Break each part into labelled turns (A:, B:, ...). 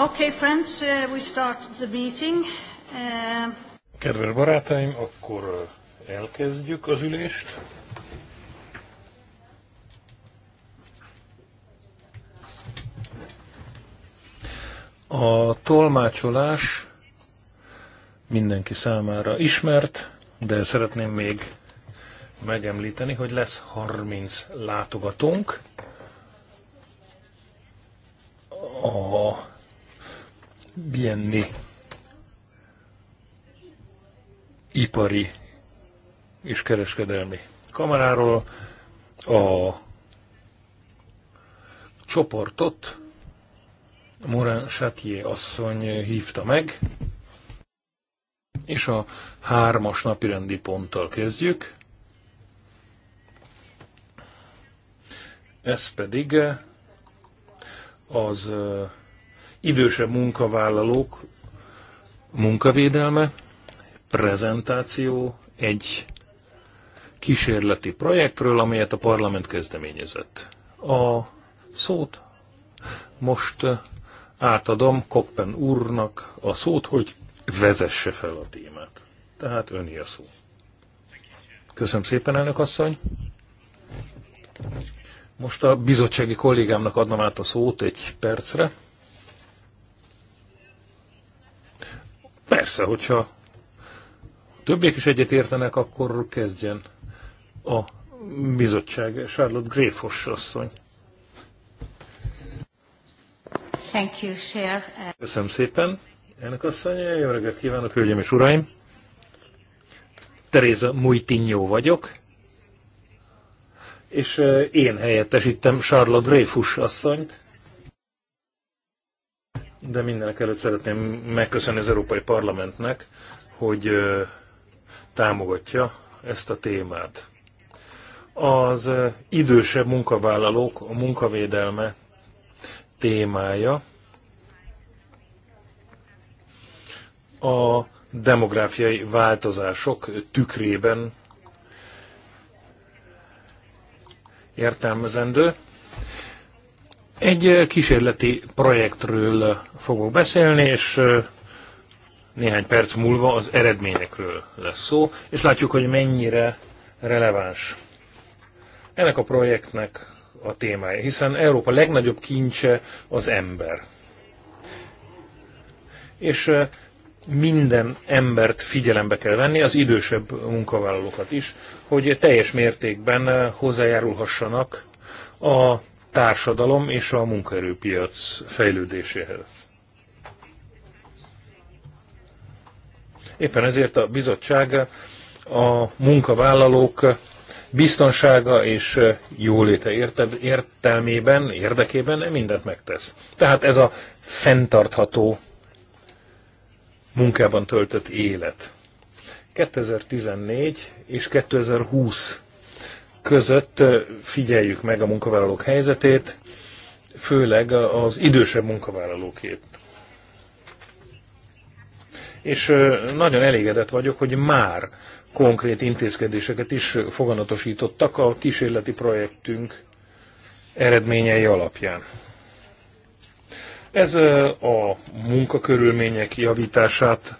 A: Okay, friends, uh, we start the meeting. Uh,
B: Kedves barátaim, akkor uh, elkezdjük az ülést. A tolmácsolás mindenki számára ismert, de szeretném még megemlíteni, hogy lesz 30 látogatónk, bienni ipari és kereskedelmi kamaráról a csoportot Morán Sátié asszony hívta meg, és a hármas napirendi ponttal kezdjük. Ez pedig az idősebb munkavállalók munkavédelme, prezentáció egy kísérleti projektről, amelyet a parlament kezdeményezett. A szót most átadom Koppen úrnak a szót, hogy vezesse fel a témát. Tehát öni a szó. Köszönöm szépen, elnök asszony. Most a bizottsági kollégámnak adnám át a szót egy percre. Persze, hogyha többiek is egyet értenek, akkor kezdjen a bizottság, Charlotte Gréfos asszony. Thank you, Köszönöm szépen. Elnök asszony, jó reggelt kívánok, hölgyeim és uraim. Teréza Mujtinyó vagyok, és eh, én helyettesítem Charlotte Gréfus asszonyt, de mindenek előtt szeretném megköszönni az Európai Parlamentnek, hogy támogatja ezt a témát. Az idősebb munkavállalók a munkavédelme témája a demográfiai változások tükrében értelmezendő. Egy kísérleti projektről fogok beszélni, és néhány perc múlva az eredményekről lesz szó, és látjuk, hogy mennyire releváns ennek a projektnek a témája, hiszen Európa legnagyobb kincse az ember. És minden embert figyelembe kell venni, az idősebb munkavállalókat is, hogy teljes mértékben hozzájárulhassanak a társadalom és a munkaerőpiac fejlődéséhez. Éppen ezért a bizottság a munkavállalók biztonsága és jóléte értelmében, érdekében nem mindent megtesz. Tehát ez a fenntartható munkában töltött élet. 2014 és 2020 között figyeljük meg a munkavállalók helyzetét, főleg az idősebb munkavállalókét. És nagyon elégedett vagyok, hogy már konkrét intézkedéseket is foganatosítottak a kísérleti projektünk eredményei alapján. Ez a munkakörülmények javítását,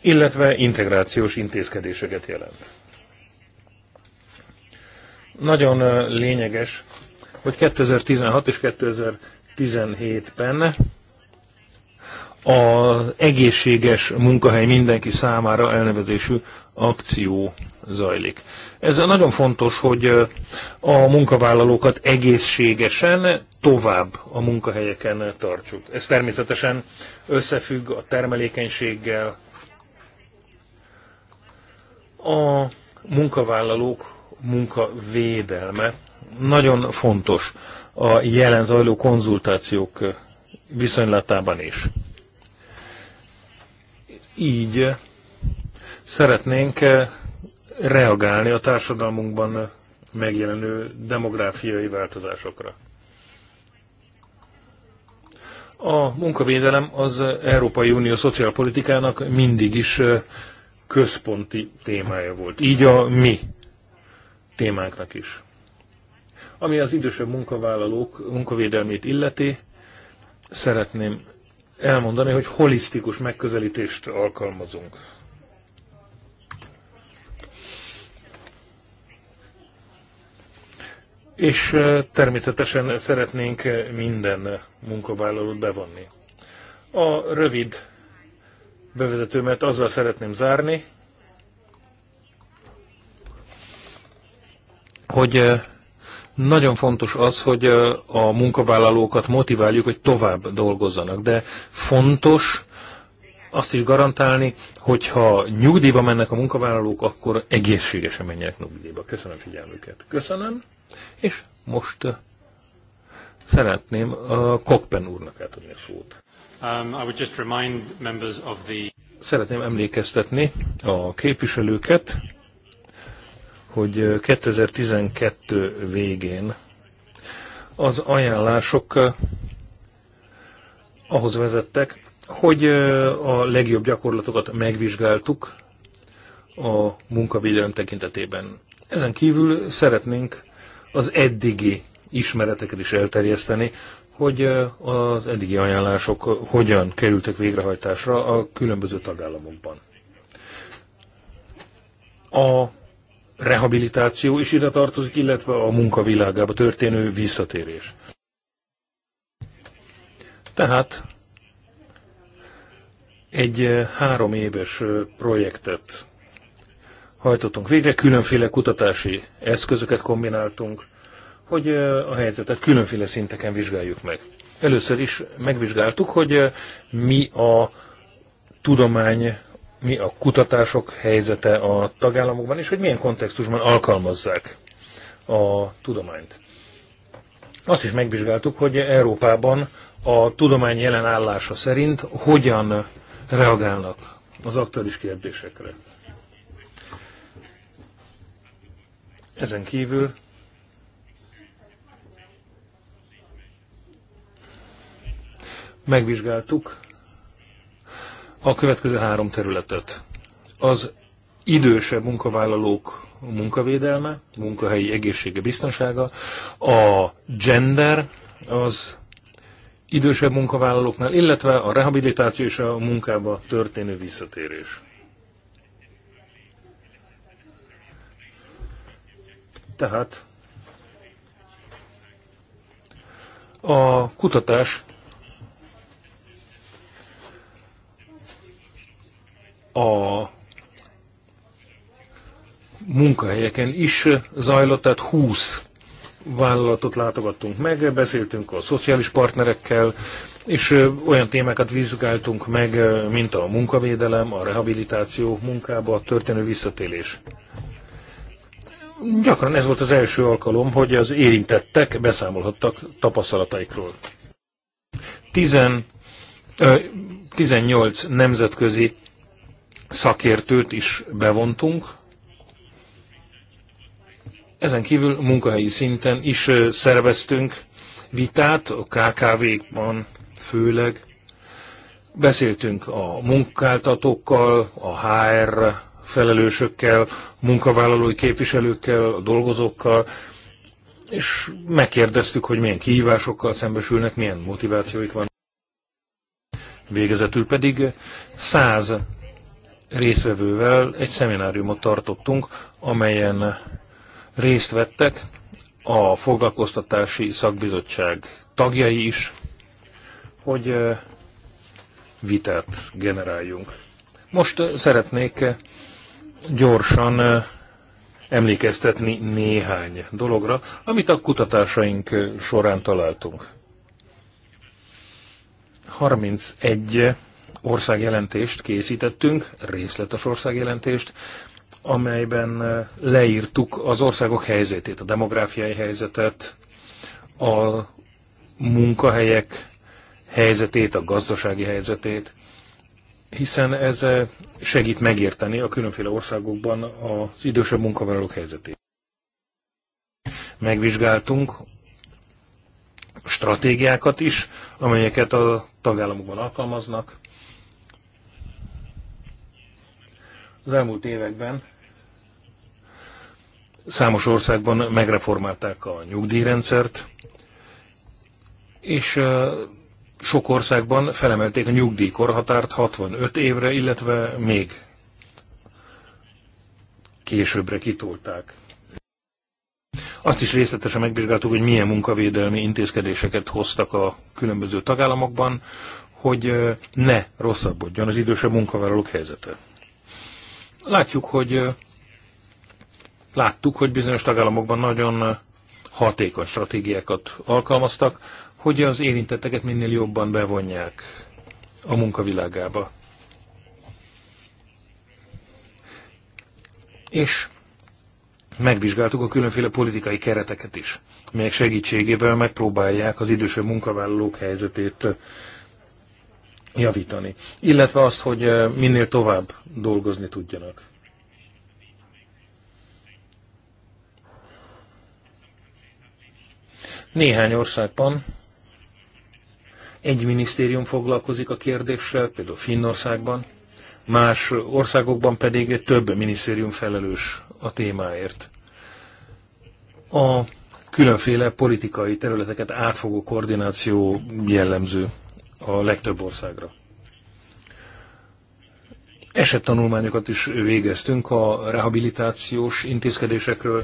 B: illetve integrációs intézkedéseket jelent. Nagyon lényeges, hogy 2016 és 2017-ben az egészséges munkahely mindenki számára elnevezésű akció zajlik. Ez nagyon fontos, hogy a munkavállalókat egészségesen tovább a munkahelyeken tartsuk. Ez természetesen összefügg a termelékenységgel. A munkavállalók munka védelme nagyon fontos a jelen zajló konzultációk viszonylatában is. Így szeretnénk reagálni a társadalmunkban megjelenő demográfiai változásokra. A munkavédelem az Európai Unió szociálpolitikának mindig is központi témája volt. Így a mi témáknak is. Ami az idősebb munkavállalók munkavédelmét illeti, szeretném elmondani, hogy holisztikus megközelítést alkalmazunk. És természetesen szeretnénk minden munkavállalót bevonni. A rövid bevezetőmet azzal szeretném zárni, hogy nagyon fontos az, hogy a munkavállalókat motiváljuk, hogy tovább dolgozzanak, de fontos azt is garantálni, hogyha nyugdíjba mennek a munkavállalók, akkor egészségesen menjenek nyugdíjba. Köszönöm figyelmüket. Köszönöm, és most szeretném a Kokpen úrnak átadni a szót. Um, I would just remind members of the... Szeretném emlékeztetni a képviselőket, hogy 2012 végén az ajánlások ahhoz vezettek, hogy a legjobb gyakorlatokat megvizsgáltuk a munkavédelem tekintetében. Ezen kívül szeretnénk az eddigi ismereteket is elterjeszteni, hogy az eddigi ajánlások hogyan kerültek végrehajtásra a különböző tagállamokban. A rehabilitáció is ide tartozik, illetve a munkavilágába történő visszatérés. Tehát egy eh, három éves eh, projektet hajtottunk végre, különféle kutatási eszközöket kombináltunk, hogy eh, a helyzetet különféle szinteken vizsgáljuk meg. Először is megvizsgáltuk, hogy mi a tudomány mi a kutatások helyzete a tagállamokban, és hogy milyen kontextusban alkalmazzák a tudományt. Azt is megvizsgáltuk, hogy Európában a tudomány jelen állása szerint hogyan reagálnak az aktuális kérdésekre. Ezen kívül megvizsgáltuk a következő három területet. Az idősebb munkavállalók munkavédelme, munkahelyi egészsége, biztonsága, a gender, az idősebb munkavállalóknál, illetve a rehabilitáció és a munkába történő visszatérés. Tehát a kutatás a munkahelyeken is zajlott, tehát 20 vállalatot látogattunk meg, beszéltünk a szociális partnerekkel, és olyan témákat vizsgáltunk meg, mint a munkavédelem, a rehabilitáció munkába, a történő visszatélés. Gyakran ez volt az első alkalom, hogy az érintettek beszámolhattak tapasztalataikról. 10, 18 nemzetközi szakértőt is bevontunk. Ezen kívül munkahelyi szinten is szerveztünk vitát, a KKV-kban főleg. Beszéltünk a munkáltatókkal, a HR felelősökkel, munkavállalói képviselőkkel, a dolgozókkal, és megkérdeztük, hogy milyen kihívásokkal szembesülnek, milyen motivációik van. Végezetül pedig száz részvevővel egy szemináriumot tartottunk, amelyen részt vettek a foglalkoztatási szakbizottság tagjai is, hogy vitát generáljunk. Most szeretnék gyorsan emlékeztetni néhány dologra, amit a kutatásaink során találtunk. 31 országjelentést készítettünk, részletes országjelentést, amelyben eh, leírtuk az országok helyzetét, a demográfiai helyzetet, a munkahelyek helyzetét, a gazdasági helyzetét, hiszen ez eh, segít megérteni a különféle országokban az idősebb munkavállalók helyzetét. Megvizsgáltunk stratégiákat is, amelyeket a tagállamokban alkalmaznak, Az elmúlt években számos országban megreformálták a nyugdíjrendszert, és sok országban felemelték a nyugdíjkorhatárt 65 évre, illetve még későbbre kitolták. Azt is részletesen megvizsgáltuk, hogy milyen munkavédelmi intézkedéseket hoztak a különböző tagállamokban, hogy ne rosszabbodjon az idősebb munkavállalók helyzete. Látjuk, hogy láttuk, hogy bizonyos tagállamokban nagyon hatékony stratégiákat alkalmaztak, hogy az érintetteket minél jobban bevonják a munkavilágába. És megvizsgáltuk a különféle politikai kereteket is, melyek segítségével megpróbálják az idősebb munkavállalók helyzetét javítani, illetve azt, hogy minél tovább dolgozni tudjanak. Néhány országban egy minisztérium foglalkozik a kérdéssel, például Finnországban, más országokban pedig több minisztérium felelős a témáért. A különféle politikai területeket átfogó koordináció jellemző a legtöbb országra. Esettanulmányokat is végeztünk a rehabilitációs intézkedésekről,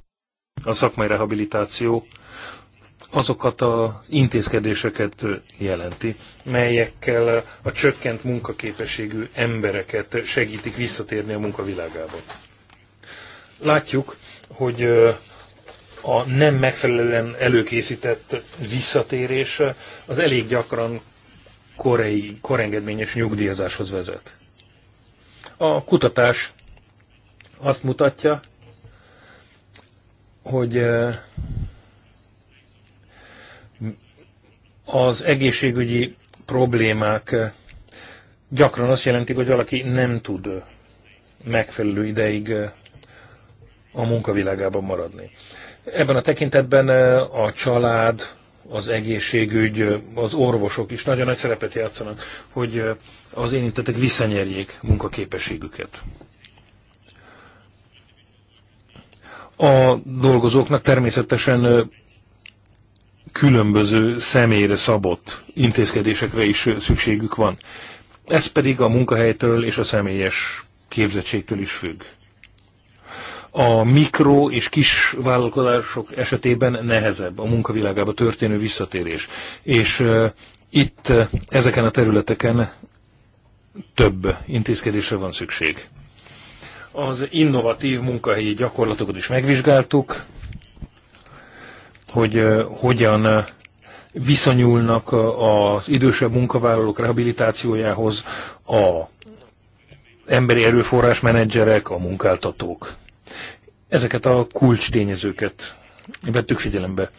B: a szakmai rehabilitáció azokat az intézkedéseket jelenti, melyekkel a csökkent munkaképességű embereket segítik visszatérni a munkavilágába. Látjuk, hogy a nem megfelelően előkészített visszatérés az elég gyakran koreai korengedményes nyugdíjazáshoz vezet. A kutatás azt mutatja, hogy eh, az egészségügyi problémák eh, gyakran azt jelentik, hogy valaki nem tud eh, megfelelő ideig a munkavilágában maradni. Ebben a tekintetben a család, az egészségügy, az orvosok is nagyon nagy szerepet játszanak, hogy az érintettek visszanyerjék munkaképességüket. A dolgozóknak természetesen különböző személyre szabott intézkedésekre is szükségük van. Ez pedig a munkahelytől és a személyes képzettségtől is függ a mikro és kis vállalkozások esetében nehezebb a munkavilágába történő visszatérés. És uh, itt uh, ezeken a területeken több intézkedésre van szükség. Az innovatív munkahelyi gyakorlatokat is megvizsgáltuk, hogy uh, hogyan viszonyulnak az idősebb munkavállalók rehabilitációjához a emberi erőforrás menedzserek, a munkáltatók ezeket a tényezőket vettük figyelembe.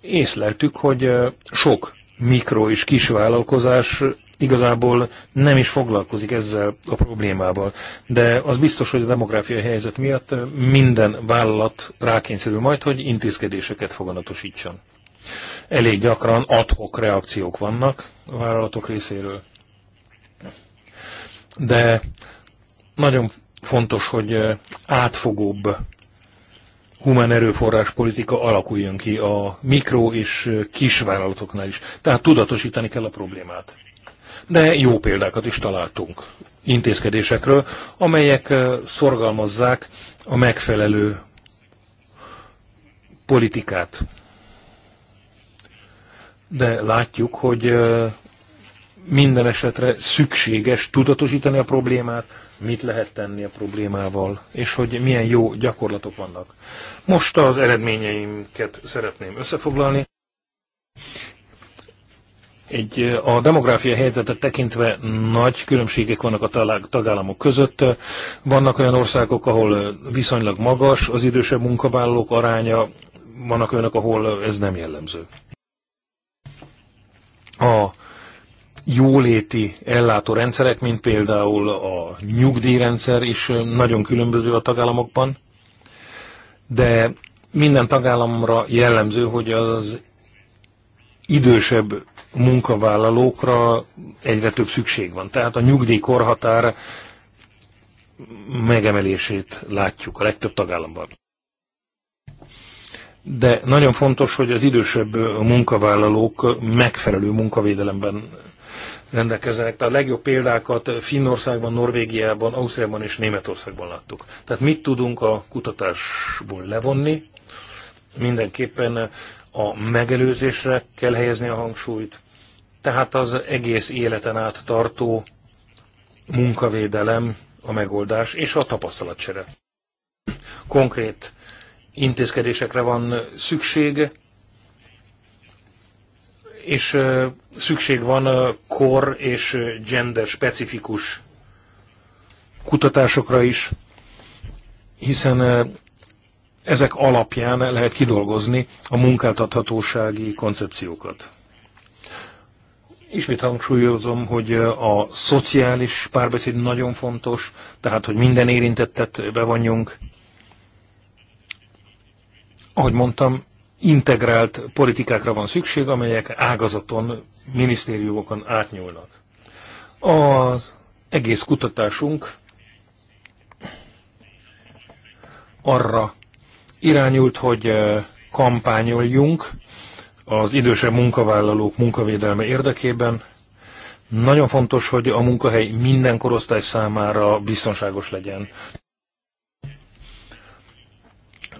B: Észleltük, hogy sok mikro és vállalkozás igazából nem is foglalkozik ezzel a problémával. De az biztos, hogy a demográfiai helyzet miatt minden vállalat rákényszerül majd, hogy intézkedéseket foganatosítson. Elég gyakran adhok reakciók vannak a vállalatok részéről. De nagyon Fontos, hogy átfogóbb humán erőforrás politika alakuljon ki a mikro és kisvállalatoknál is. Tehát tudatosítani kell a problémát. De jó példákat is találtunk intézkedésekről, amelyek szorgalmazzák a megfelelő politikát. De látjuk, hogy minden esetre szükséges tudatosítani a problémát, mit lehet tenni a problémával, és hogy milyen jó gyakorlatok vannak. Most az eredményeinket szeretném összefoglalni. Egy, a demográfia helyzetet tekintve nagy különbségek vannak a tagállamok között. Vannak olyan országok, ahol viszonylag magas az idősebb munkavállalók aránya, vannak olyanok, ahol ez nem jellemző. A jóléti ellátórendszerek, mint például a nyugdíjrendszer is nagyon különböző a tagállamokban, de minden tagállamra jellemző, hogy az idősebb munkavállalókra egyre több szükség van. Tehát a nyugdíjkorhatár megemelését látjuk a legtöbb tagállamban. De nagyon fontos, hogy az idősebb munkavállalók megfelelő munkavédelemben rendelkeznek. Tehát a legjobb példákat Finnországban, Norvégiában, Ausztriában és Németországban láttuk. Tehát mit tudunk a kutatásból levonni? Mindenképpen a megelőzésre kell helyezni a hangsúlyt, tehát az egész életen át tartó munkavédelem a megoldás és a tapasztalatcsere. Konkrét intézkedésekre van szükség, és szükség van kor és gender specifikus kutatásokra is, hiszen ezek alapján lehet kidolgozni a munkáltathatósági koncepciókat. Ismét hangsúlyozom, hogy a szociális párbeszéd nagyon fontos, tehát hogy minden érintettet bevonjunk. Ahogy mondtam, integrált politikákra van szükség, amelyek ágazaton, minisztériumokon átnyúlnak. Az egész kutatásunk arra irányult, hogy eh, kampányoljunk az idősebb munkavállalók munkavédelme érdekében. Nagyon fontos, hogy a munkahely minden korosztály számára biztonságos legyen.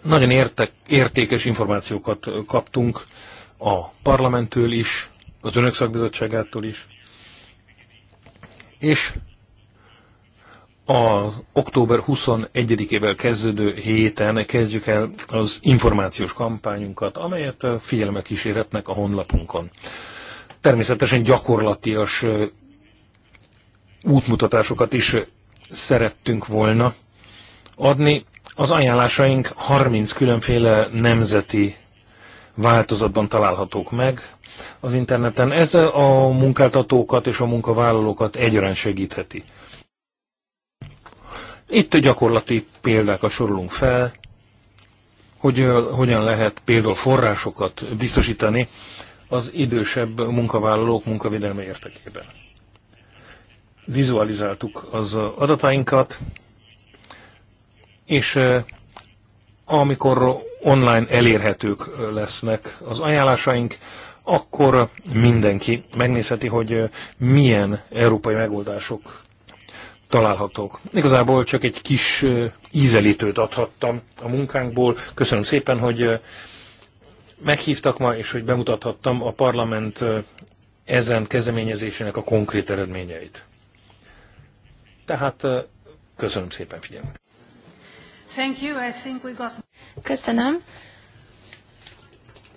B: Nagyon értek, értékes információkat kaptunk a parlamenttől is, az önök szakbizottságától is, és a október 21-ével kezdődő héten kezdjük el az információs kampányunkat, amelyet figyelme kíséretnek a honlapunkon. Természetesen gyakorlatias útmutatásokat is szerettünk volna adni, az ajánlásaink 30 különféle nemzeti változatban találhatók meg az interneten. Ez a munkáltatókat és a munkavállalókat egyaránt segítheti. Itt gyakorlati példákat sorolunk fel, hogy hogyan lehet például forrásokat biztosítani az idősebb munkavállalók munkavédelme érdekében. Vizualizáltuk az adatainkat, és amikor online elérhetők lesznek az ajánlásaink, akkor mindenki megnézheti, hogy milyen európai megoldások találhatók. Igazából csak egy kis ízelítőt adhattam a munkánkból. Köszönöm szépen, hogy meghívtak ma, és hogy bemutathattam a parlament ezen kezdeményezésének a konkrét eredményeit. Tehát köszönöm szépen figyelmet.
C: Thank you. I think we got... Köszönöm.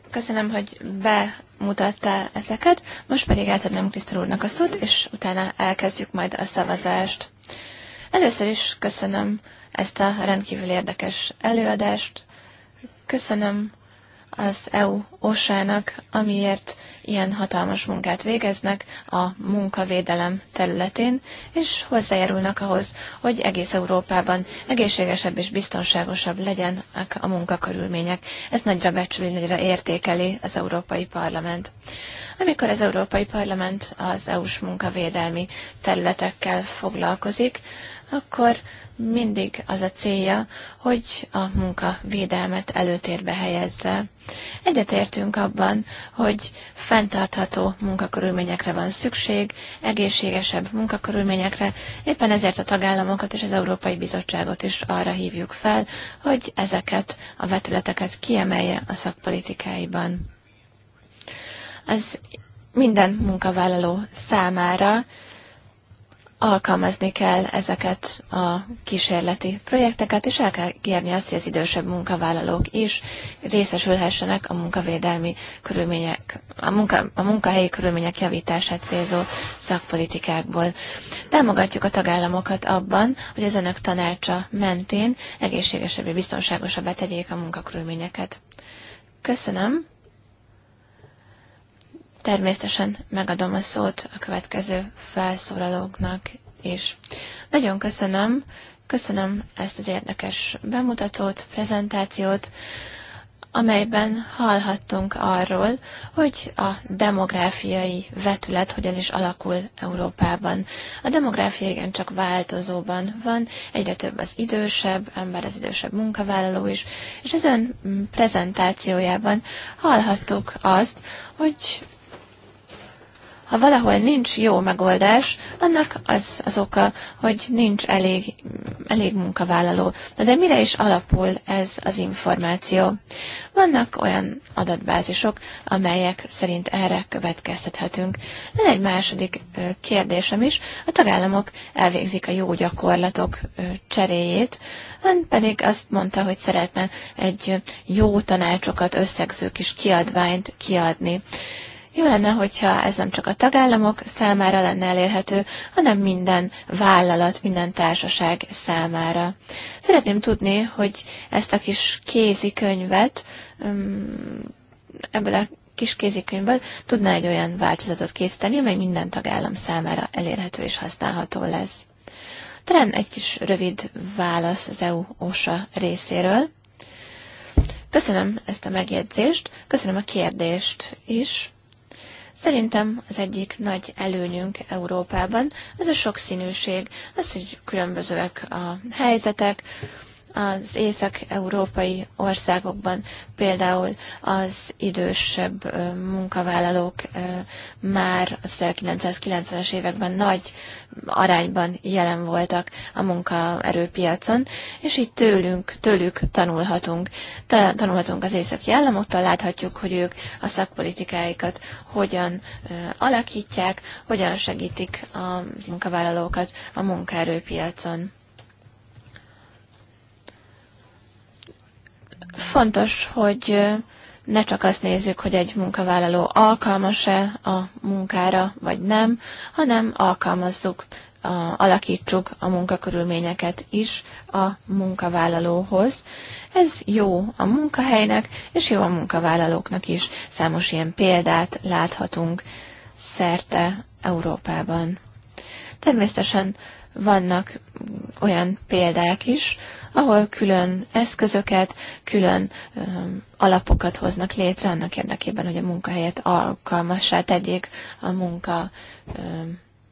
C: Köszönöm, hogy bemutatta ezeket. Most pedig átadnám Krisztel úrnak a szót, és utána elkezdjük majd a szavazást. Először is köszönöm ezt a rendkívül érdekes előadást. Köszönöm az EU Osának, amiért ilyen hatalmas munkát végeznek a munkavédelem területén, és hozzájárulnak ahhoz, hogy egész Európában egészségesebb és biztonságosabb legyenek a munkakörülmények. Ez nagyra becsüli, nagyra értékeli az Európai Parlament. Amikor az Európai Parlament az EU-s munkavédelmi területekkel foglalkozik, akkor mindig az a célja, hogy a munkavédelmet előtérbe helyezze. Egyetért egyetértünk abban, hogy fenntartható munkakörülményekre van szükség, egészségesebb munkakörülményekre, éppen ezért a tagállamokat és az Európai Bizottságot is arra hívjuk fel, hogy ezeket a vetületeket kiemelje a szakpolitikáiban. Ez minden munkavállaló számára alkalmazni kell ezeket a kísérleti projekteket, és el kell kérni azt, hogy az idősebb munkavállalók is részesülhessenek a munkavédelmi körülmények, a, munka, a munkahelyi körülmények javítását célzó szakpolitikákból. Támogatjuk a tagállamokat abban, hogy az önök tanácsa mentén és biztonságosabb tegyék a munkakörülményeket. Köszönöm. Természetesen megadom a szót a következő felszólalóknak is. Nagyon köszönöm, köszönöm ezt az érdekes bemutatót, prezentációt, amelyben hallhattunk arról, hogy a demográfiai vetület hogyan is alakul Európában. A demográfia igen csak változóban van, egyre több az idősebb ember, az idősebb munkavállaló is, és az ön prezentációjában hallhattuk azt, hogy ha valahol nincs jó megoldás, annak az az oka, hogy nincs elég, elég munkavállaló. Na de mire is alapul ez az információ? Vannak olyan adatbázisok, amelyek szerint erre következtethetünk. Van egy második kérdésem is. A tagállamok elvégzik a jó gyakorlatok cseréjét, ön pedig azt mondta, hogy szeretne egy jó tanácsokat összegző kis kiadványt kiadni. Jó lenne, hogyha ez nem csak a tagállamok számára lenne elérhető, hanem minden vállalat, minden társaság számára. Szeretném tudni, hogy ezt a kis kézikönyvet, mm, ebből a kis kézikönyvből tudná egy olyan változatot készíteni, amely minden tagállam számára elérhető és használható lesz. Talán egy kis rövid válasz az EU-OSA részéről. Köszönöm ezt a megjegyzést, köszönöm a kérdést is. Szerintem az egyik nagy előnyünk Európában az a sokszínűség, az, hogy különbözőek a helyzetek, az észak-európai országokban például az idősebb munkavállalók már a 1990-es években nagy arányban jelen voltak a munkaerőpiacon, és így tőlünk, tőlük tanulhatunk. Tanulhatunk az északi államoktól, láthatjuk, hogy ők a szakpolitikáikat hogyan alakítják, hogyan segítik a munkavállalókat a munkaerőpiacon. Fontos, hogy ne csak azt nézzük, hogy egy munkavállaló alkalmas-e a munkára, vagy nem, hanem alkalmazzuk, a, alakítsuk a munkakörülményeket is a munkavállalóhoz. Ez jó a munkahelynek, és jó a munkavállalóknak is. Számos ilyen példát láthatunk szerte Európában. Természetesen vannak olyan példák is, ahol külön eszközöket, külön alapokat hoznak létre annak érdekében, hogy a munkahelyet alkalmassá tegyék a munka,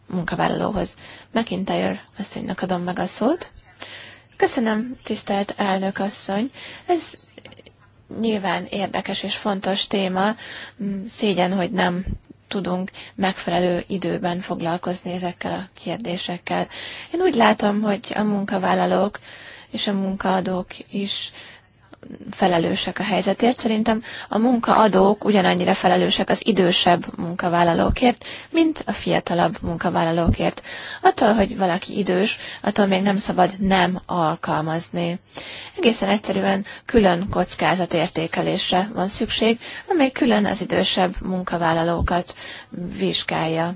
C: munkavállalóhoz. McIntyre asszonynak adom meg a szót. Köszönöm, tisztelt elnök asszony. Ez nyilván érdekes és fontos téma. Szégyen, hogy nem tudunk megfelelő időben foglalkozni ezekkel a kérdésekkel. Én úgy látom, hogy a munkavállalók és a munkaadók is felelősek a helyzetért. Szerintem a munkaadók ugyanannyira felelősek az idősebb munkavállalókért, mint a fiatalabb munkavállalókért. Attól, hogy valaki idős, attól még nem szabad nem alkalmazni. Egészen egyszerűen külön kockázatértékelésre van szükség, amely külön az idősebb munkavállalókat vizsgálja.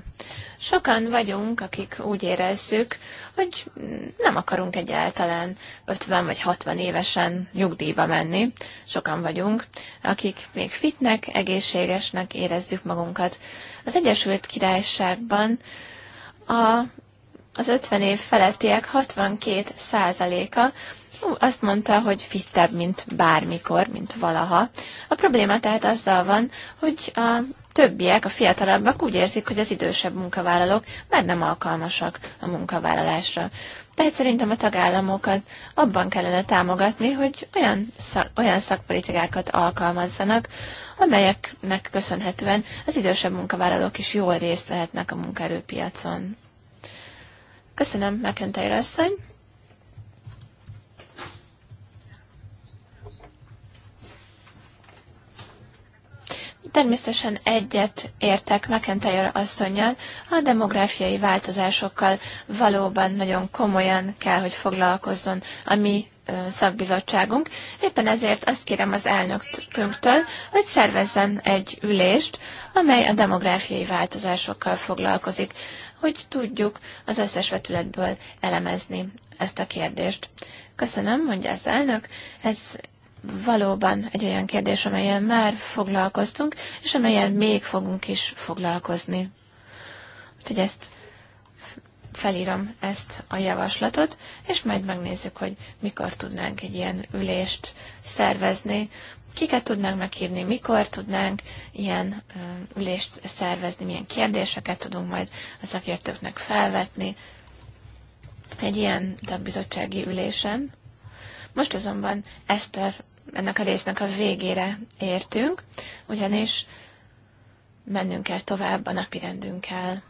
C: Sokan vagyunk, akik úgy érezzük, hogy nem akarunk egyáltalán 50 vagy 60 évesen nyugdíjba menni. Sokan vagyunk, akik még fitnek, egészségesnek érezzük magunkat. Az Egyesült Királyságban a, az 50 év felettiek 62 százaléka azt mondta, hogy fittebb, mint bármikor, mint valaha. A probléma tehát azzal van, hogy a többiek, a fiatalabbak úgy érzik, hogy az idősebb munkavállalók már nem alkalmasak a munkavállalásra. Tehát szerintem a tagállamokat abban kellene támogatni, hogy olyan, szak, olyan szakpolitikákat alkalmazzanak, amelyeknek köszönhetően az idősebb munkavállalók is jól részt vehetnek a munkaerőpiacon. Köszönöm, McIntyre asszony! Természetesen egyet értek McIntyre asszonyjal, a demográfiai változásokkal valóban nagyon komolyan kell, hogy foglalkozzon a mi szakbizottságunk. Éppen ezért azt kérem az elnöktől, hogy szervezzen egy ülést, amely a demográfiai változásokkal foglalkozik, hogy tudjuk az összes vetületből elemezni ezt a kérdést. Köszönöm, mondja az elnök, ez valóban egy olyan kérdés, amelyen már foglalkoztunk, és amelyen még fogunk is foglalkozni. Úgyhogy ezt felírom ezt a javaslatot, és majd megnézzük, hogy mikor tudnánk egy ilyen ülést szervezni, kiket tudnánk meghívni, mikor tudnánk ilyen ülést szervezni, milyen kérdéseket tudunk majd a szakértőknek felvetni egy ilyen tagbizottsági ülésen. Most azonban Eszter ennek a résznek a végére értünk, ugyanis mennünk kell tovább a rendünkkel.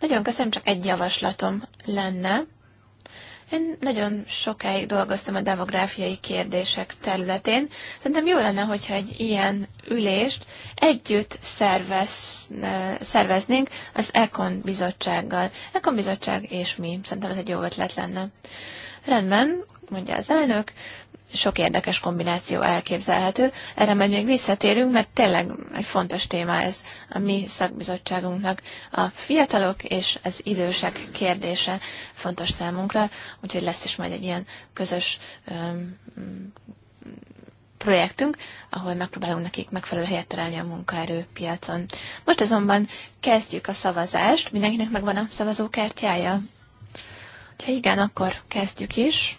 C: Nagyon köszönöm, csak egy javaslatom lenne. Én nagyon sokáig dolgoztam a demográfiai kérdések területén. Szerintem jó lenne, hogyha egy ilyen ülést együtt szervez, szerveznénk az Econ bizottsággal. Econ bizottság és mi. Szerintem ez egy jó ötlet lenne. Rendben, mondja az elnök, sok érdekes kombináció elképzelhető. Erre majd még visszatérünk, mert tényleg egy fontos téma ez a mi szakbizottságunknak. A fiatalok és az idősek kérdése fontos számunkra, úgyhogy lesz is majd egy ilyen közös öm, projektünk, ahol megpróbálunk nekik megfelelő helyet találni a munkaerőpiacon. Most azonban kezdjük a szavazást. Mindenkinek megvan a szavazókártyája? Ha igen, akkor kezdjük is.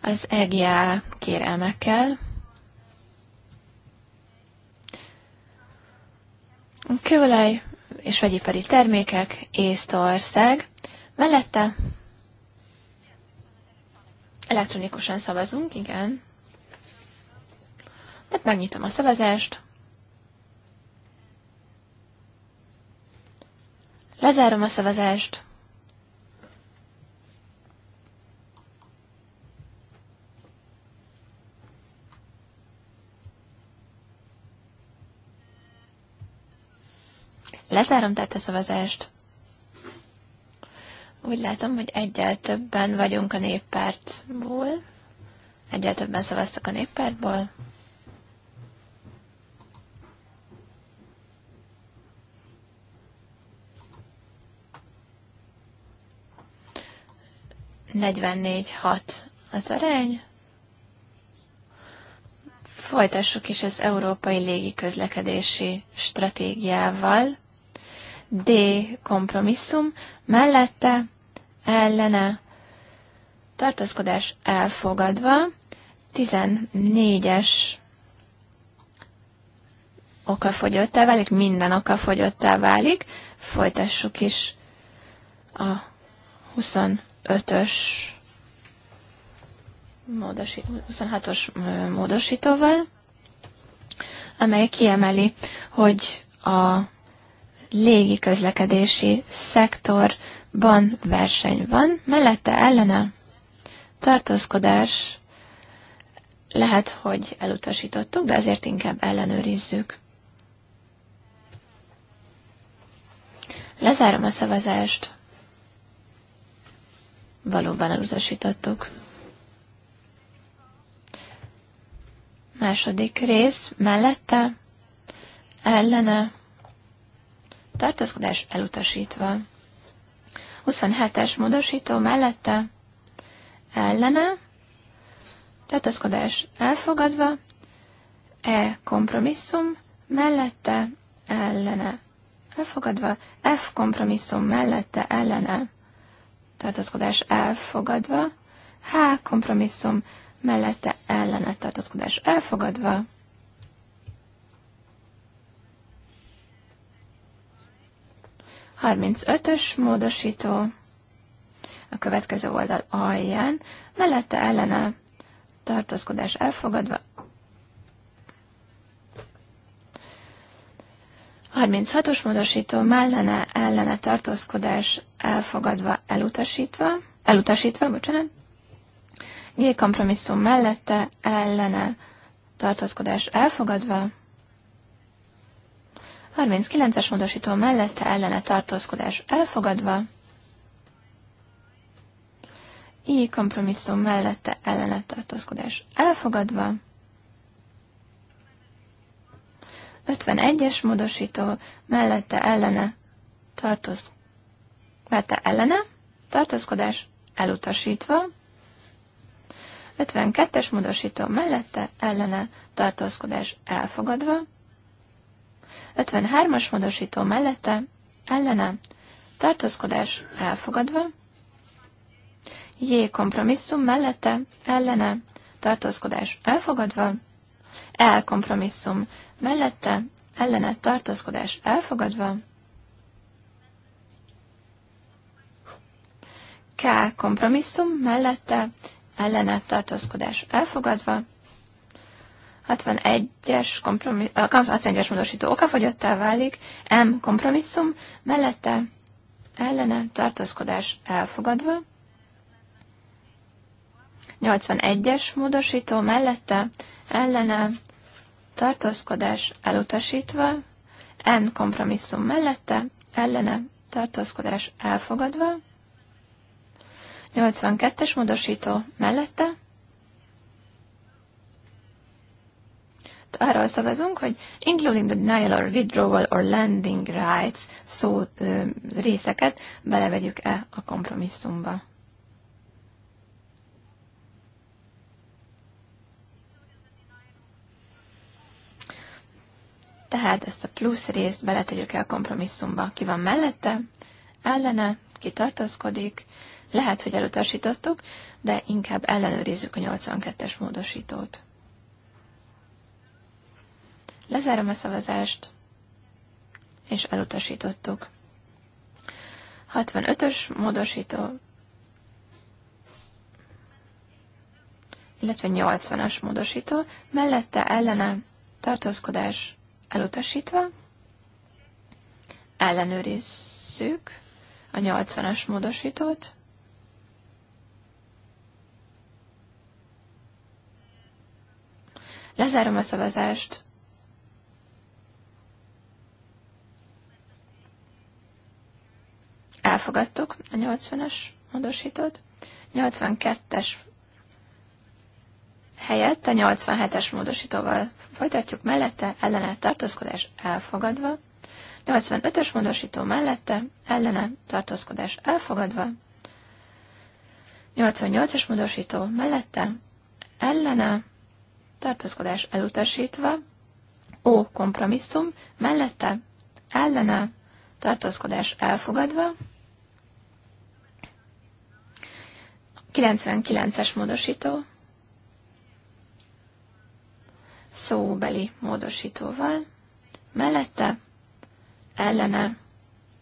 C: Az EGA kérelmekkel. Kőolaj és vegyipari termékek, Észtország. Mellette elektronikusan szavazunk, igen. Hát megnyitom a szavazást. Lezárom a szavazást. Lezárom tehát a szavazást. Úgy látom, hogy egyel többen vagyunk a néppártból. Egyel többen szavaztak a néppártból. 44-6 az arány. Folytassuk is az európai légiközlekedési stratégiával. D. Kompromisszum. Mellette, ellene, tartózkodás elfogadva. 14-es okafogyottá válik, minden okafogyottá válik. Folytassuk is a 20 25-ös módosít, 26-os módosítóval, amely kiemeli, hogy a légi közlekedési szektorban verseny van, mellette ellene tartózkodás lehet, hogy elutasítottuk, de ezért inkább ellenőrizzük. Lezárom a szavazást valóban elutasítottuk. Második rész mellette, ellene, tartózkodás elutasítva. 27-es módosító mellette, ellene, tartózkodás elfogadva, E kompromisszum mellette, ellene, elfogadva, F kompromisszum mellette, ellene, tartózkodás elfogadva, H kompromisszum mellette ellene tartózkodás elfogadva, ös módosító a következő oldal alján, mellette ellene tartózkodás elfogadva, 36-os módosító mellene ellene tartózkodás elfogadva elutasítva, elutasítva, bocsánat, G kompromisszum mellette ellene tartózkodás elfogadva, 39-es módosító mellette ellene tartózkodás elfogadva, I kompromisszum mellette ellene tartózkodás elfogadva, 51-es módosító mellette ellene tartoz, mellette ellene tartózkodás elutasítva, 52-es módosító mellette ellene tartózkodás elfogadva, 53-as módosító mellette ellene tartózkodás elfogadva, J kompromisszum mellette ellene tartózkodás elfogadva, el kompromisszum mellette ellene tartózkodás elfogadva. K kompromisszum mellette ellene tartózkodás elfogadva. 61-es, kompromis, 61-es módosító okafogyottá válik, M kompromisszum, mellette ellene tartózkodás elfogadva, 81-es módosító mellette ellene, tartózkodás elutasítva, N kompromisszum mellette, ellene, tartózkodás elfogadva, 82-es módosító mellette, arról szavazunk, hogy including the denial or withdrawal or landing rights szó ö, részeket belevegyük-e a kompromisszumba. Tehát ezt a plusz részt beletegyük el kompromisszumba. Ki van mellette, ellene, ki tartozkodik? lehet, hogy elutasítottuk, de inkább ellenőrizzük a 82-es módosítót. Lezárom a szavazást, és elutasítottuk. 65-ös módosító, illetve 80-as módosító, mellette ellene tartózkodás elutasítva. Ellenőrizzük a 80-as módosítót. Lezárom a szavazást. Elfogadtuk a 80-as módosítót. 82-es helyett a 87-es módosítóval folytatjuk mellette, ellene tartózkodás elfogadva, 85-ös módosító mellette, ellene tartózkodás elfogadva, 88 es módosító mellette, ellene tartózkodás elutasítva, ó kompromisszum mellette, ellene tartózkodás elfogadva, 99-es módosító szóbeli módosítóval, mellette ellene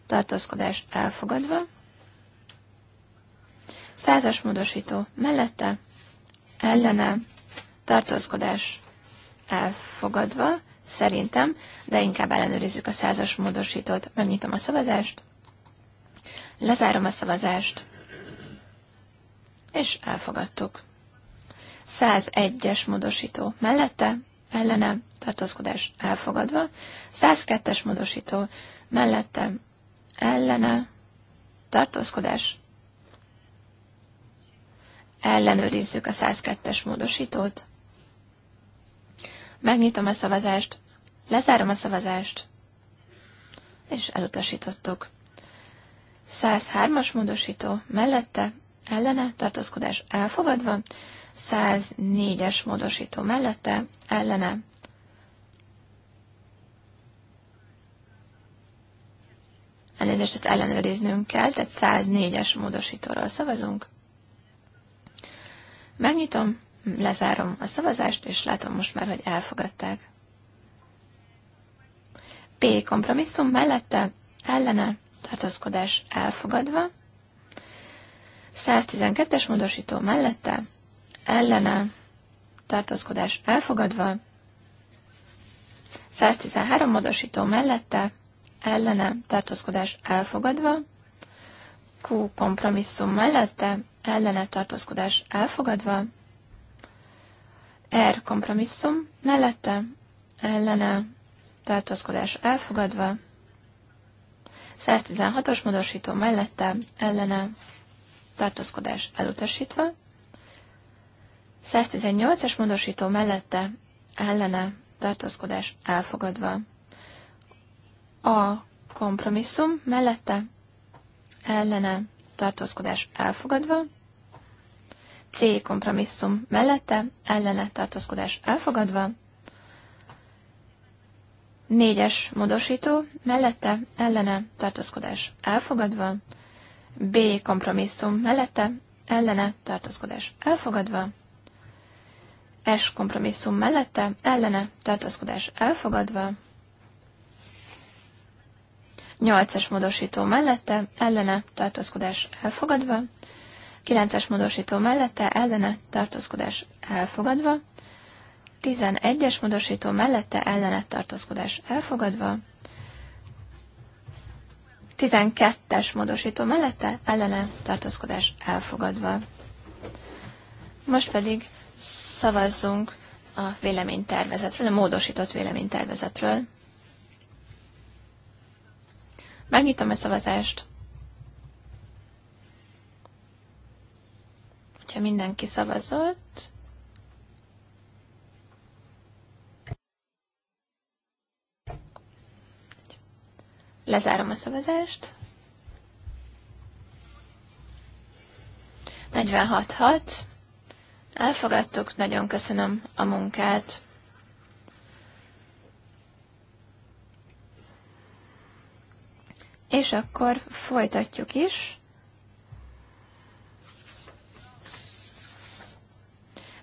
C: tartózkodás elfogadva, százas módosító mellette ellene tartózkodás elfogadva, szerintem, de inkább ellenőrizzük a százas módosítót. Megnyitom a szavazást, lezárom a szavazást, és elfogadtuk. 101-es módosító mellette, ellene tartózkodás elfogadva, 102-es módosító mellette ellene tartózkodás ellenőrizzük a 102-es módosítót. Megnyitom a szavazást, lezárom a szavazást, és elutasítottuk. 103-as módosító mellette ellene tartózkodás elfogadva, 104-es módosító mellette, ellene. Elnézést, ezt ellenőriznünk kell, tehát 104-es módosítóról szavazunk. Megnyitom, lezárom a szavazást, és látom most már, hogy elfogadták. P. Kompromisszum mellette, ellene, tartózkodás elfogadva. 112-es módosító mellette, ellene tartózkodás elfogadva, 113 módosító mellette ellene tartózkodás elfogadva, Q kompromisszum mellette ellene tartózkodás elfogadva, R kompromisszum mellette ellene tartózkodás elfogadva, 116-os módosító mellette ellene tartózkodás elutasítva, 118-as módosító mellette ellene tartózkodás elfogadva. A kompromisszum mellette ellene tartózkodás elfogadva. C kompromisszum mellette ellene tartózkodás elfogadva. Négyes módosító mellette ellene tartózkodás elfogadva. B kompromisszum mellette ellene tartózkodás elfogadva. S kompromisszum mellette, ellene, tartózkodás elfogadva. 8 es módosító mellette, ellene, tartózkodás elfogadva. 9-es módosító mellette, ellene, tartózkodás elfogadva. 11-es módosító mellette, ellene, tartózkodás elfogadva. 12-es módosító mellette, ellene, tartózkodás elfogadva. Most pedig szavazzunk a véleménytervezetről, a módosított véleménytervezetről. Megnyitom a szavazást. Hogyha mindenki szavazott, Lezárom a szavazást. 46-6. Elfogadtuk, nagyon köszönöm a munkát. És akkor folytatjuk is.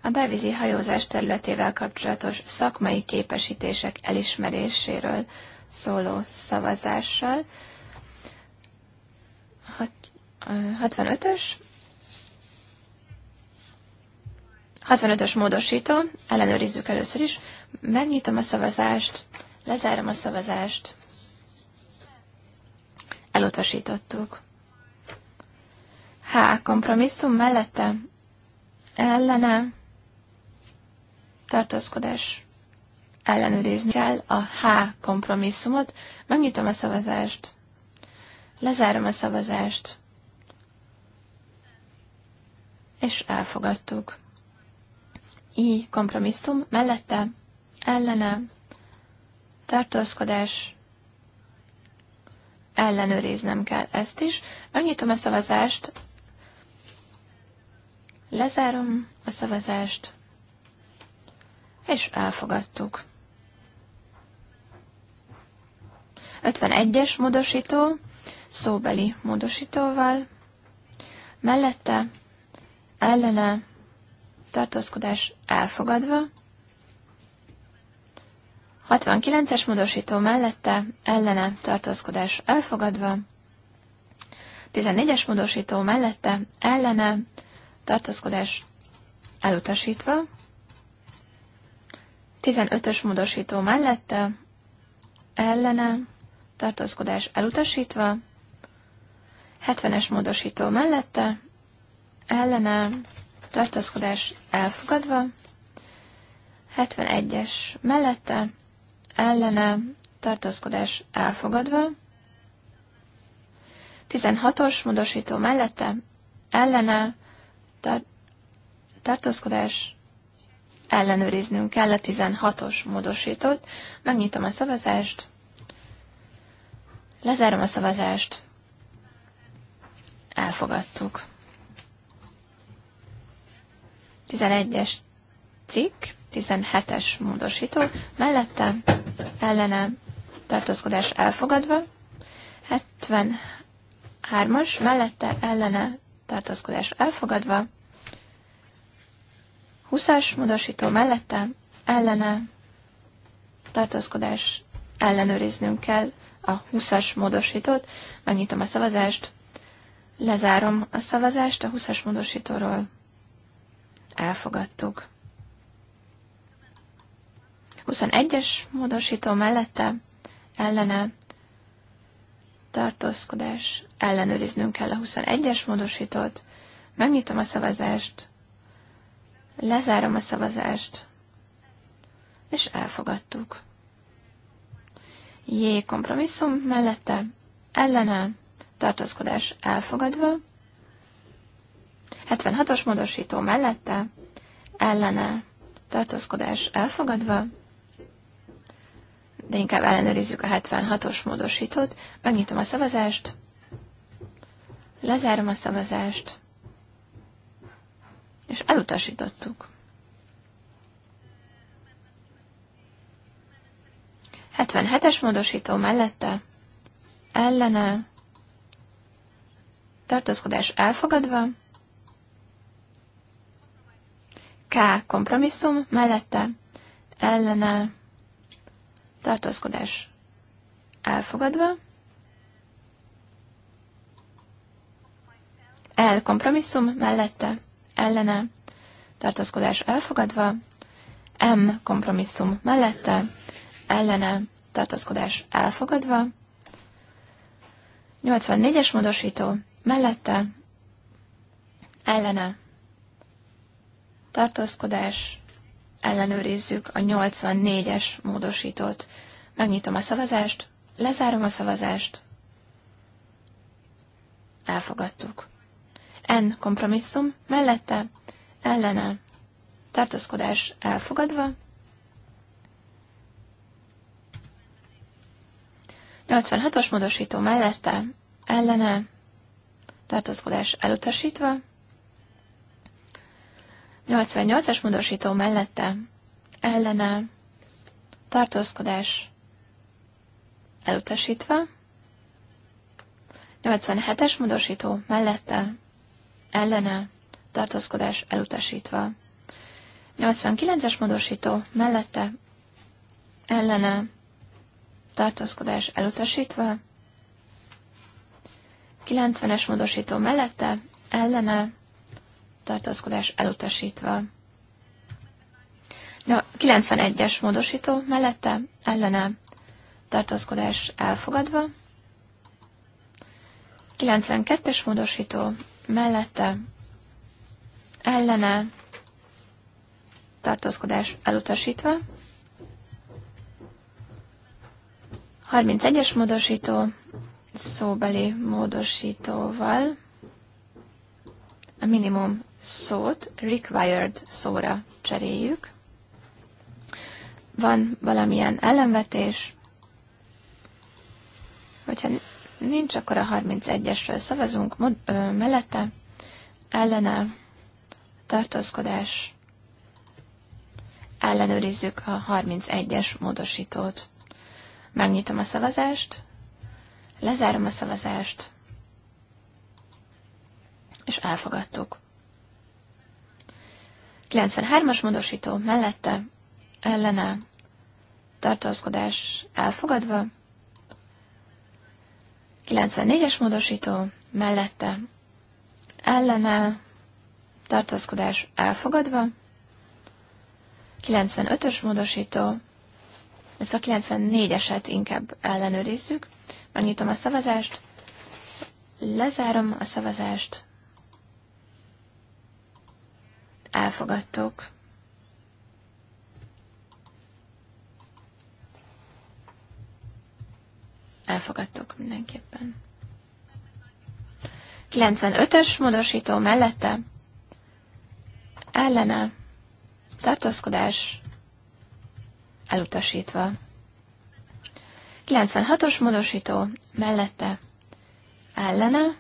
C: A bevízi hajózás területével kapcsolatos szakmai képesítések elismeréséről szóló szavazással. 65-ös 65-ös módosító, ellenőrizzük először is. Megnyitom a szavazást, lezárom a szavazást. Elutasítottuk. H. Kompromisszum mellette. Ellene. Tartózkodás. Ellenőrizni kell a H kompromisszumot. Megnyitom a szavazást. Lezárom a szavazást. És elfogadtuk. I kompromisszum mellette ellene tartózkodás ellenőriznem kell ezt is. Megnyitom a szavazást, lezárom a szavazást, és elfogadtuk. 51-es módosító, szóbeli módosítóval, mellette, ellene, tartózkodás elfogadva. 69-es módosító mellette ellene tartózkodás elfogadva. 14-es módosító mellette ellene tartózkodás elutasítva. 15-ös módosító mellette ellene tartózkodás elutasítva. 70-es módosító mellette ellene tartózkodás elfogadva, 71-es mellette, ellene, tartózkodás elfogadva, 16-os módosító mellette, ellene, tar- tartózkodás ellenőriznünk kell a 16-os módosítót. Megnyitom a szavazást, lezárom a szavazást, elfogadtuk. 11-es cikk, 17-es módosító, mellette ellene tartózkodás elfogadva, 73-as, mellette ellene tartózkodás elfogadva, 20-as módosító mellette ellene tartózkodás ellenőriznünk kell a 20-as módosítót. Megnyitom a szavazást, lezárom a szavazást a 20-as módosítóról elfogadtuk. 21-es módosító mellette ellene tartózkodás, ellenőriznünk kell a 21-es módosítót, megnyitom a szavazást, lezárom a szavazást, és elfogadtuk. J kompromisszum mellette, ellene, tartózkodás elfogadva, 76-os módosító mellette, ellene, tartózkodás elfogadva, de inkább ellenőrizzük a 76-os módosítót. Megnyitom a szavazást, lezárom a szavazást, és elutasítottuk. 77-es módosító mellette, ellene, tartózkodás elfogadva, K kompromisszum mellette ellene tartózkodás elfogadva. L kompromisszum mellette ellene tartózkodás elfogadva. M kompromisszum mellette ellene tartózkodás elfogadva. 84-es módosító mellette ellene tartózkodás, ellenőrizzük a 84-es módosítót. Megnyitom a szavazást, lezárom a szavazást, elfogadtuk. N kompromisszum, mellette, ellene, tartózkodás elfogadva, 86-os módosító mellette, ellene, tartózkodás elutasítva, 88-as módosító mellette ellene tartózkodás elutasítva. 87-es módosító mellette ellene tartózkodás elutasítva. 89-es módosító mellette ellene tartózkodás elutasítva. 90-es módosító mellette ellene tartózkodás elutasítva. A 91-es módosító mellette ellene tartózkodás elfogadva. 92-es módosító mellette ellene tartózkodás elutasítva. 31-es módosító szóbeli módosítóval a minimum szót required szóra cseréljük. Van valamilyen ellenvetés? Hogyha nincs, akkor a 31-esről szavazunk ö, mellette. Ellene tartózkodás. Ellenőrizzük a 31-es módosítót. Megnyitom a szavazást, lezárom a szavazást, és elfogadtuk. 93-as módosító mellette ellene tartózkodás elfogadva, 94-es módosító mellette ellene tartózkodás elfogadva, 95-ös módosító, illetve 94-eset inkább ellenőrizzük. Megnyitom a szavazást, lezárom a szavazást, elfogadtok, Elfogadtuk mindenképpen. 95-ös módosító mellette ellene tartózkodás elutasítva. 96-os módosító mellette ellene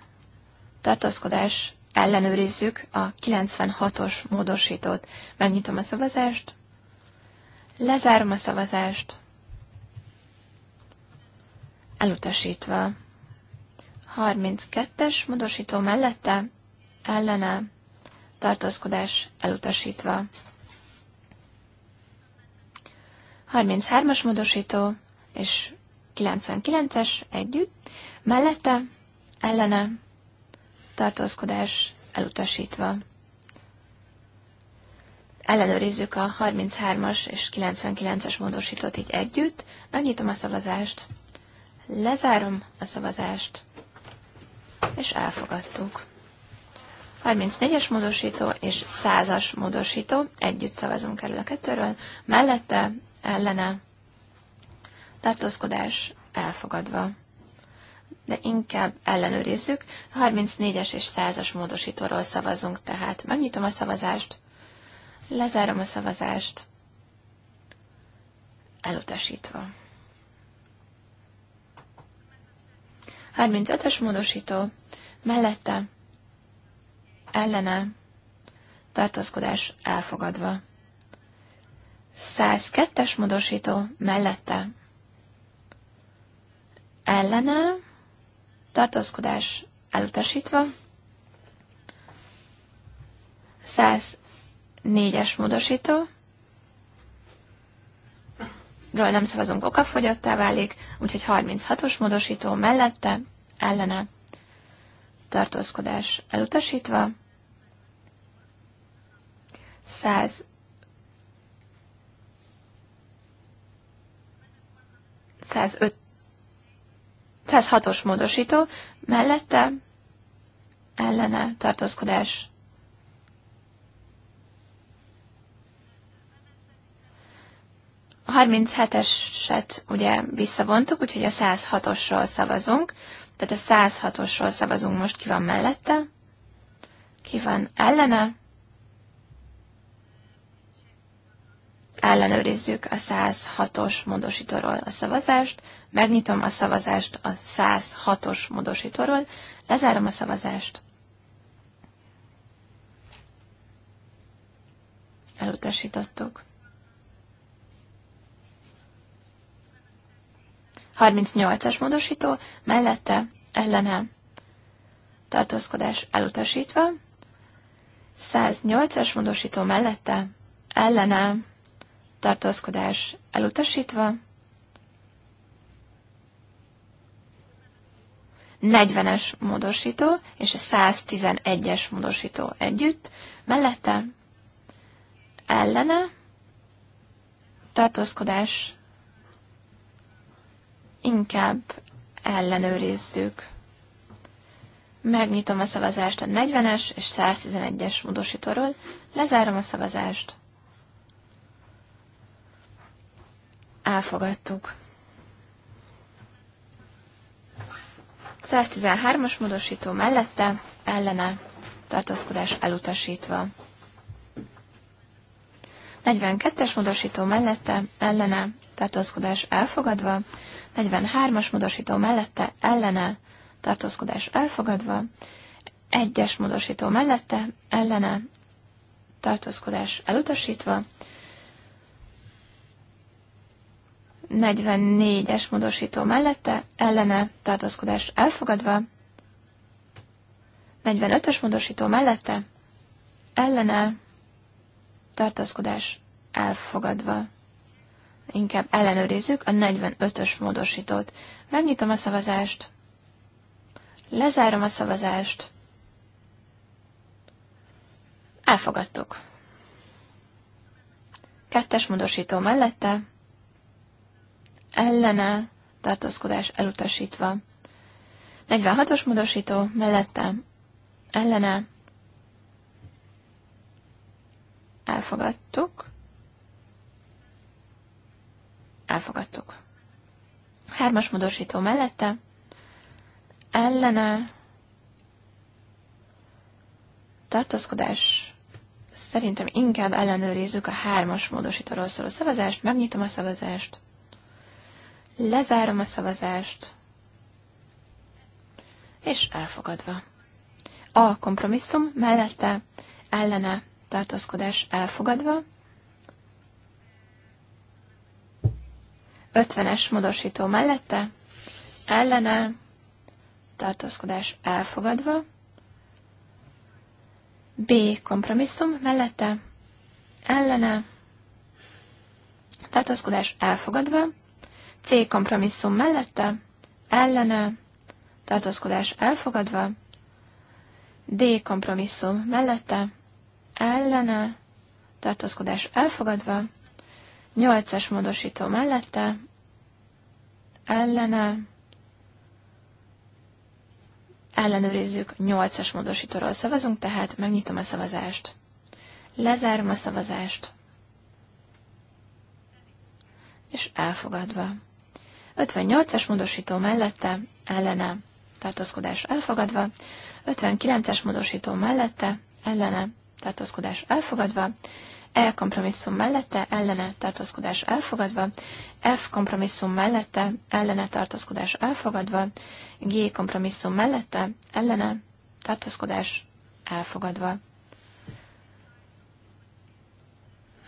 C: tartózkodás ellenőrizzük a 96-os módosítót. Megnyitom a szavazást, lezárom a szavazást, elutasítva. 32-es módosító mellette, ellene, tartózkodás elutasítva. 33-as módosító és 99-es együtt, mellette, ellene, tartózkodás elutasítva. Ellenőrizzük a 33-as és 99-es módosítót így együtt. Megnyitom a szavazást, lezárom a szavazást, és elfogadtuk. 34-es módosító és 100-as módosító, együtt szavazunk erről a kettőről, mellette, ellene, tartózkodás elfogadva de inkább ellenőrizzük. 34-es és 100-as módosítóról szavazunk, tehát megnyitom a szavazást, lezárom a szavazást, elutasítva. 35-ös módosító, mellette, ellene, tartózkodás elfogadva. 102-es módosító, mellette, ellene, tartózkodás elutasítva, 104-es módosító, ről nem szavazunk okafogyottá válik, úgyhogy 36-os módosító mellette, ellene, tartózkodás elutasítva, 100 105 106-os módosító, mellette ellene tartózkodás. A 37-eset ugye visszavontuk, úgyhogy a 106-osról szavazunk. Tehát a 106-osról szavazunk most, ki van mellette, ki van ellene, ellenőrizzük a 106-os módosítóról a szavazást, megnyitom a szavazást a 106-os módosítóról, lezárom a szavazást. Elutasítottuk. 38-as módosító, mellette, ellene, tartózkodás elutasítva, 108-as módosító mellette, ellene, tartózkodás elutasítva. 40-es módosító és a 111-es módosító együtt, mellette ellene tartózkodás inkább ellenőrizzük. Megnyitom a szavazást a 40-es és 111-es módosítóról, lezárom a szavazást. elfogadtuk. 113-as módosító mellette, ellene, tartózkodás elutasítva. 42-es módosító mellette, ellene, tartózkodás elfogadva. 43-as módosító mellette, ellene, tartózkodás elfogadva. 1-es módosító mellette, ellene, tartózkodás elutasítva. 44-es módosító mellette, ellene tartózkodás elfogadva, 45-ös módosító mellette, ellene tartózkodás elfogadva. Inkább ellenőrizzük a 45-ös módosítót. Megnyitom a szavazást. Lezárom a szavazást. Elfogadtuk. Kettes módosító mellette, ellene tartózkodás elutasítva. 46-os módosító mellette ellene elfogadtuk. Elfogadtuk. Hármas módosító mellette ellene tartózkodás szerintem inkább ellenőrizzük a hármas módosítóról szóló szavazást, megnyitom a szavazást. Lezárom a szavazást. És elfogadva. A kompromisszum mellette ellene tartózkodás elfogadva. 50-es módosító mellette ellene tartózkodás elfogadva. B. Kompromisszum mellette ellene tartózkodás elfogadva. C kompromisszum mellette, ellene, tartózkodás elfogadva, D kompromisszum mellette, ellene, tartózkodás elfogadva, 8-as módosító mellette, ellene, ellenőrizzük, 8-as módosítóról szavazunk, tehát megnyitom a szavazást. Lezárom a szavazást. És elfogadva. 58-as módosító mellette, ellene, tartózkodás elfogadva, 59-es módosító mellette, ellene, tartózkodás elfogadva, E kompromisszum mellette, ellene, tartózkodás elfogadva, F kompromisszum mellette, ellene, tartózkodás elfogadva, G kompromisszum mellette, ellene, tartózkodás elfogadva.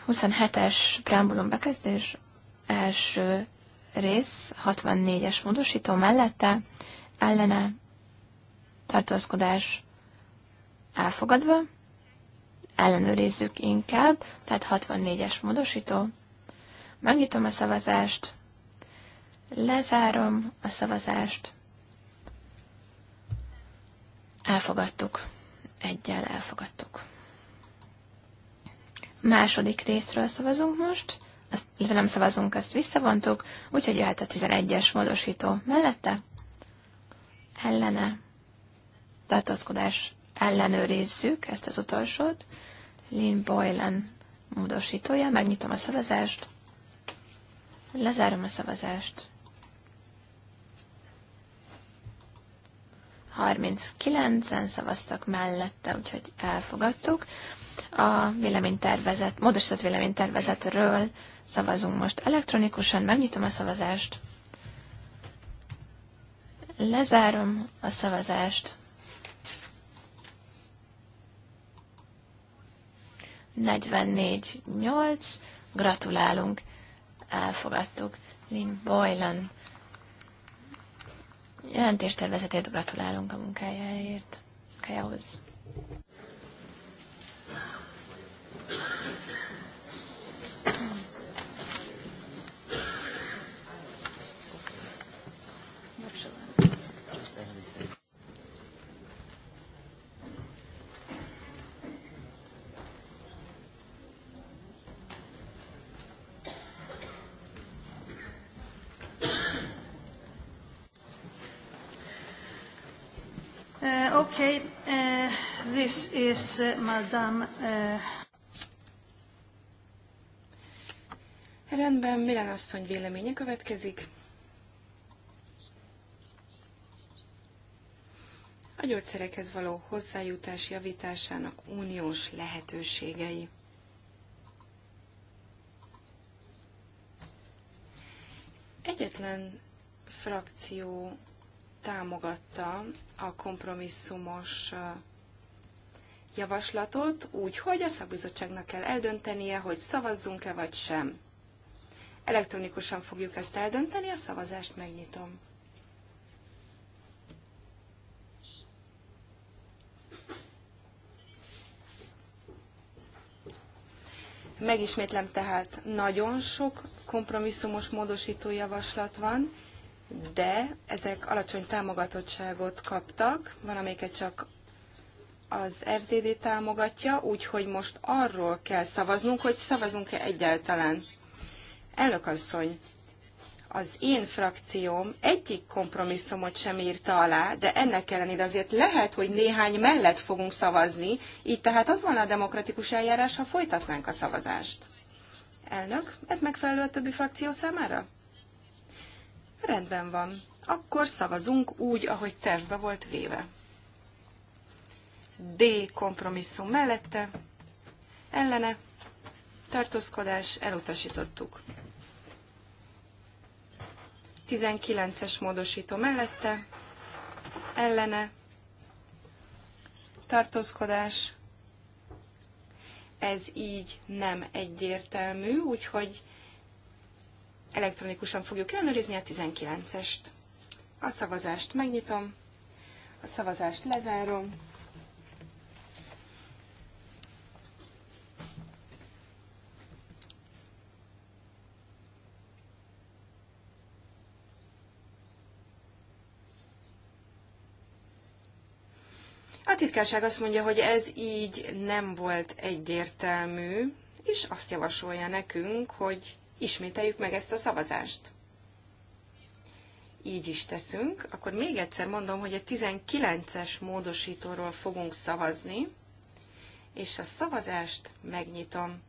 C: 27-es preambulum bekezdés első rész 64-es módosító mellette ellene tartózkodás elfogadva, ellenőrizzük inkább, tehát 64-es módosító. Megnyitom a szavazást, lezárom a szavazást, elfogadtuk, egyel elfogadtuk. Második részről szavazunk most azt, illetve nem szavazunk, ezt visszavontuk, úgyhogy jöhet a 11-es módosító mellette. Ellene. Tartózkodás ellenőrizzük ezt az utolsót. Lynn Boylan módosítója. Megnyitom a szavazást. Lezárom a szavazást. 39-en szavaztak mellette, úgyhogy elfogadtuk. A véleménytervezet, módosított véleménytervezetről szavazunk most elektronikusan. Megnyitom a szavazást. Lezárom a szavazást. nyolc. Gratulálunk. Elfogadtuk. Lynn Boylan jelentéstervezetét gratulálunk a munkájáért. Munkájához.
A: Uh, okay, uh,
D: this is uh, Madame. Uh... Rendben, Milán asszony véleménye következik. A gyógyszerekhez való hozzájutás javításának uniós lehetőségei. Egyetlen frakció támogatta a kompromisszumos javaslatot, úgyhogy a szakbizottságnak kell eldöntenie, hogy szavazzunk-e vagy sem. Elektronikusan fogjuk ezt eldönteni, a szavazást megnyitom. Megismétlem tehát, nagyon sok kompromisszumos módosító javaslat van, de ezek alacsony támogatottságot kaptak, van amelyeket csak az FDD támogatja, úgyhogy most arról kell szavaznunk, hogy szavazunk-e egyáltalán. Elnök asszony, az én frakcióm egyik kompromisszumot sem írta alá, de ennek ellenére azért lehet, hogy néhány mellett fogunk szavazni, így tehát az volna a demokratikus eljárás, ha folytatnánk a szavazást. Elnök, ez megfelelő a többi frakció számára? Rendben van. Akkor szavazunk úgy, ahogy tervbe volt véve. D kompromisszum mellette, ellene, tartózkodás, elutasítottuk. 19-es módosító mellette, ellene, tartózkodás. Ez így nem egyértelmű, úgyhogy elektronikusan fogjuk ellenőrizni a 19-est. A szavazást megnyitom, a szavazást lezárom. A titkárság azt mondja, hogy ez így nem volt egyértelmű, és azt javasolja nekünk, hogy ismételjük meg ezt a szavazást. Így is teszünk. Akkor még egyszer mondom, hogy a 19-es módosítóról fogunk szavazni, és a szavazást megnyitom.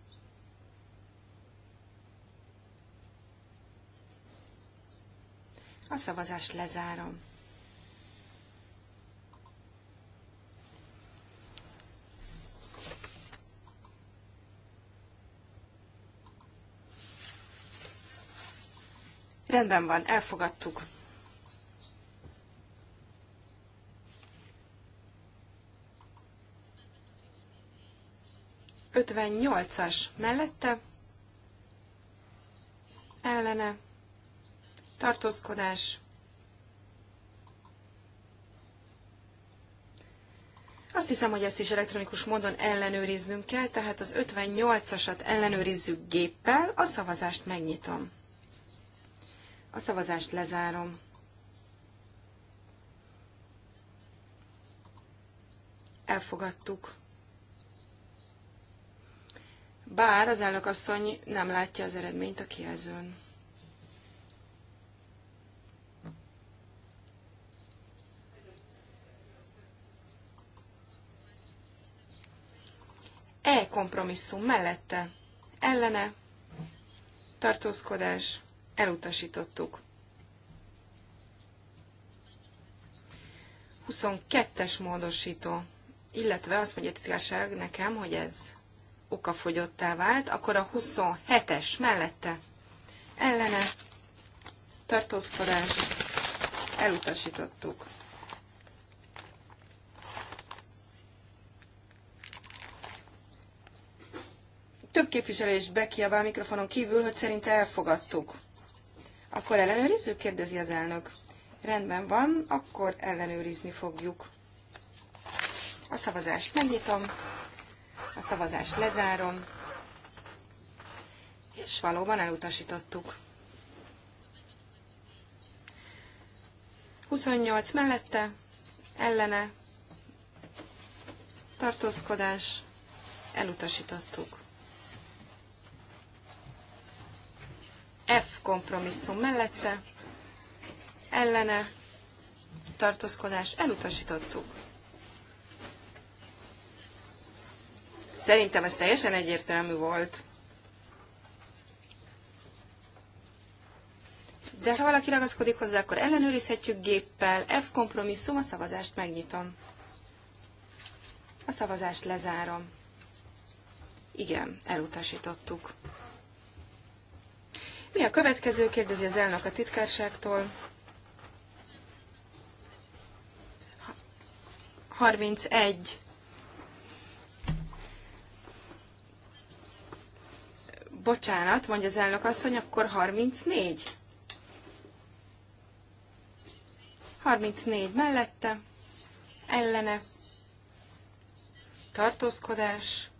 D: A szavazást lezárom. Rendben van, elfogadtuk. nyolcas mellette, ellene, tartózkodás, Azt hiszem, hogy ezt is elektronikus módon ellenőriznünk kell, tehát az 58-asat ellenőrizzük géppel, a szavazást megnyitom. A szavazást lezárom. Elfogadtuk. Bár az elnökasszony nem látja az eredményt a kijelzőn. E kompromisszum mellette. Ellene. Tartózkodás elutasítottuk. 22-es módosító, illetve azt mondja a titkárság nekem, hogy ez okafogyottá vált, akkor a 27-es mellette ellene tartózkodás elutasítottuk. Több képviselés bekiabál mikrofonon kívül, hogy szerinte elfogadtuk. Akkor ellenőrizzük? kérdezi az elnök. Rendben van, akkor ellenőrizni fogjuk. A szavazást megnyitom, a szavazást lezárom, és valóban elutasítottuk. 28 mellette, ellene, tartózkodás, elutasítottuk. F kompromisszum mellette, ellene, tartózkodás, elutasítottuk. Szerintem ez teljesen egyértelmű volt. De ha valaki ragaszkodik hozzá, akkor ellenőrizhetjük géppel. F kompromisszum, a szavazást megnyitom. A szavazást lezárom. Igen, elutasítottuk. Mi a következő? Kérdezi az elnök a titkárságtól. 31. Bocsánat, mondja az elnök asszony, akkor 34. 34 mellette, ellene, tartózkodás,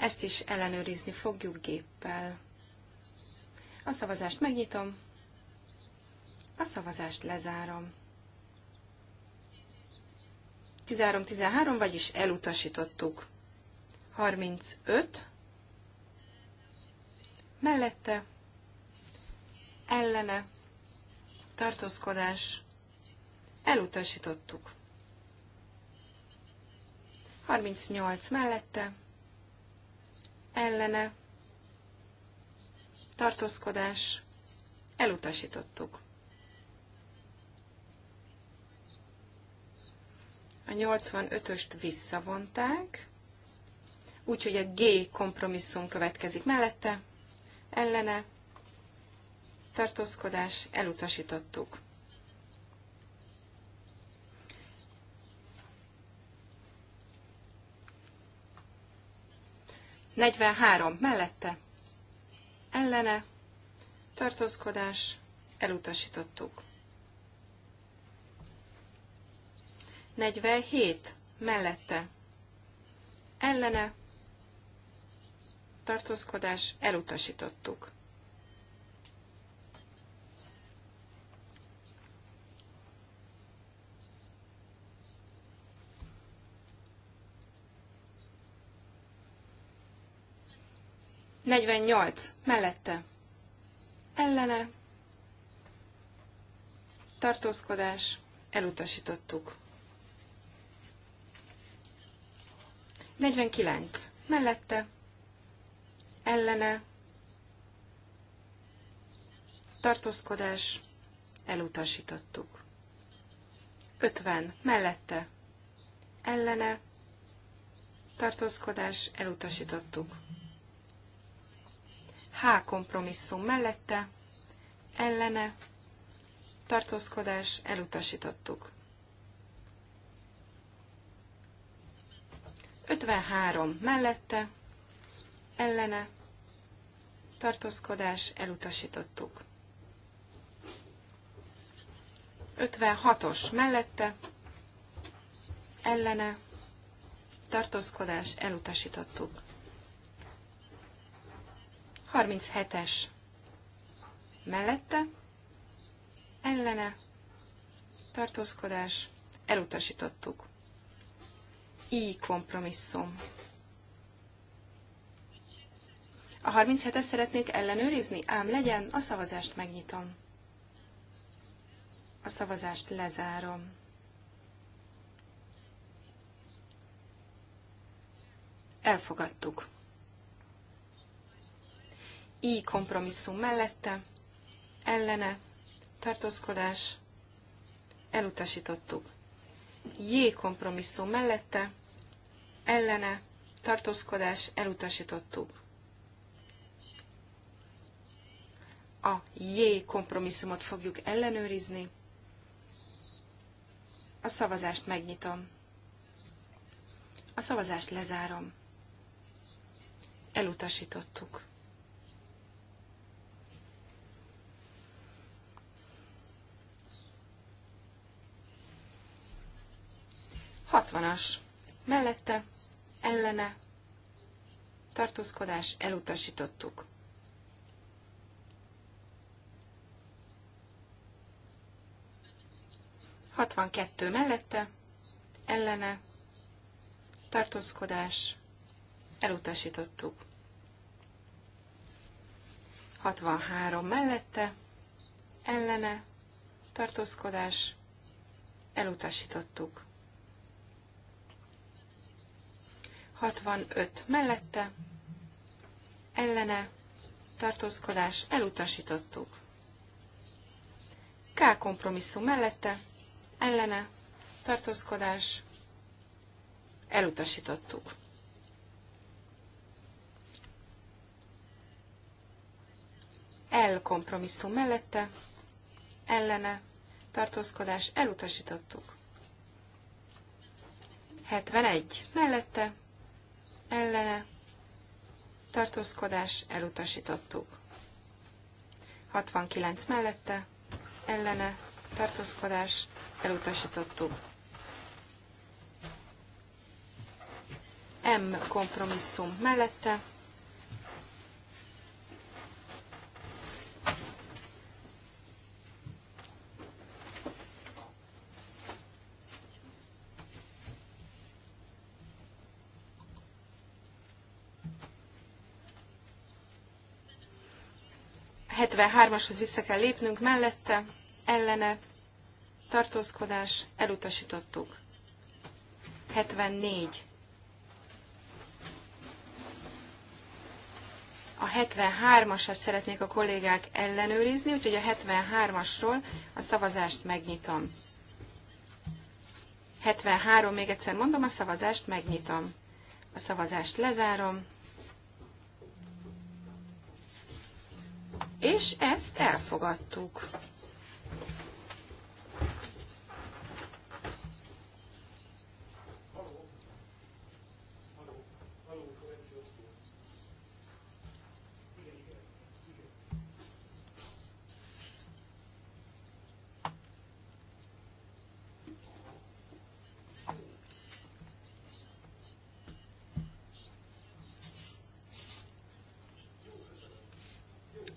D: Ezt is ellenőrizni fogjuk géppel. A szavazást megnyitom, a szavazást lezárom. 13-13, vagyis elutasítottuk. 35 mellette ellene tartózkodás elutasítottuk. 38 mellette ellene, tartózkodás, elutasítottuk. A 85-öst visszavonták, úgyhogy a G kompromisszum következik mellette, ellene, tartózkodás, elutasítottuk. 43 mellette, ellene, tartózkodás, elutasítottuk. 47 mellette, ellene, tartózkodás, elutasítottuk. 48. Mellette. Ellene. Tartózkodás. Elutasítottuk. 49. Mellette. Ellene. Tartózkodás. Elutasítottuk. 50. Mellette. Ellene. Tartózkodás. Elutasítottuk. H kompromisszum mellette, ellene, tartózkodás, elutasítottuk. 53 mellette, ellene, tartózkodás, elutasítottuk. 56-os mellette, ellene, tartózkodás, elutasítottuk. 37-es mellette, ellene, tartózkodás, elutasítottuk. I kompromisszum. A 37-es szeretnék ellenőrizni? Ám legyen, a szavazást megnyitom. A szavazást lezárom. Elfogadtuk. I kompromisszum mellette, ellene, tartózkodás, elutasítottuk. J kompromisszum mellette, ellene, tartózkodás, elutasítottuk. A J kompromisszumot fogjuk ellenőrizni. A szavazást megnyitom. A szavazást lezárom. Elutasítottuk. 60-as mellette, ellene, tartózkodás, elutasítottuk. Hatvankettő mellette, ellene, tartózkodás, elutasítottuk. 63 mellette, ellene, tartózkodás, elutasítottuk. 65 mellette, ellene, tartózkodás, elutasítottuk. K kompromisszum mellette, ellene, tartózkodás, elutasítottuk. L kompromisszum mellette, ellene, tartózkodás, elutasítottuk. 71 mellette, ellene, tartózkodás, elutasítottuk. 69 mellette, ellene, tartózkodás, elutasítottuk. M kompromisszum mellette, 73-ashoz vissza kell lépnünk, mellette, ellene, tartózkodás, elutasítottuk. 74. A 73-asat szeretnék a kollégák ellenőrizni, úgyhogy a 73-asról a szavazást megnyitom. 73, még egyszer mondom, a szavazást megnyitom. A szavazást lezárom. és ezt elfogadtuk.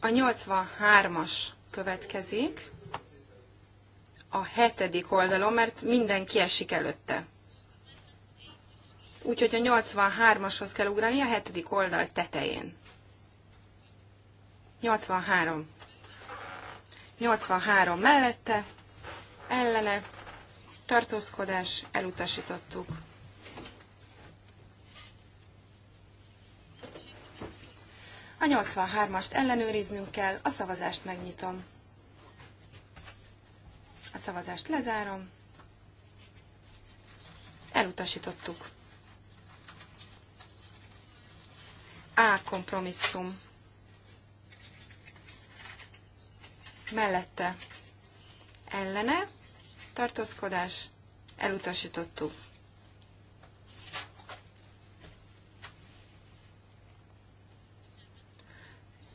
D: A 83-as következik a hetedik oldalon, mert minden kiesik előtte. Úgyhogy a 83-ashoz kell ugrani a hetedik oldal tetején. 83. 83 mellette, ellene, tartózkodás, elutasítottuk. A 83-ast ellenőriznünk kell, a szavazást megnyitom. A szavazást lezárom. Elutasítottuk. A kompromisszum. Mellette ellene tartózkodás elutasítottuk.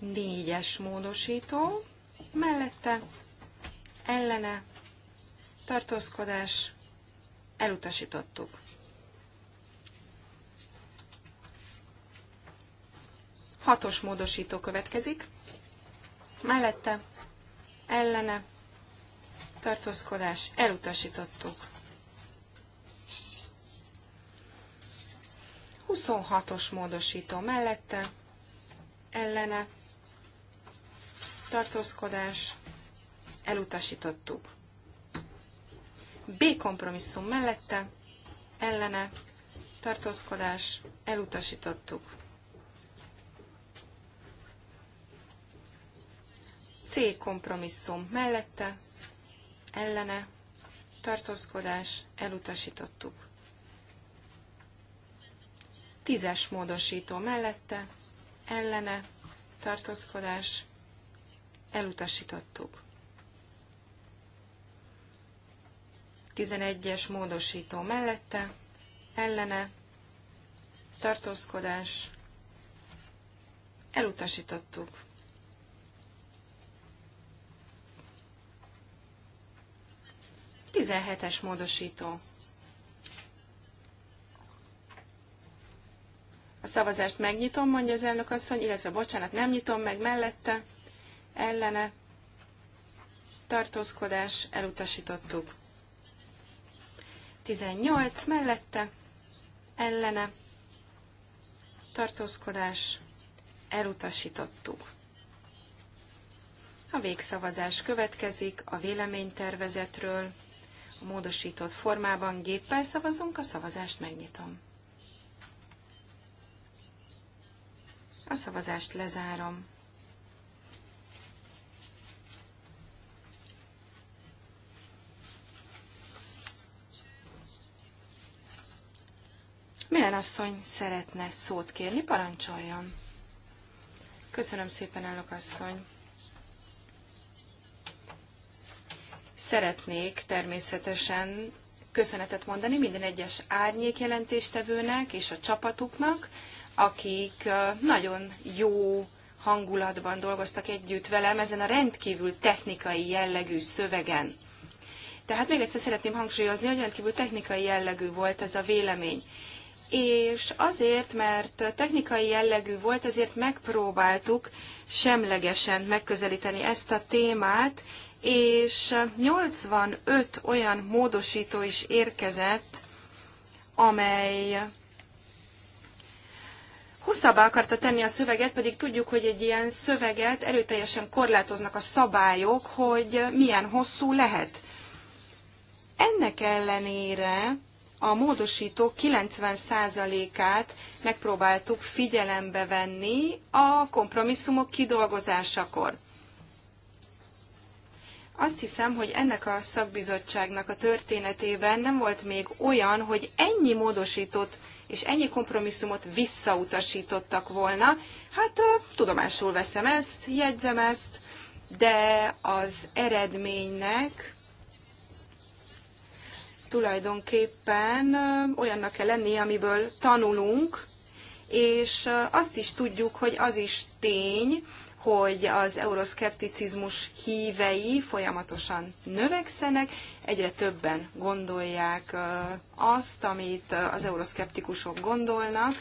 D: Négyes módosító, mellette ellene tartózkodás elutasítottuk. Hatos módosító következik, mellette ellene tartózkodás elutasítottuk. 26-os módosító mellette, ellene, tartózkodás, elutasítottuk. B kompromisszum mellette, ellene, tartózkodás, elutasítottuk. C kompromisszum mellette, ellene, tartózkodás, elutasítottuk. Tízes módosító mellette, ellene, tartózkodás, Elutasítottuk. 11-es módosító mellette, ellene, tartózkodás, elutasítottuk. Tizenhetes módosító. A szavazást megnyitom, mondja az elnök asszony, illetve bocsánat, nem nyitom meg mellette, ellene tartózkodás elutasítottuk. 18 mellette ellene tartózkodás elutasítottuk. A végszavazás következik a véleménytervezetről. A módosított formában géppel szavazunk, a szavazást megnyitom. A szavazást lezárom. Milyen asszony szeretne szót kérni? Parancsoljon! Köszönöm szépen, elnök asszony! Szeretnék természetesen köszönetet mondani minden egyes árnyékjelentéstevőnek és a csapatuknak, akik nagyon jó hangulatban dolgoztak együtt velem ezen a rendkívül technikai jellegű szövegen. Tehát még egyszer szeretném hangsúlyozni, hogy rendkívül technikai jellegű volt ez a vélemény és azért, mert technikai jellegű volt, ezért megpróbáltuk semlegesen megközelíteni ezt a témát, és 85 olyan módosító is érkezett, amely hosszabbá akarta tenni a szöveget, pedig tudjuk, hogy egy ilyen szöveget erőteljesen korlátoznak a szabályok, hogy milyen hosszú lehet. Ennek ellenére a módosító 90%-át megpróbáltuk figyelembe venni a kompromisszumok kidolgozásakor. Azt hiszem, hogy ennek a szakbizottságnak a történetében nem volt még olyan, hogy ennyi módosított és ennyi kompromisszumot visszautasítottak volna. Hát tudomásul veszem ezt, jegyzem ezt, de az eredménynek tulajdonképpen olyannak kell lenni, amiből tanulunk, és azt is tudjuk, hogy az is tény, hogy az euroszkepticizmus hívei folyamatosan növekszenek, egyre többen gondolják azt, amit az euroszkeptikusok gondolnak,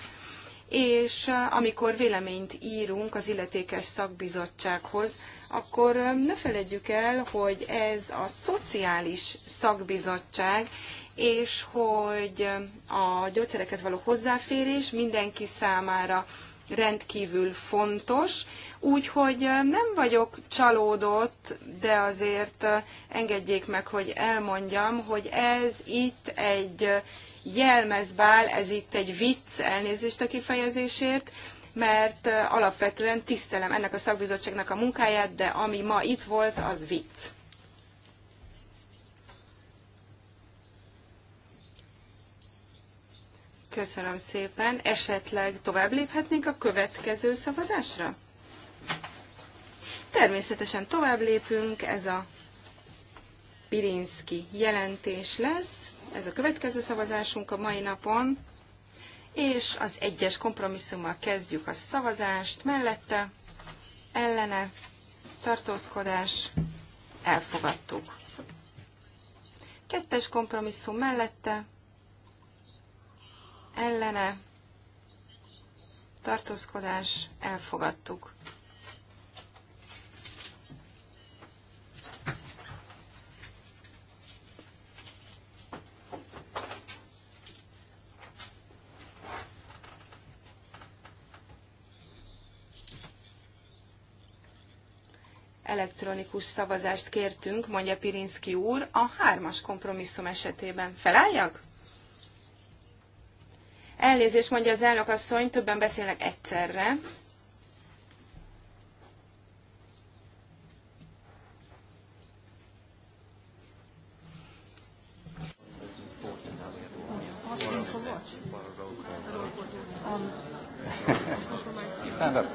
D: és amikor véleményt írunk az illetékes szakbizottsághoz, akkor ne feledjük el, hogy ez a szociális szakbizottság, és hogy a gyógyszerekhez való hozzáférés mindenki számára rendkívül fontos, úgyhogy nem vagyok csalódott, de azért engedjék meg, hogy elmondjam, hogy ez itt egy jelmezbál, ez itt egy vicc, elnézést a kifejezésért, mert alapvetően tisztelem ennek a szakbizottságnak a munkáját, de ami ma itt volt, az vicc. Köszönöm szépen. Esetleg tovább léphetnénk a következő szavazásra? Természetesen tovább lépünk, ez a Pirinszki jelentés lesz. Ez a következő szavazásunk a mai napon, és az egyes kompromisszummal kezdjük a szavazást, mellette, ellene, tartózkodás, elfogadtuk. Kettes kompromisszum mellette, ellene, tartózkodás, elfogadtuk. elektronikus szavazást kértünk, mondja Pirinski úr, a hármas kompromisszum esetében. Felálljak? Elnézést mondja az elnökasszony, többen beszélek egyszerre.
E: Stand up.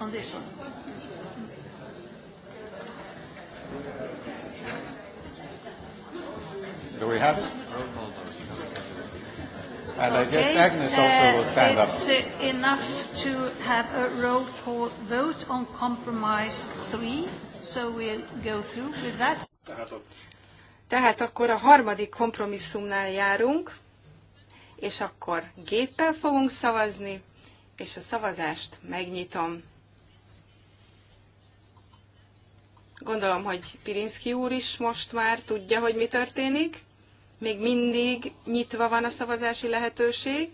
E: On this one. Do we have it? And I guess Agnes also uh, will stand it's up.
A: It's uh, enough to have a roll call vote on compromise three,
D: so we'll go through with that. Tehát akkor a harmadik kompromisszumnál járunk, és akkor géppel fogunk szavazni, és a szavazást megnyitom. Gondolom, hogy Pirinszki úr is most már tudja, hogy mi történik. Még mindig nyitva van a szavazási lehetőség.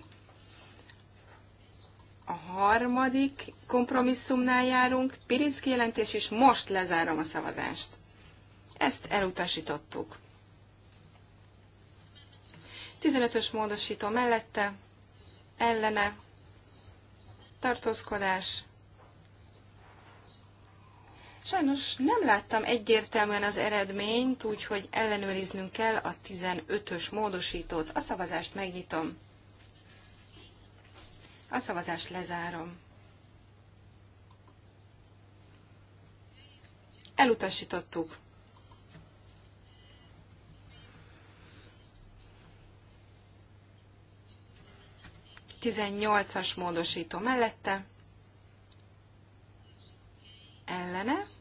D: A harmadik kompromisszumnál járunk. Pirinszki jelentés, és most lezárom a szavazást. Ezt elutasítottuk. 15-ös módosító mellette, ellene, tartózkodás, Sajnos nem láttam egyértelműen az eredményt, úgyhogy ellenőriznünk kell a 15-ös módosítót. A szavazást megnyitom. A szavazást lezárom. Elutasítottuk. Tizennyolcas módosító mellette. Ellene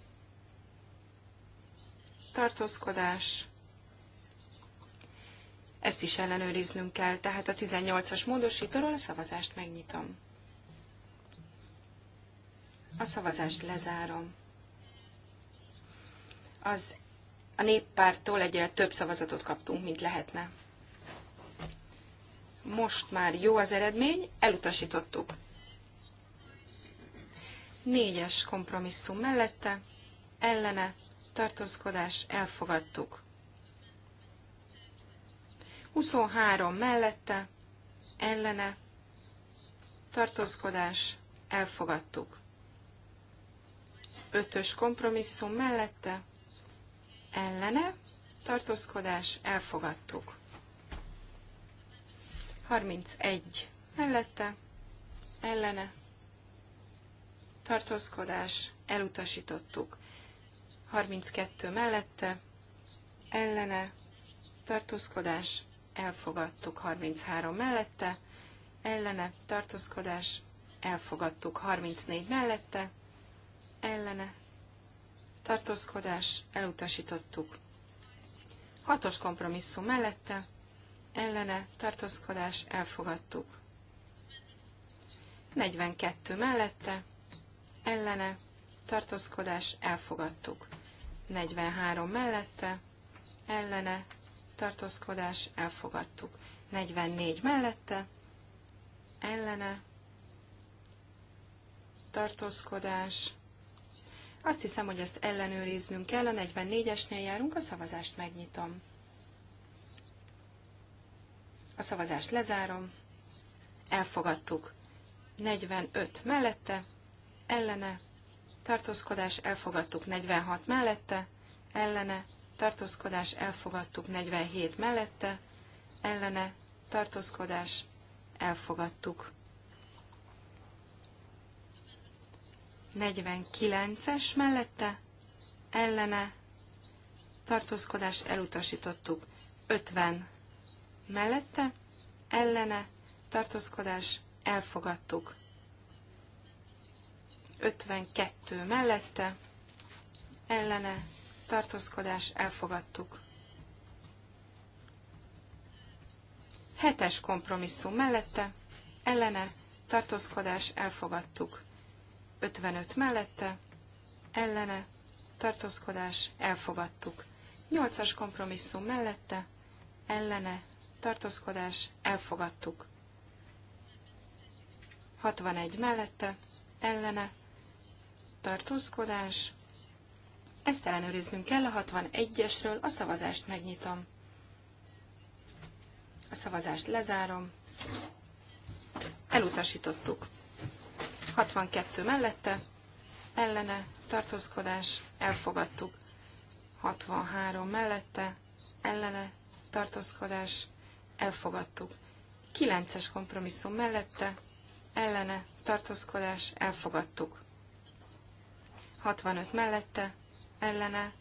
D: tartózkodás. Ezt is ellenőriznünk kell, tehát a 18-as módosítóról a szavazást megnyitom. A szavazást lezárom. Az a néppártól egyre több szavazatot kaptunk, mint lehetne. Most már jó az eredmény, elutasítottuk. Négyes kompromisszum mellette, ellene, tartózkodás, elfogadtuk. 23 mellette, ellene, tartózkodás, elfogadtuk. 5-ös kompromisszum mellette, ellene, tartózkodás, elfogadtuk. 31 mellette, ellene, tartózkodás, elutasítottuk. 32 mellette, ellene, tartózkodás, elfogadtuk 33 mellette, ellene, tartózkodás, elfogadtuk 34 mellette, ellene, tartózkodás, elutasítottuk. Hatos kompromisszum mellette, ellene, tartózkodás, elfogadtuk. 42 mellette, ellene, tartózkodás, elfogadtuk. 43 mellette, ellene, tartózkodás, elfogadtuk. 44 mellette, ellene, tartózkodás. Azt hiszem, hogy ezt ellenőriznünk kell. A 44-esnél járunk, a szavazást megnyitom. A szavazást lezárom. Elfogadtuk. 45 mellette, ellene, tartózkodás elfogadtuk 46 mellette, ellene, tartózkodás elfogadtuk 47 mellette, ellene, tartózkodás elfogadtuk. 49-es mellette, ellene, tartózkodás elutasítottuk 50 mellette, ellene, tartózkodás elfogadtuk 52 mellette, ellene, tartózkodás, elfogadtuk. Hetes kompromisszum mellette, ellene, tartózkodás, elfogadtuk. 55 mellette, ellene, tartózkodás, elfogadtuk. 8-as kompromisszum mellette, ellene, tartózkodás, elfogadtuk. 61 mellette, ellene, tartózkodás. Ezt ellenőriznünk kell a 61-esről, a szavazást megnyitom. A szavazást lezárom. Elutasítottuk. 62 mellette, ellene, tartózkodás, elfogadtuk. 63 mellette, ellene, tartózkodás, elfogadtuk. 9-es kompromisszum mellette, ellene, tartózkodás, elfogadtuk. 65 mellette, ellene,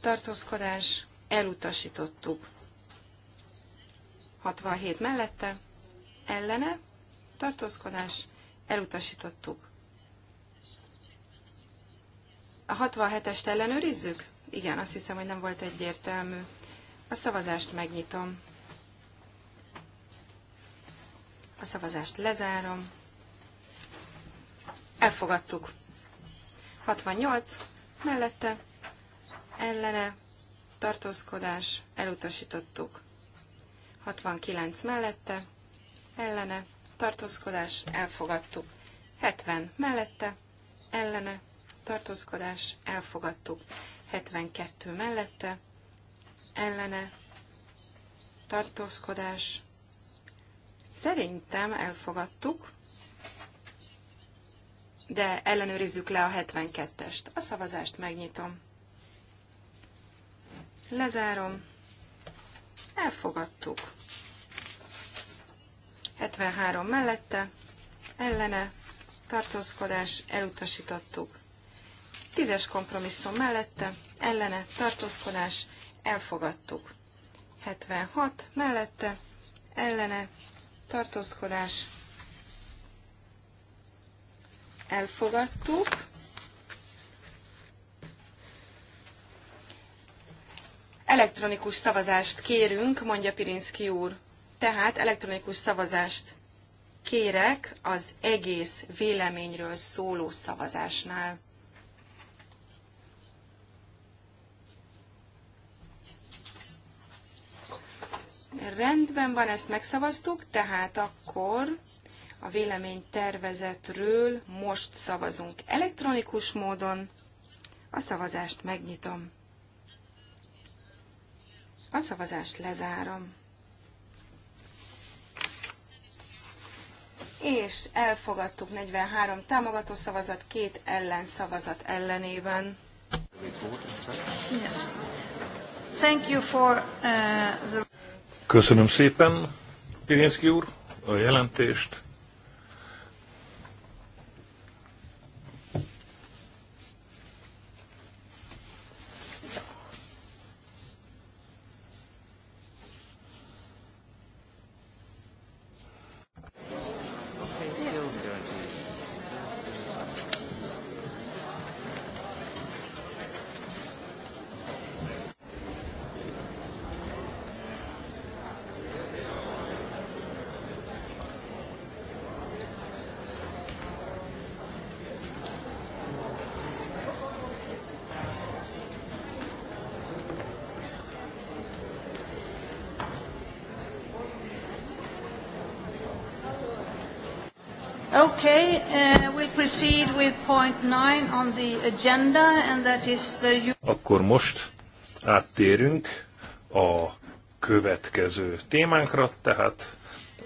D: tartózkodás, elutasítottuk. 67 mellette, ellene, tartózkodás, elutasítottuk. A 67-est ellenőrizzük? Igen, azt hiszem, hogy nem volt egyértelmű. A szavazást megnyitom. A szavazást lezárom. Elfogadtuk. 68 mellette ellene tartózkodás elutasítottuk. 69 mellette ellene tartózkodás elfogadtuk. 70 mellette ellene tartózkodás elfogadtuk. 72 mellette ellene tartózkodás Szerintem elfogadtuk, de ellenőrizzük le a 72-est. A szavazást megnyitom. Lezárom. Elfogadtuk. 73 mellette, ellene, tartózkodás, elutasítottuk. 10-es kompromisszum mellette, ellene, tartózkodás, elfogadtuk. 76 mellette, ellene, tartózkodás, elfogadtuk. Elektronikus szavazást kérünk, mondja Pirinszki úr. Tehát elektronikus szavazást kérek az egész véleményről szóló szavazásnál. Rendben van, ezt megszavaztuk, tehát akkor a véleménytervezetről most szavazunk elektronikus módon. A szavazást megnyitom. A szavazást lezárom. És elfogadtuk 43 támogató szavazat, két ellen szavazat ellenében. Yes. Thank you for, uh,
A: the...
B: Köszönöm szépen, Pirinszki úr, a jelentést. Akkor most áttérünk a következő témánkra, tehát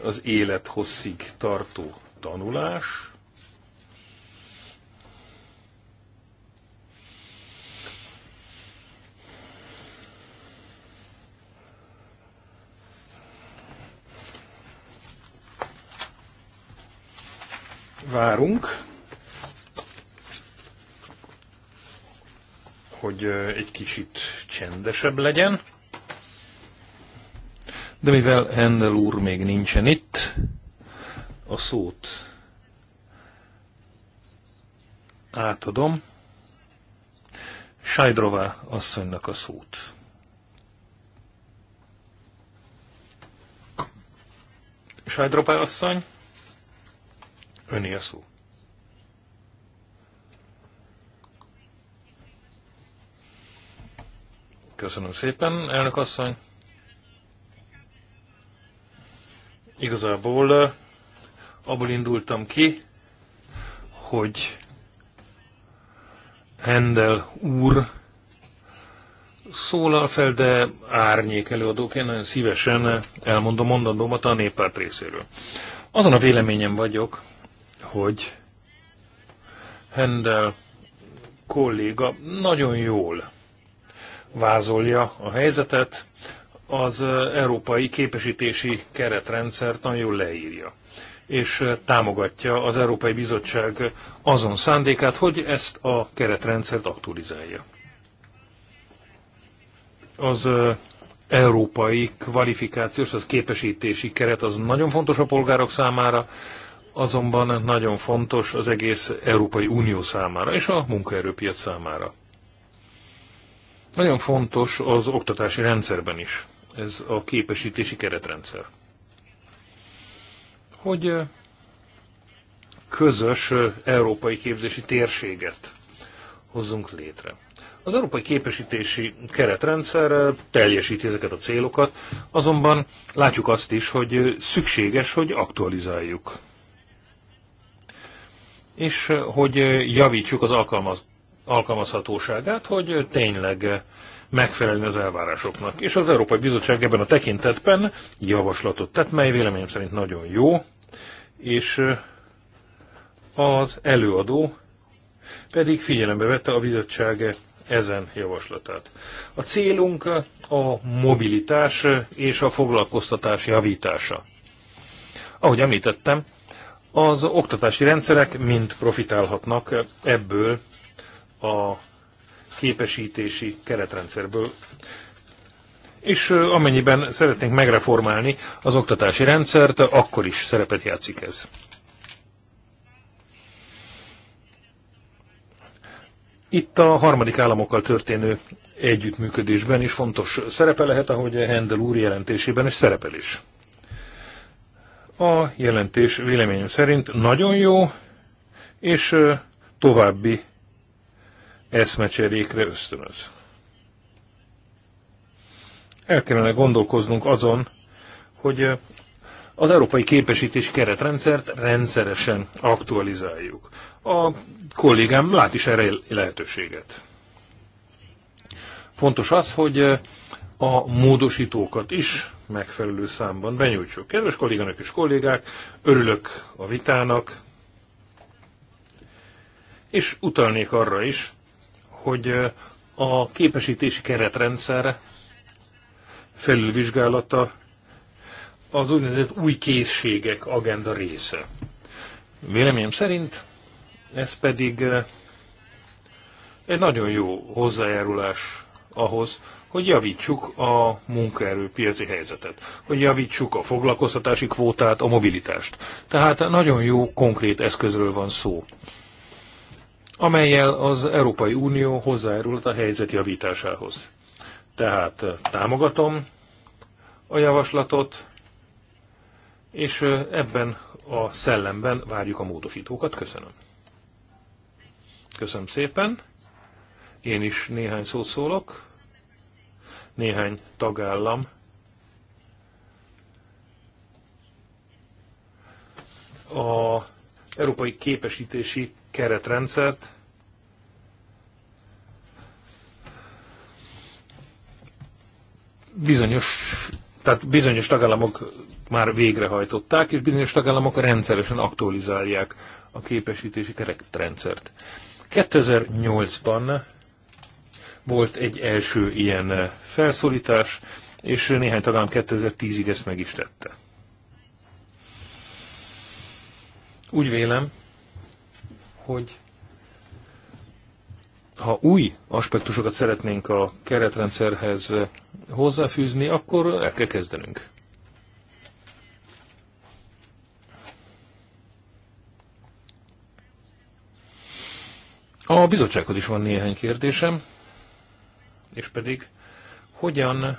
B: az élet hosszig tartó tanulás. Várunk. hogy egy kicsit csendesebb legyen. De mivel Hendel úr még nincsen itt, a szót átadom. Sajdrová asszonynak a szót. Sajdrová asszony, öné a szót. Köszönöm szépen, elnök asszony. Igazából abból indultam ki, hogy Hendel úr szólal fel, de árnyék előadóként nagyon szívesen elmondom mondandómat a néppárt részéről. Azon a véleményem vagyok, hogy Hendel kolléga nagyon jól vázolja a helyzetet, az európai képesítési keretrendszert nagyon jól leírja és támogatja az Európai Bizottság azon szándékát, hogy ezt a keretrendszert aktualizálja. Az európai kvalifikációs, az képesítési keret az nagyon fontos a polgárok számára, azonban nagyon fontos az egész Európai Unió számára és a munkaerőpiac számára. Nagyon fontos az oktatási rendszerben is ez a képesítési keretrendszer. Hogy közös európai képzési térséget hozzunk létre. Az európai képesítési keretrendszer teljesíti ezeket a célokat, azonban látjuk azt is, hogy szükséges, hogy aktualizáljuk. És hogy javítjuk az alkalmazást alkalmazhatóságát, hogy tényleg megfelelni az elvárásoknak. És az Európai Bizottság ebben a tekintetben javaslatot tett, mely véleményem szerint nagyon jó, és az előadó pedig figyelembe vette a bizottság ezen javaslatát. A célunk a mobilitás és a foglalkoztatás javítása. Ahogy említettem, az oktatási rendszerek mind profitálhatnak ebből a képesítési keretrendszerből. És amennyiben szeretnénk megreformálni az oktatási rendszert, akkor is szerepet játszik ez. Itt a harmadik államokkal történő együttműködésben is fontos szerepe lehet, ahogy Hendel úr jelentésében is szerepel is. A jelentés véleményem szerint nagyon jó, és további eszmecserékre ösztönöz. El kellene gondolkoznunk azon, hogy eh, az európai képesítés keretrendszert rendszeresen aktualizáljuk. A kollégám lát is erre lehetőséget. Fontos az, hogy eh, a módosítókat is megfelelő számban benyújtsuk. Kedves kolléganök és kollégák, örülök a vitának, és utalnék arra is, hogy a képesítési keretrendszer felülvizsgálata az úgynevezett új készségek agenda része. Véleményem szerint ez pedig egy nagyon jó hozzájárulás ahhoz, hogy javítsuk a munkaerőpiaci helyzetet, hogy javítsuk a foglalkoztatási kvótát, a mobilitást. Tehát nagyon jó konkrét eszközről van szó amelyel az Európai Unió hozzájárult a helyzet javításához. Tehát eh, támogatom a javaslatot, és eh, ebben a szellemben várjuk a módosítókat. Köszönöm. Köszönöm szépen. Én is néhány szót szólok. Néhány tagállam. A európai képesítési keretrendszert, bizonyos, tehát bizonyos tagállamok már végrehajtották, és bizonyos tagállamok rendszeresen aktualizálják a képesítési keretrendszert. 2008-ban volt egy első ilyen felszólítás, és néhány tagállam 2010-ig ezt meg is tette. Úgy vélem, hogy ha új aspektusokat szeretnénk a keretrendszerhez hozzáfűzni, akkor el kell kezdenünk. A bizottsághoz is van néhány kérdésem, és pedig hogyan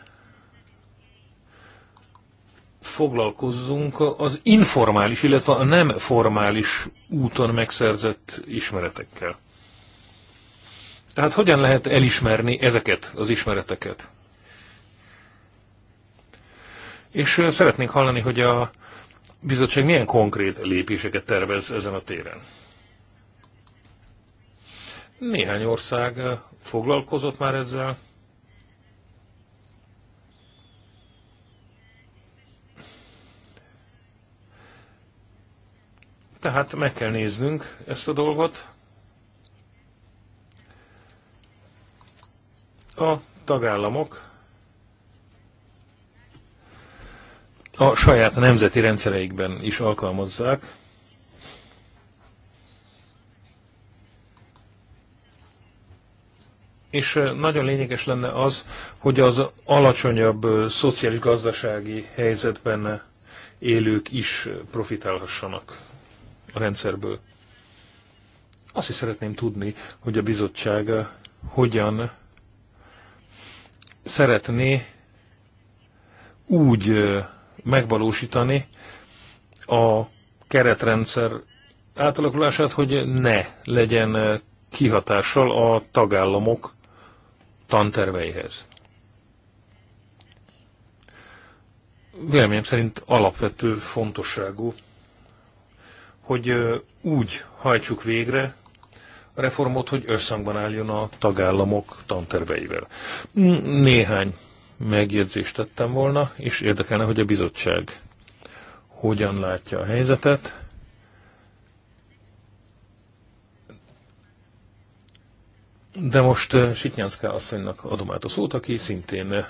B: foglalkozzunk az informális, illetve a nem formális úton megszerzett ismeretekkel. Tehát hogyan lehet elismerni ezeket az ismereteket? És szeretnénk hallani, hogy a bizottság milyen konkrét lépéseket tervez ezen a téren. Néhány ország foglalkozott már ezzel, Tehát meg kell néznünk ezt a dolgot. A tagállamok a saját nemzeti rendszereikben is alkalmazzák. És eh, nagyon lényeges lenne az, hogy az alacsonyabb eh, szociális-gazdasági helyzetben eh, élők is profitálhassanak a rendszerből. Azt is szeretném tudni, hogy a bizottság eh, hogyan szeretné úgy eh, megvalósítani a keretrendszer átalakulását, hogy ne legyen eh, kihatással a tagállamok tanterveihez. Véleményem szerint alapvető fontosságú hogy úgy hajtsuk végre a reformot, hogy összhangban álljon a tagállamok tanterveivel. Néhány megjegyzést tettem volna, és érdekelne, hogy a bizottság hogyan látja a helyzetet. De most Sitnyánszká asszonynak adom át a szót, aki szintén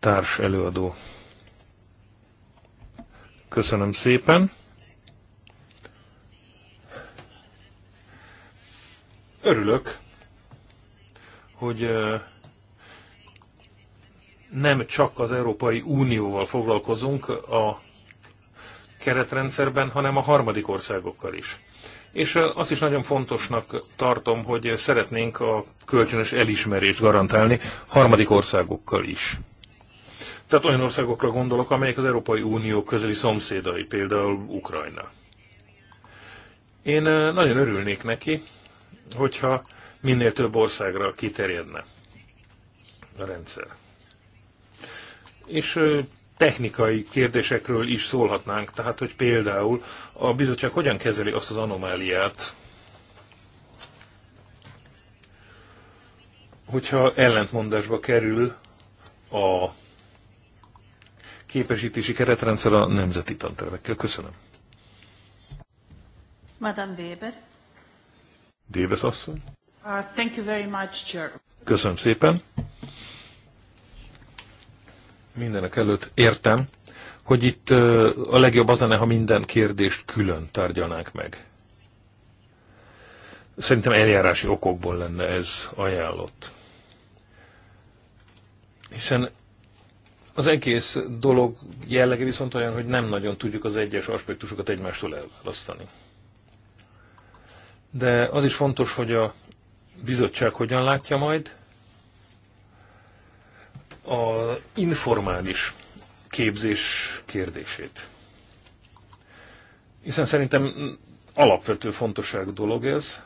B: társ előadó. Köszönöm szépen. Örülök, hogy nem csak az Európai Unióval foglalkozunk a keretrendszerben, hanem a harmadik országokkal is. És azt is nagyon fontosnak tartom, hogy szeretnénk a kölcsönös elismerést garantálni harmadik országokkal is. Tehát olyan országokra gondolok, amelyek az Európai Unió közeli szomszédai, például Ukrajna. Én nagyon örülnék neki, hogyha minél több országra kiterjedne a rendszer. És technikai kérdésekről is szólhatnánk, tehát hogy például a bizottság hogyan kezeli azt az anomáliát, hogyha ellentmondásba kerül a képesítési keretrendszer a nemzeti tantervekkel. Köszönöm.
A: Madame Weber.
B: Davis asszony.
A: Uh, thank you very much, Chair.
B: Köszönöm szépen. Mindenek előtt értem, hogy itt uh, a legjobb az lenne, ha minden kérdést külön tárgyalnánk meg. Szerintem eljárási okokból lenne ez ajánlott. Hiszen az egész dolog jellege viszont olyan, hogy nem nagyon tudjuk az egyes aspektusokat egymástól elválasztani de az is fontos, hogy a bizottság hogyan látja majd a informális képzés kérdését. Hiszen szerintem alapvető fontosságú dolog ez,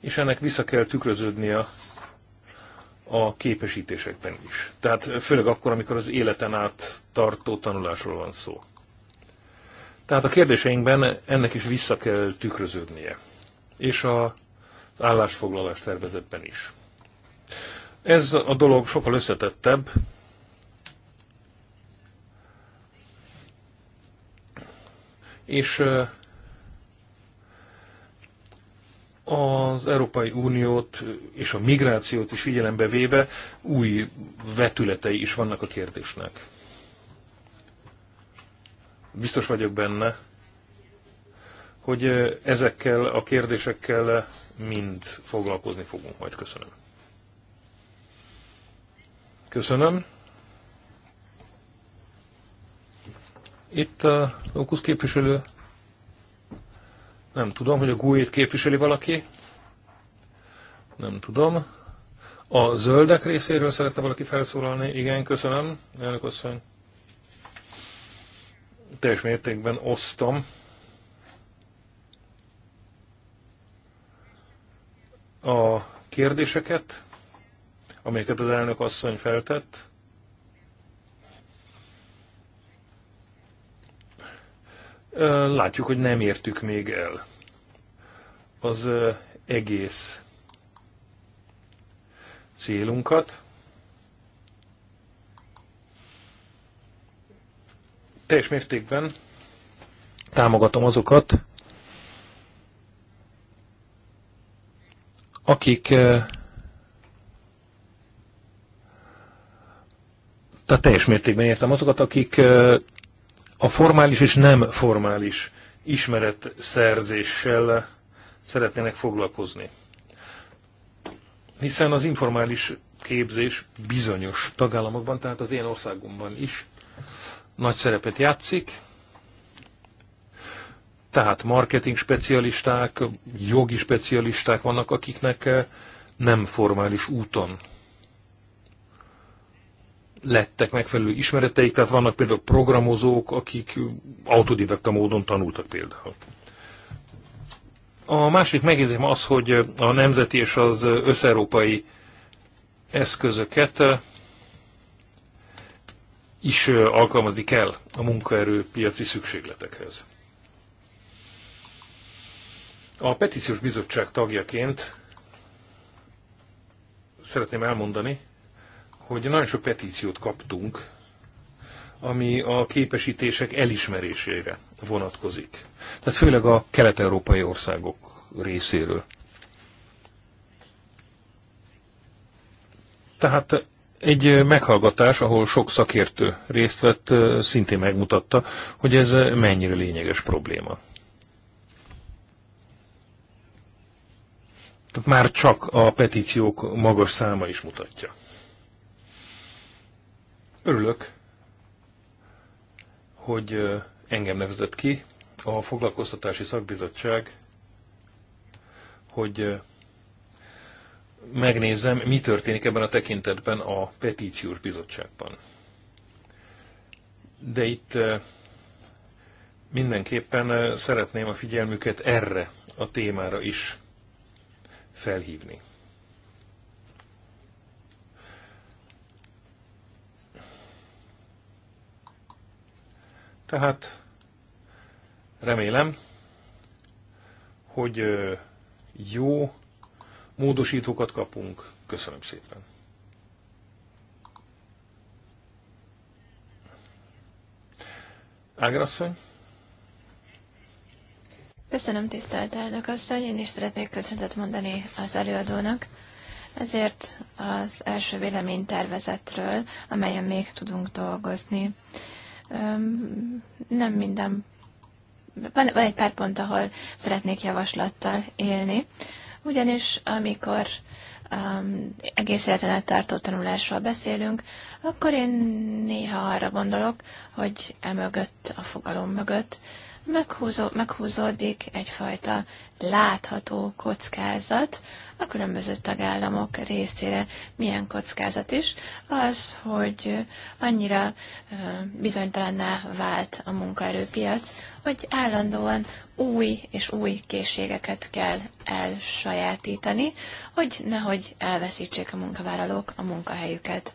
B: és ennek vissza kell tükröződnie a képesítésekben is. Tehát főleg akkor, amikor az életen át tartó tanulásról van szó. Tehát a kérdéseinkben ennek is vissza kell tükröződnie és a állásfoglalás tervezetben is. Ez a dolog sokkal összetettebb, és az Európai Uniót és a migrációt is figyelembe véve új vetületei is vannak a kérdésnek. Biztos vagyok benne, hogy ezekkel a kérdésekkel mind foglalkozni fogunk majd. Köszönöm. Köszönöm. Itt a Lókusz képviselő. Nem tudom, hogy a gui t képviseli valaki. Nem tudom. A zöldek részéről szerette valaki felszólalni? Igen, köszönöm, elnök asszony. Teljes mértékben osztom a kérdéseket, amelyeket az elnök asszony feltett. Látjuk, hogy nem értük még el az egész célunkat. Teljes mértékben támogatom azokat, akik tehát teljes mértékben értem azokat, akik a formális és nem formális ismeretszerzéssel szeretnének foglalkozni. Hiszen az informális képzés bizonyos tagállamokban, tehát az én országomban is nagy szerepet játszik, tehát marketing specialisták, jogi specialisták vannak, akiknek eh, nem formális úton lettek megfelelő ismereteik, tehát vannak például programozók, akik autodidakta módon tanultak például. A másik megjegyzésem az, hogy a nemzeti és az összeurópai eszközöket eh, is eh, alkalmazni kell a munkaerőpiaci szükségletekhez. A petíciós bizottság tagjaként szeretném elmondani, hogy nagyon sok petíciót kaptunk, ami a képesítések elismerésére vonatkozik. Tehát főleg a kelet-európai országok részéről. Tehát egy meghallgatás, ahol sok szakértő részt vett, szintén megmutatta, hogy ez mennyire lényeges probléma. Tehát már csak a petíciók magas száma is mutatja. Örülök, hogy engem nevezett ki a foglalkoztatási szakbizottság, hogy megnézzem, mi történik ebben a tekintetben a petíciós bizottságban. De itt mindenképpen szeretném a figyelmüket erre a témára is felhívni. Tehát remélem, hogy jó módosítókat kapunk. Köszönöm szépen. Ágrasszony?
C: Köszönöm, tisztelt elnök asszony, én is szeretnék köszönetet mondani az előadónak. Ezért az első véleménytervezetről, amelyen még tudunk dolgozni. Nem minden, van, egy pár pont, ahol szeretnék javaslattal élni, ugyanis amikor um, egész életen át tartó tanulásról beszélünk, akkor én néha arra gondolok, hogy emögött, a fogalom mögött meghúzó, meghúzódik egyfajta látható kockázat a különböző tagállamok részére. Milyen kockázat is? Az, hogy annyira bizonytalanná vált a munkaerőpiac, hogy állandóan új és új készségeket kell elsajátítani, hogy nehogy elveszítsék a munkavállalók a munkahelyüket.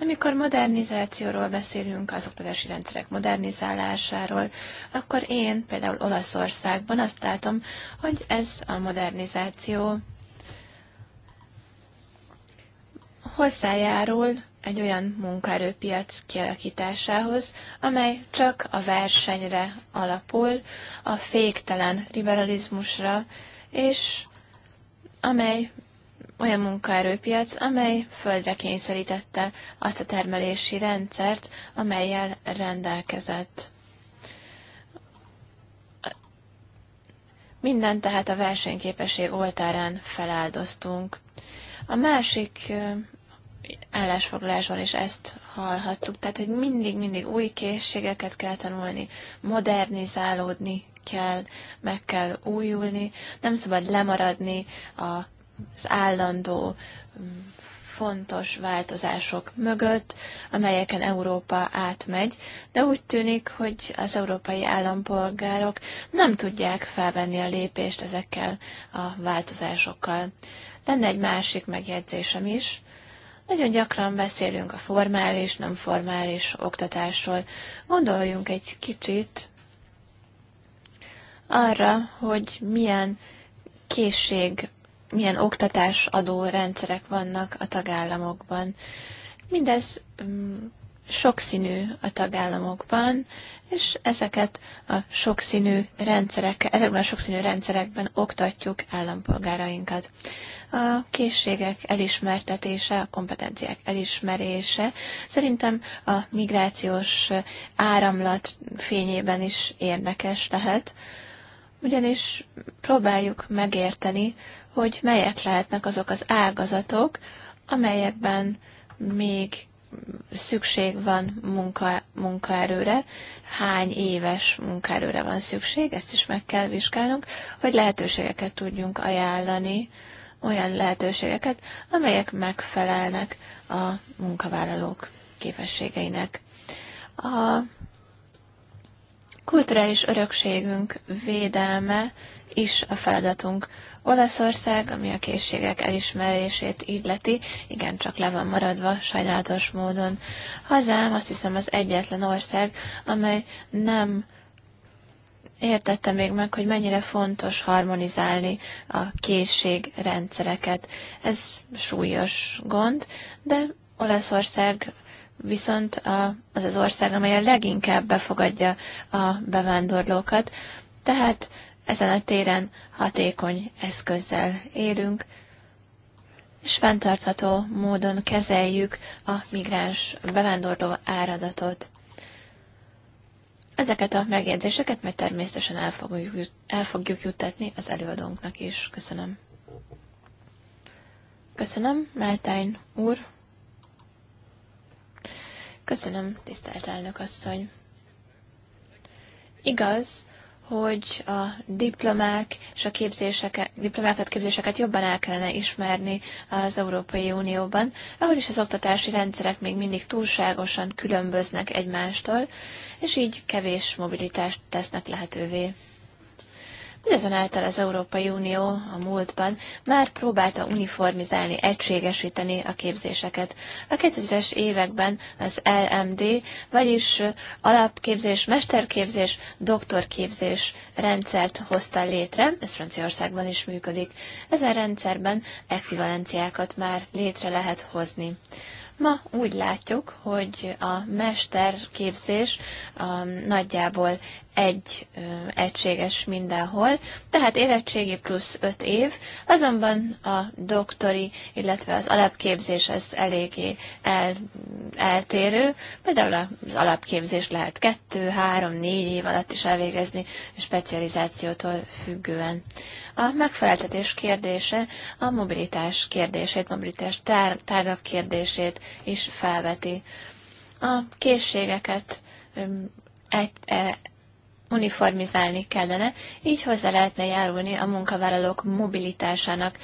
C: Amikor modernizációról beszélünk, az oktatási rendszerek modernizálásáról, akkor én például Olaszországban azt látom, hogy ez a modernizáció hozzájárul egy olyan munkaerőpiac kialakításához, amely csak a versenyre alapul, a féktelen liberalizmusra, és amely olyan munkaerőpiac, amely földre kényszerítette azt a termelési rendszert, amelyel rendelkezett. Minden tehát a versenyképesség oltárán feláldoztunk. A másik állásfoglalásban is ezt hallhattuk, tehát hogy mindig-mindig új készségeket kell tanulni, modernizálódni kell, meg kell újulni, nem szabad lemaradni a az állandó fontos változások mögött, amelyeken Európa átmegy, de úgy tűnik, hogy az európai állampolgárok nem tudják felvenni a lépést ezekkel a változásokkal. Lenne egy másik megjegyzésem is. Nagyon gyakran beszélünk a formális, nem formális oktatásról. Gondoljunk egy kicsit arra, hogy milyen készség milyen oktatásadó rendszerek vannak a tagállamokban. Mindez mm, sokszínű a tagállamokban, és ezeket a sokszínű rendszerek, ezekben a sokszínű rendszerekben oktatjuk állampolgárainkat. A készségek elismertetése, a kompetenciák elismerése szerintem a migrációs áramlat fényében is érdekes lehet, ugyanis próbáljuk megérteni, hogy melyek lehetnek azok az ágazatok, amelyekben még szükség van munka, munkaerőre, hány éves munkaerőre van szükség, ezt is meg kell vizsgálnunk, hogy lehetőségeket tudjunk ajánlani, olyan lehetőségeket, amelyek megfelelnek a munkavállalók képességeinek. A kulturális örökségünk védelme is a feladatunk. Olaszország, ami a készségek elismerését illeti, igencsak le van maradva sajnálatos módon. Hazám azt hiszem az egyetlen ország, amely nem értette még meg, hogy mennyire fontos harmonizálni a készségrendszereket. Ez súlyos gond, de Olaszország viszont a, az az ország, amely a leginkább befogadja a bevándorlókat, tehát ezen a téren hatékony eszközzel élünk, és fenntartható módon kezeljük a migráns bevándorló áradatot. Ezeket a megjegyzéseket majd természetesen el fogjuk, el fogjuk juttatni az előadónknak is. Köszönöm. Köszönöm, Máltány úr. Köszönöm, tisztelt elnök asszony. Igaz, hogy a diplomák és a képzéseket, diplomákat, képzéseket jobban el kellene ismerni az Európai Unióban, ahogy is az oktatási rendszerek még mindig túlságosan különböznek egymástól, és így kevés mobilitást tesznek lehetővé el az Európai Unió a múltban már próbálta uniformizálni, egységesíteni a képzéseket. A 2000-es években az LMD, vagyis alapképzés, mesterképzés, doktorképzés rendszert hozta létre, ez Franciaországban is működik. Ezen rendszerben ekvivalenciákat már létre lehet hozni. Ma úgy látjuk, hogy a mesterképzés nagyjából egy egységes mindenhol, tehát érettségi plusz 5 év, azonban a doktori, illetve az alapképzés az eléggé el, eltérő. Például az alapképzés lehet 2, 3, 4 év alatt is elvégezni, specializációtól függően. A megfeleltetés kérdése a mobilitás kérdését, mobilitás tár, tárgabb kérdését is felveti. A készségeket egy, e, uniformizálni kellene, így hozzá lehetne járulni a munkavállalók mobilitásának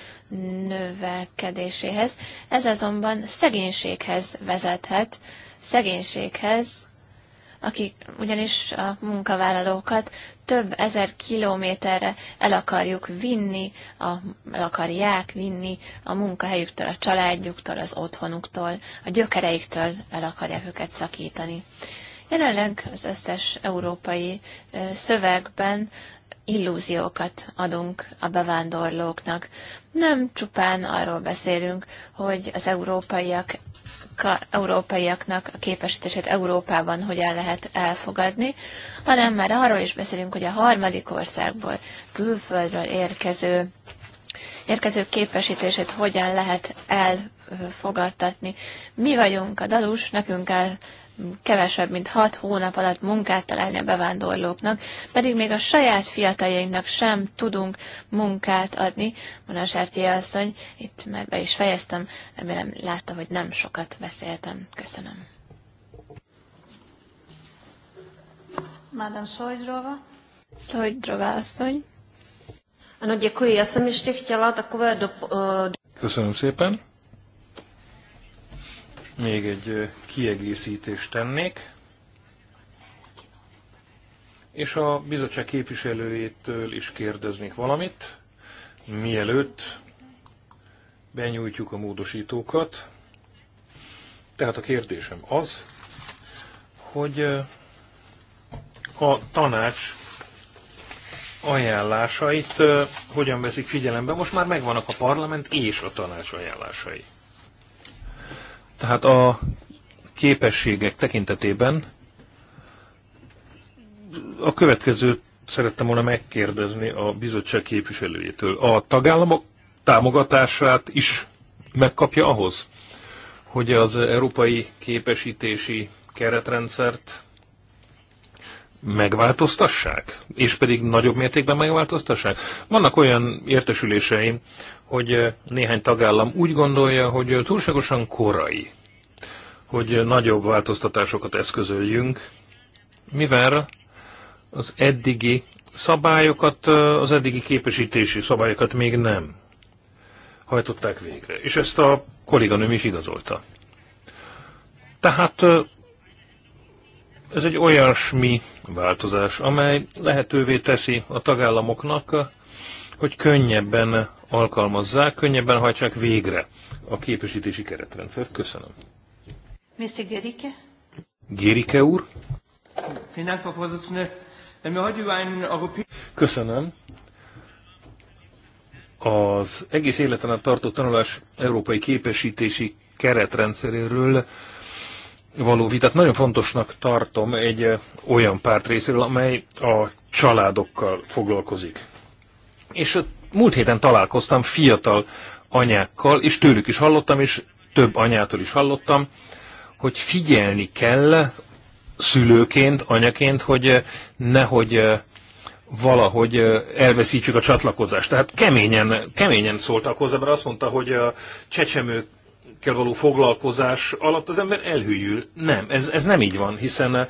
C: növekedéséhez, Ez azonban szegénységhez vezethet, szegénységhez, akik ugyanis a munkavállalókat több ezer kilométerre el akarjuk vinni, a, el akarják vinni a munkahelyüktől, a családjuktól, az otthonuktól, a gyökereiktől el akarják őket szakítani. Jelenleg az összes európai szövegben illúziókat adunk a bevándorlóknak. Nem csupán arról beszélünk, hogy az európaiak, ka, európaiaknak a képesítését Európában hogyan lehet elfogadni, hanem már arról is beszélünk, hogy a harmadik országból, külföldről érkező érkező képesítését hogyan lehet elfogadtatni. Mi vagyunk a dalus, nekünk kell kevesebb, mint hat hónap alatt munkát találni a bevándorlóknak, pedig még a saját fiataljainknak sem tudunk munkát adni. Mona Sertjé asszony, itt már be is fejeztem, remélem látta, hogy nem sokat beszéltem. Köszönöm. Madame Sojdrova. Sojdrova asszony.
A: Ano, děkuji. Já jsem ještě chtěla takové eh, do...
B: Köszönöm szépen még egy kiegészítést tennék, és a bizottság képviselőjétől is kérdeznék valamit, mielőtt benyújtjuk a módosítókat. Tehát a kérdésem az, hogy a tanács ajánlásait hogyan veszik figyelembe. Most már megvannak a parlament és a tanács ajánlásai. Tehát a képességek tekintetében a következőt szerettem volna megkérdezni a bizottság képviselőjétől. A tagállamok támogatását is megkapja ahhoz, hogy az európai képesítési keretrendszert megváltoztassák, és pedig nagyobb mértékben megváltoztassák. Vannak olyan értesüléseim, hogy eh, néhány tagállam úgy gondolja, hogy eh, túlságosan korai, hogy eh, nagyobb változtatásokat eszközöljünk, mivel az eddigi szabályokat, az eddigi képesítési szabályokat még nem hajtották végre. És ezt a kolléganőm is igazolta. Tehát ez egy olyasmi változás, amely lehetővé teszi a tagállamoknak, hogy könnyebben alkalmazzák, könnyebben hajtsák végre a képesítési keretrendszert. Köszönöm.
A: Mr. Gerike?
B: Gerike úr? Köszönöm. Az egész életen át tartó tanulás európai képesítési keretrendszeréről való vitát nagyon fontosnak tartom egy olyan párt részéről, amely a családokkal foglalkozik. És múlt héten találkoztam fiatal anyákkal, és tőlük is hallottam, és több anyától is hallottam, hogy figyelni kell szülőként, anyaként, hogy nehogy valahogy elveszítsük a csatlakozást. Tehát keményen, keményen szóltak hozzá, mert azt mondta, hogy a csecsemők ezekkel való foglalkozás alatt az ember elhűl. Nem, ez, ez nem így van, hiszen eh,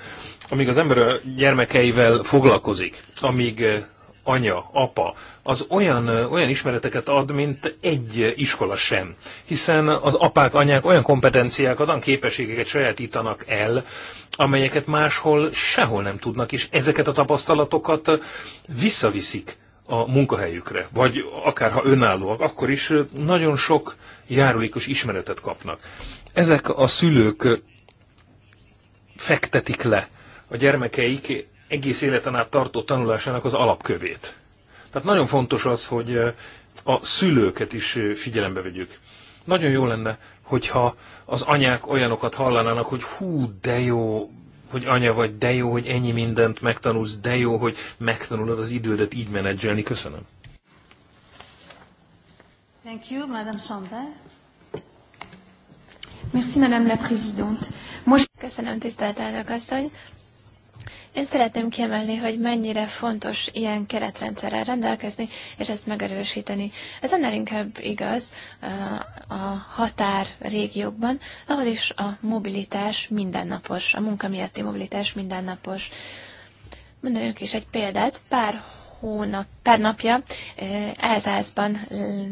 B: amíg az ember a gyermekeivel foglalkozik, amíg eh, anya, apa, az olyan, eh, olyan ismereteket ad, mint egy iskola sem. Hiszen az apák, anyák olyan kompetenciákat, olyan képességeket sajátítanak el, amelyeket máshol sehol nem tudnak, és ezeket a tapasztalatokat visszaviszik a munkahelyükre, vagy akár ha önállóak, akkor is nagyon sok járulékos ismeretet kapnak. Ezek a szülők fektetik le a gyermekeik egész életen át tartó tanulásának az alapkövét. Tehát nagyon fontos az, hogy a szülőket is figyelembe vegyük. Nagyon jó lenne, hogyha az anyák olyanokat hallanának, hogy hú, de jó, hogy anya vagy, de jó, hogy ennyi mindent megtanulsz, de jó, hogy megtanulod az idődet így menedzselni. Köszönöm.
A: Thank you, Madame Sander.
C: Merci, Madame la Présidente. Most... Köszönöm, tisztelt elnök asszony. Én szeretném kiemelni, hogy mennyire fontos ilyen keretrendszerrel rendelkezni, és ezt megerősíteni. Ez annál inkább igaz eh, a határ régiókban, ahol is a mobilitás mindennapos, a munka miatti mobilitás mindennapos. Mondanék is egy példát, pár hónap, pár napja Elzászban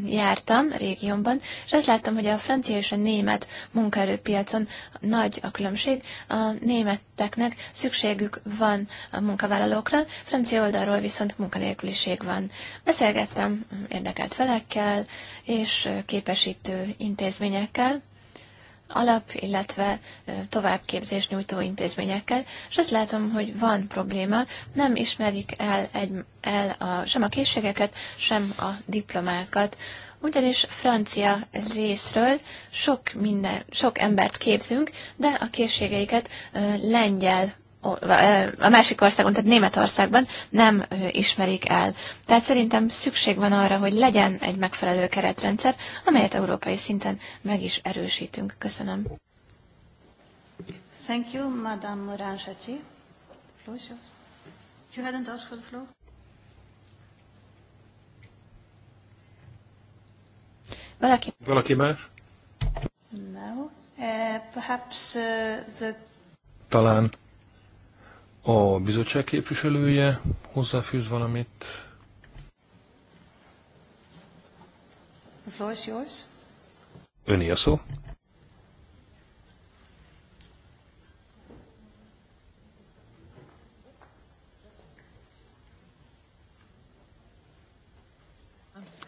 C: jártam, régiónban, és azt láttam, hogy a francia és a német munkaerőpiacon nagy a különbség. A németeknek szükségük van a munkavállalókra, francia oldalról viszont munkanélküliség van. Beszélgettem érdekelt felekkel és képesítő intézményekkel, alap, illetve továbbképzés nyújtó intézményekkel, és azt látom, hogy van probléma, nem ismerik el, egy, el a, sem a készségeket, sem a diplomákat, ugyanis francia részről sok, minden, sok embert képzünk, de a készségeiket lengyel a másik országon, tehát Németországban nem ismerik el. Tehát szerintem szükség van arra, hogy legyen egy megfelelő keretrendszer, amelyet európai szinten meg is erősítünk. Köszönöm.
A: Thank you, Madame Moran Chachi. You hadn't asked for the floor?
B: Valaki, Valaki más?
A: No. Uh, perhaps uh, the...
B: Talán a bizottság képviselője hozzáfűz valamit.
A: The floor is yours. Öné a szó.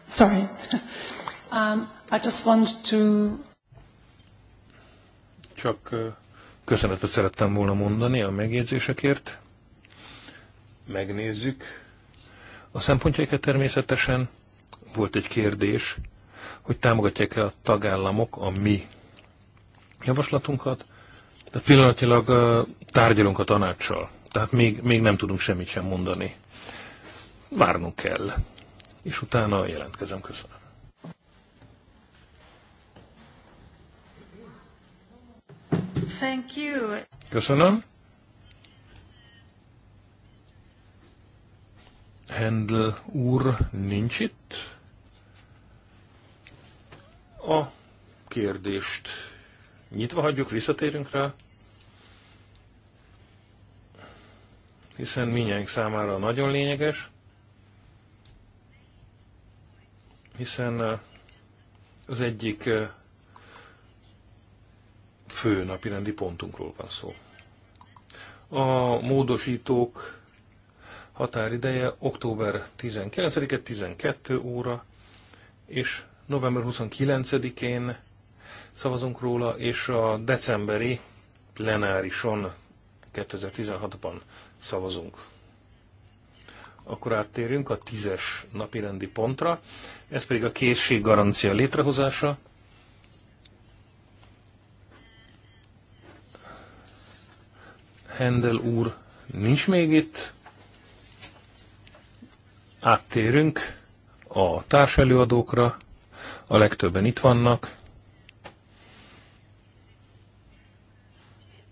A: Sorry. Um, I just want to...
B: Csak uh, köszönetet szerettem volna mondani a megjegyzésekért. Megnézzük. A szempontjaikat természetesen volt egy kérdés, hogy támogatják-e a tagállamok a mi javaslatunkat, de pillanatilag tárgyalunk a tanácssal, tehát még, még nem tudunk semmit sem mondani. Várnunk kell, és utána jelentkezem. Köszönöm.
A: Thank you.
B: Köszönöm. Hendel úr nincs itt. A kérdést nyitva hagyjuk, visszatérünk rá. Hiszen minnyáink számára nagyon lényeges. Hiszen eh, az egyik eh, fő rendi pontunkról van szó. A módosítók határideje október 19-e 12 óra, és november 29-én szavazunk róla, és a decemberi plenárison 2016-ban szavazunk. Akkor áttérünk a tízes napirendi pontra, ez pedig a készséggarancia létrehozása, Hendel úr nincs még itt. Áttérünk a társelőadókra. A legtöbben itt vannak.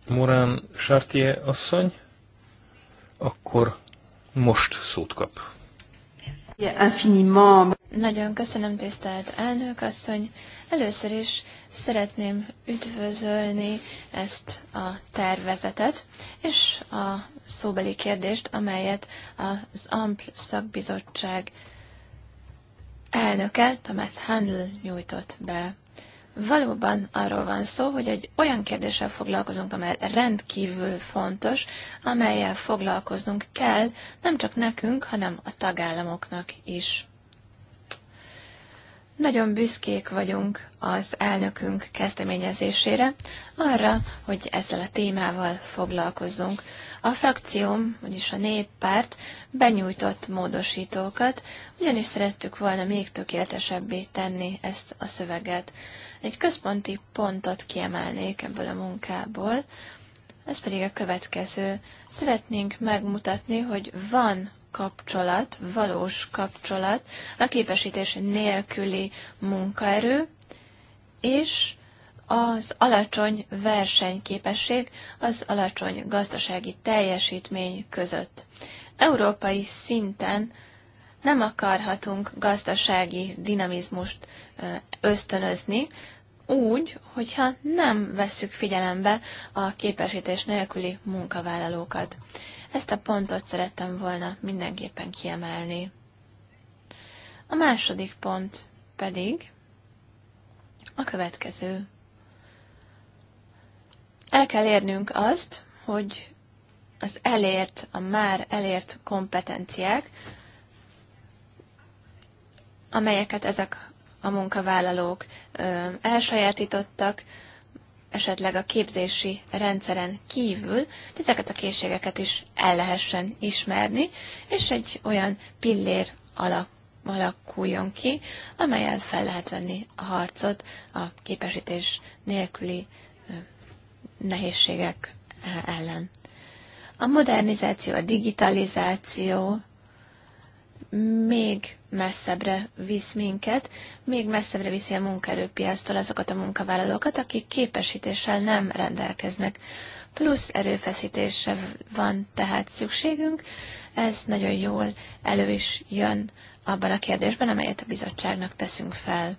B: Morán Sartier asszony, akkor most szót kap.
C: Nagyon köszönöm, tisztelt elnök asszony. Először is szeretném üdvözölni ezt a tervezetet és a szóbeli kérdést, amelyet az AMPL szakbizottság elnöke, Thomas Handel nyújtott be. Valóban arról van szó, hogy egy olyan kérdéssel foglalkozunk, amely rendkívül fontos, amelyel foglalkoznunk kell nem csak nekünk, hanem a tagállamoknak is. Nagyon büszkék vagyunk az elnökünk kezdeményezésére, arra, hogy ezzel a témával foglalkozzunk. A frakcióm, vagyis a néppárt benyújtott módosítókat, ugyanis szerettük volna még tökéletesebbé tenni ezt a szöveget. Egy központi pontot kiemelnék ebből a munkából, ez pedig a következő. Szeretnénk megmutatni, hogy van kapcsolat, valós kapcsolat a képesítés nélküli munkaerő és az alacsony versenyképesség az alacsony gazdasági teljesítmény között. Európai szinten nem akarhatunk gazdasági dinamizmust ösztönözni, úgy, hogyha nem vesszük figyelembe a képesítés nélküli munkavállalókat. Ezt a pontot szerettem volna mindenképpen kiemelni. A második pont pedig a következő. El kell érnünk azt, hogy az elért, a már elért kompetenciák, amelyeket ezek a munkavállalók elsajátítottak, esetleg a képzési rendszeren kívül ezeket a készségeket is el lehessen ismerni, és egy olyan pillér alap alakuljon ki, amelyel fel lehet venni a harcot a képesítés nélküli nehézségek ellen. A modernizáció, a digitalizáció, még messzebbre visz minket, még messzebbre viszi a munkaerőpiasztól azokat a munkavállalókat, akik képesítéssel nem rendelkeznek. Plusz erőfeszítésre van tehát szükségünk, ez nagyon jól elő is jön abban a kérdésben, amelyet a bizottságnak teszünk fel.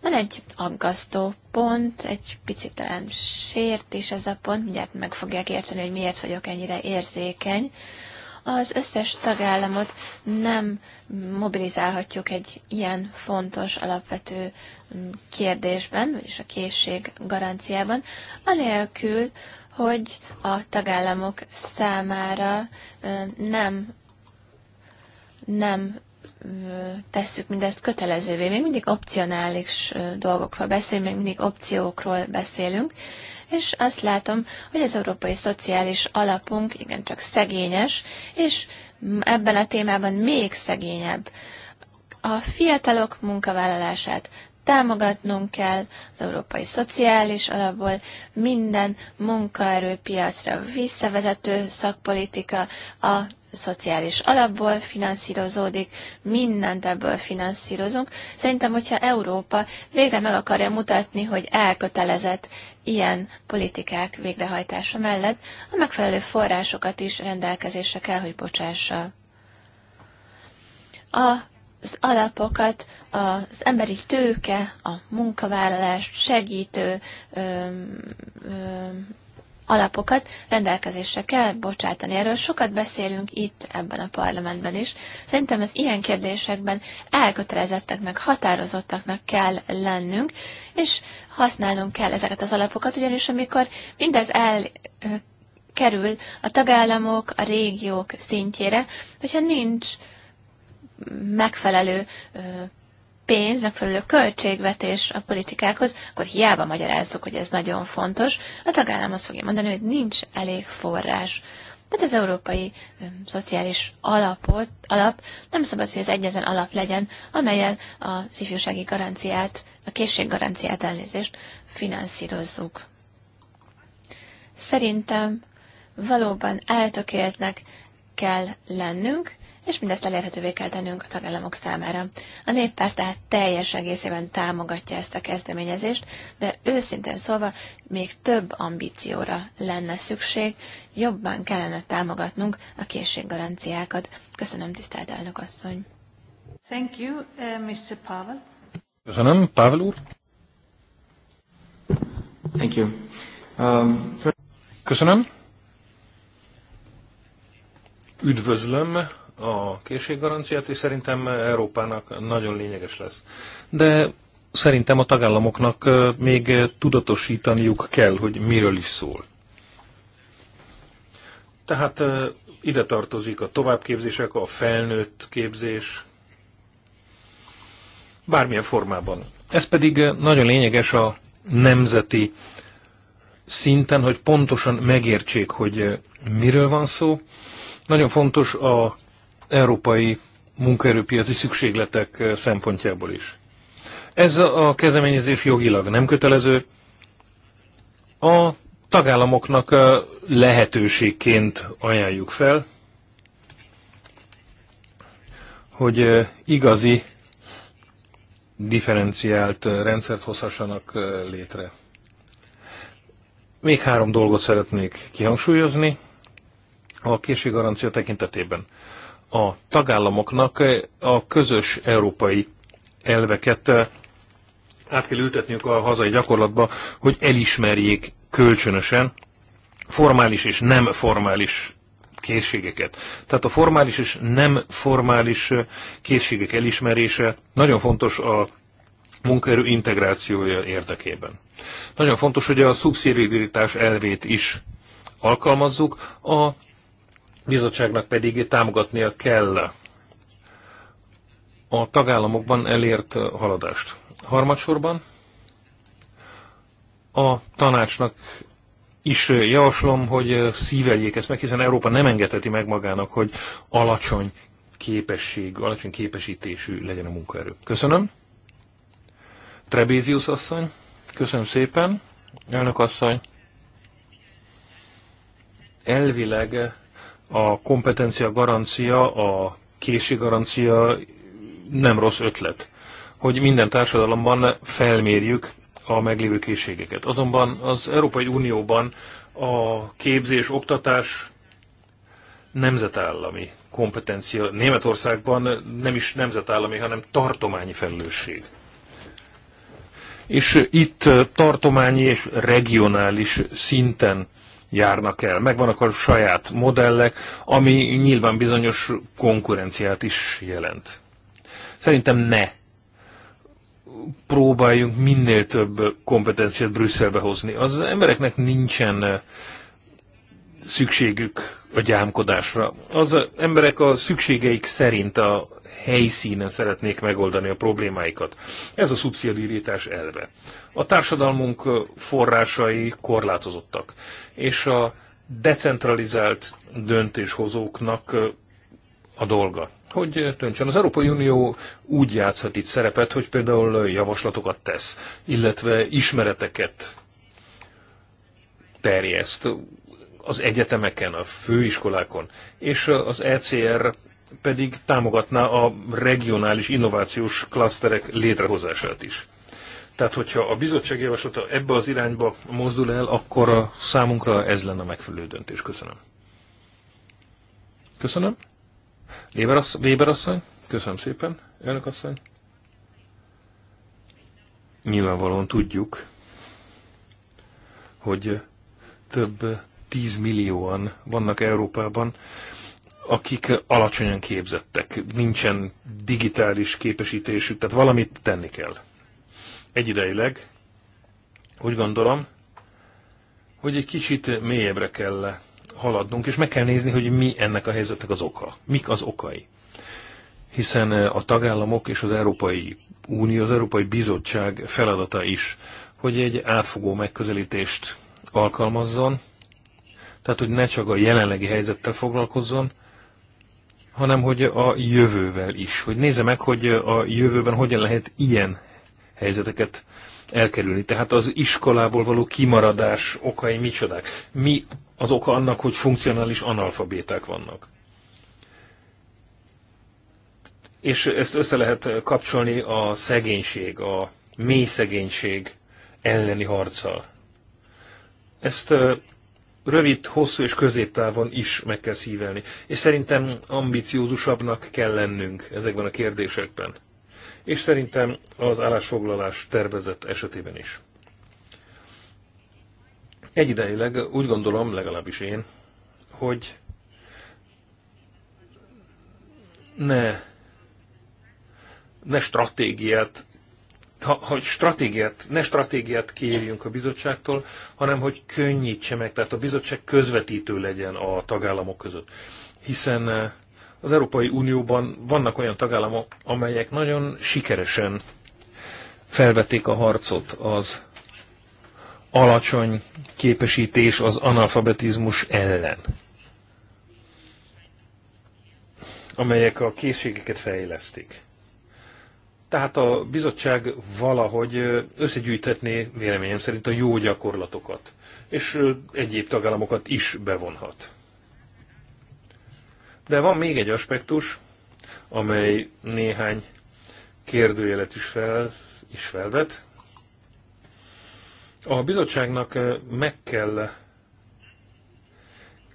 C: Van egy aggasztó pont, egy picit talán sért is ez a pont, mindjárt meg fogják érteni, hogy miért vagyok ennyire érzékeny az összes tagállamot nem mobilizálhatjuk egy ilyen fontos, alapvető kérdésben, vagyis a készség garanciában, anélkül, hogy a tagállamok számára nem nem tesszük mindezt kötelezővé. Még mindig opcionális dolgokról beszélünk, még mindig opciókról beszélünk, és azt látom, hogy az európai szociális alapunk igencsak szegényes, és ebben a témában még szegényebb. A fiatalok munkavállalását támogatnunk kell az európai szociális alapból, minden munkaerőpiacra visszavezető szakpolitika a szociális alapból finanszírozódik, mindent ebből finanszírozunk. Szerintem, hogyha Európa végre meg akarja mutatni, hogy elkötelezett ilyen politikák végrehajtása mellett, a megfelelő forrásokat is rendelkezésre kell, hogy bocsássa. A az alapokat, az emberi tőke, a munkavállalás segítő ö, ö, alapokat rendelkezésre kell bocsátani. Erről sokat beszélünk itt ebben a parlamentben is. Szerintem az ilyen kérdésekben elkötelezetteknek, határozottaknak kell lennünk, és használnunk kell ezeket az alapokat, ugyanis amikor mindez el kerül a tagállamok, a régiók szintjére, hogyha nincs megfelelő pénz, megfelelő költségvetés a politikákhoz, akkor hiába magyarázzuk, hogy ez nagyon fontos, a tagállam azt fogja mondani, hogy nincs elég forrás. Tehát az európai szociális alapot, alap nem szabad, hogy az egyetlen alap legyen, amelyel a ifjúsági garanciát, a készséggaranciát elnézést finanszírozzuk. Szerintem valóban eltökéltnek kell lennünk, és mindezt elérhetővé kell tennünk a tagállamok számára. A néppárt tehát teljes egészében támogatja ezt a kezdeményezést, de őszintén szólva még több ambícióra lenne szükség, jobban kellene támogatnunk a készséggaranciákat. Köszönöm, tisztelt elnök asszony!
A: Thank you, uh, Mr. Pavel.
B: Köszönöm, Pavel úr. Thank you. Um, Köszönöm. Üdvözlöm a készséggaranciát, és szerintem Európának nagyon lényeges lesz. De szerintem a tagállamoknak még tudatosítaniuk kell, hogy miről is szól. Tehát ide tartozik a továbbképzések, a felnőtt képzés, bármilyen formában. Ez pedig nagyon lényeges a nemzeti szinten, hogy pontosan megértsék, hogy miről van szó. Nagyon fontos a európai munkaerőpiaci szükségletek szempontjából is. Ez a kezdeményezés jogilag nem kötelező. A tagállamoknak lehetőségként ajánljuk fel, hogy igazi, differenciált rendszert hozhassanak létre. Még három dolgot szeretnék kihangsúlyozni a készséggarancia tekintetében a tagállamoknak a közös európai elveket eh, át kell ültetniük a hazai gyakorlatba, hogy elismerjék kölcsönösen formális és nem formális készségeket. Tehát a formális és nem formális eh, készségek elismerése nagyon fontos a munkaerő integrációja érdekében. Nagyon fontos, hogy a szubszidiaritás elvét is alkalmazzuk. A bizottságnak pedig támogatnia kell a tagállamokban elért haladást. Harmadsorban a tanácsnak is javaslom, hogy szíveljék ezt meg, hiszen Európa nem engedheti meg magának, hogy alacsony képesség, alacsony képesítésű legyen a munkaerő. Köszönöm. Trebézius asszony, köszönöm szépen. Elnök asszony, elvileg a kompetencia garancia, a garancia nem rossz ötlet, hogy minden társadalomban felmérjük a meglévő készségeket. Azonban az Európai Unióban a képzés, oktatás nemzetállami kompetencia. Németországban nem is nemzetállami, hanem tartományi felelősség. És itt tartományi és regionális szinten járnak el. Megvannak a saját modellek, ami nyilván bizonyos konkurenciát is jelent. Szerintem ne próbáljunk minél több kompetenciát Brüsszelbe hozni. Az embereknek nincsen eh, szükségük a gyámkodásra. Az emberek a szükségeik szerint a helyszínen szeretnék megoldani a problémáikat. Ez a szubszidiaritás elve. A társadalmunk forrásai korlátozottak, és a decentralizált döntéshozóknak a dolga, hogy töntsön. Az Európai Unió úgy játszhat itt szerepet, hogy például javaslatokat tesz, illetve ismereteket terjeszt az egyetemeken, a főiskolákon, és az ECR pedig támogatná a regionális innovációs klaszterek létrehozását is. Tehát, hogyha a bizottság javaslata ebbe az irányba mozdul el, akkor a számunkra ez lenne a megfelelő döntés. Köszönöm. Köszönöm. Léber assz- Weber asszony, köszönöm szépen. Önök asszony. Nyilvánvalóan tudjuk, hogy több tízmillióan vannak Európában, akik alacsonyan képzettek, nincsen digitális képesítésük, tehát valamit tenni kell. Egyireileg úgy gondolom, hogy egy kicsit mélyebbre kell haladnunk, és meg kell nézni, hogy mi ennek a helyzetnek az oka, mik az okai. Hiszen a tagállamok és az Európai Unió, az Európai Bizottság feladata is, hogy egy átfogó megközelítést alkalmazzon, tehát hogy ne csak a jelenlegi helyzettel foglalkozzon, hanem hogy a jövővel is. Hogy nézze meg, hogy a jövőben hogyan lehet ilyen helyzeteket elkerülni. Tehát az iskolából való kimaradás okai micsodák? Mi az oka annak, hogy funkcionális analfabéták vannak? És ezt össze lehet kapcsolni a szegénység, a mély szegénység elleni harccal. Ezt rövid, hosszú és középtávon is meg kell szívelni. És szerintem ambiciózusabbnak kell lennünk ezekben a kérdésekben. És szerintem az állásfoglalás tervezett esetében is. Egyidejileg úgy gondolom, legalábbis én, hogy ne, ne stratégiát ha, hogy stratégiát, ne stratégiát kérjünk a bizottságtól, hanem hogy könnyítse meg, tehát a bizottság közvetítő legyen a tagállamok között. Hiszen eh, az Európai Unióban vannak olyan tagállamok, amelyek nagyon sikeresen felvették a harcot az alacsony képesítés, az analfabetizmus ellen, amelyek a készségeket fejlesztik. Tehát a bizottság valahogy összegyűjtetné véleményem szerint a jó gyakorlatokat, és egyéb tagállamokat is bevonhat. De van még egy aspektus, amely néhány kérdőjelet is, fel, is felvet. A bizottságnak meg kell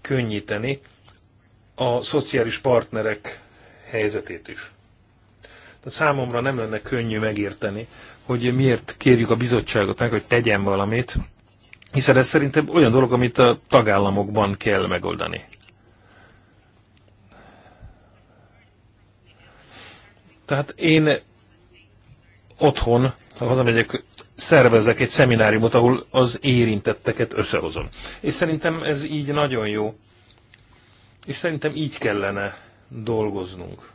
B: könnyíteni a szociális partnerek helyzetét is számomra nem lenne könnyű megérteni, hogy miért kérjük a bizottságot meg, hogy tegyen valamit, hiszen ez szerintem olyan dolog, amit a tagállamokban kell megoldani. Tehát én otthon, ha hazamegyek, szervezek egy szemináriumot, ahol az érintetteket összehozom. És szerintem ez így nagyon jó. És szerintem így kellene dolgoznunk.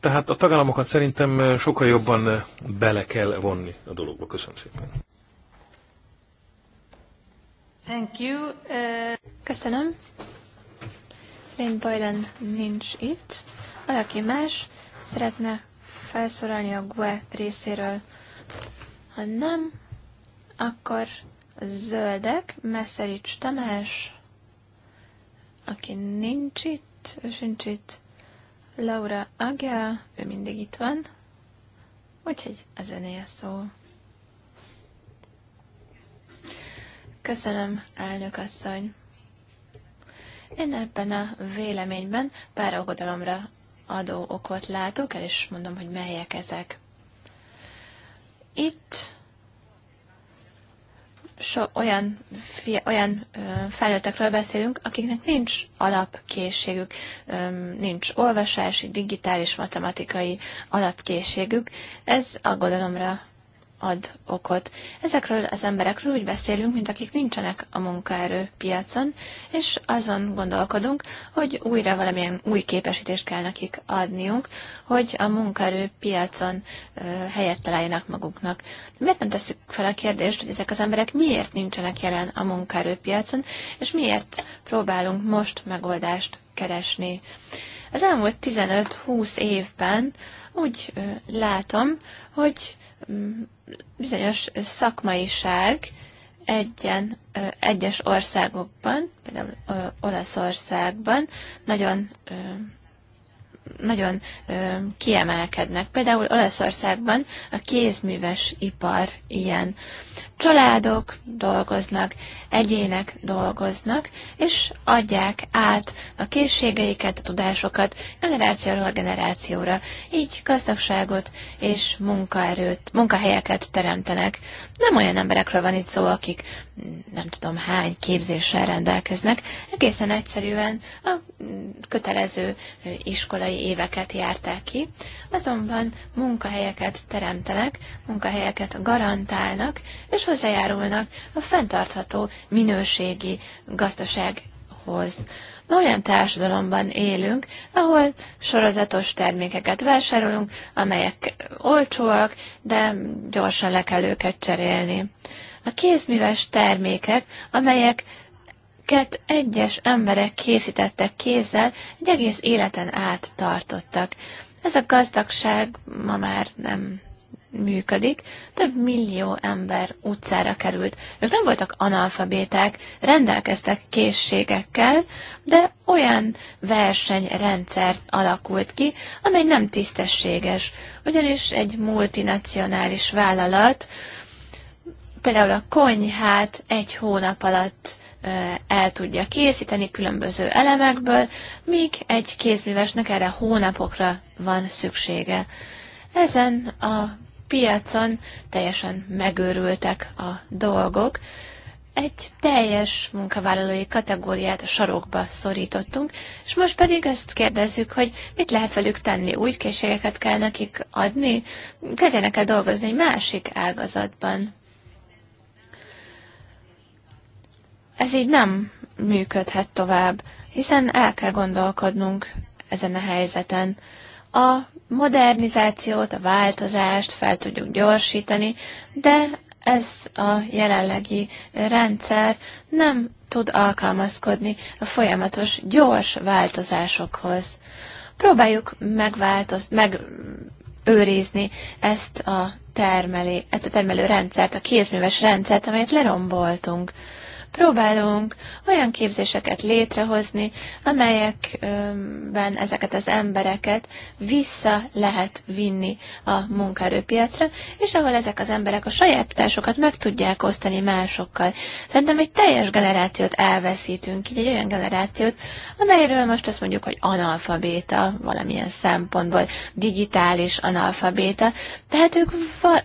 B: Tehát a tagállamokat szerintem eh, sokkal jobban eh, bele kell vonni a dologba. Köszönöm szépen.
C: Thank you. Uh... Köszönöm. Lynn Boylan nincs itt. Valaki más szeretne felszorolni a GUE részéről. Ha nem, akkor zöldek, Meszerics Tamás, aki nincs itt, ő sincs itt, Laura Agea, ő mindig itt van, úgyhogy a zenéje szó. Köszönöm, elnök asszony. Én ebben a véleményben pár aggodalomra adó okot látok, el is mondom, hogy melyek ezek. Itt so, olyan, fi, olyan ö, felnőttekről beszélünk, akiknek nincs alapkészségük, ö, nincs olvasási, digitális, matematikai alapkészségük. Ez aggodalomra ad okot. Ezekről az emberekről úgy beszélünk, mint akik nincsenek a piacon, és azon gondolkodunk, hogy újra valamilyen új képesítést kell nekik adniunk, hogy a munkaerőpiacon helyet találjanak maguknak. Miért nem tesszük fel a kérdést, hogy ezek az emberek miért nincsenek jelen a piacon, és miért próbálunk most megoldást keresni? Az elmúlt 15-20 évben úgy látom, hogy mm, bizonyos szakmaiság egyen, egyes országokban, például Olaszországban nagyon nagyon kiemelkednek. Például Olaszországban a kézműves ipar ilyen. Családok dolgoznak, egyének dolgoznak, és adják át a készségeiket, a tudásokat generációról generációra. Így gazdagságot és munkaerőt, munkahelyeket teremtenek. Nem olyan emberekről van itt szó, akik nem tudom hány képzéssel rendelkeznek, egészen egyszerűen a kötelező iskolai éveket járták ki, azonban munkahelyeket teremtenek, munkahelyeket garantálnak, és hozzájárulnak a fenntartható minőségi gazdasághoz. Ma olyan társadalomban élünk, ahol sorozatos termékeket vásárolunk, amelyek olcsóak, de gyorsan le kell őket cserélni. A kézműves termékek, amelyek amiket egyes emberek készítettek kézzel, egy egész életen át tartottak. Ez a gazdagság ma már nem működik, több millió ember utcára került. Ők nem voltak analfabéták, rendelkeztek készségekkel, de olyan versenyrendszer alakult ki, amely nem tisztességes. Ugyanis egy multinacionális vállalat például a konyhát egy hónap alatt el tudja készíteni különböző elemekből, míg egy kézművesnek erre hónapokra van szüksége. Ezen a piacon teljesen megőrültek a dolgok, egy teljes munkavállalói kategóriát a sarokba szorítottunk, és most pedig ezt kérdezzük, hogy mit lehet velük tenni, új készségeket kell nekik adni, kezdjenek el dolgozni egy másik ágazatban. Ez így nem működhet tovább, hiszen el kell gondolkodnunk ezen a helyzeten. A modernizációt, a változást fel tudjuk gyorsítani, de ez a jelenlegi rendszer nem tud alkalmazkodni a folyamatos gyors változásokhoz. Próbáljuk megváltozt, megőrizni ezt a termelő, ezt a termelő rendszert, a kézműves rendszert, amelyet leromboltunk. Próbálunk olyan képzéseket létrehozni, amelyekben ezeket az embereket vissza lehet vinni a munkaerőpiacra, és ahol ezek az emberek a saját tudásokat meg tudják osztani másokkal. Szerintem egy teljes generációt elveszítünk, így egy olyan generációt, amelyről most azt mondjuk, hogy analfabéta valamilyen szempontból, digitális analfabéta, tehát ők,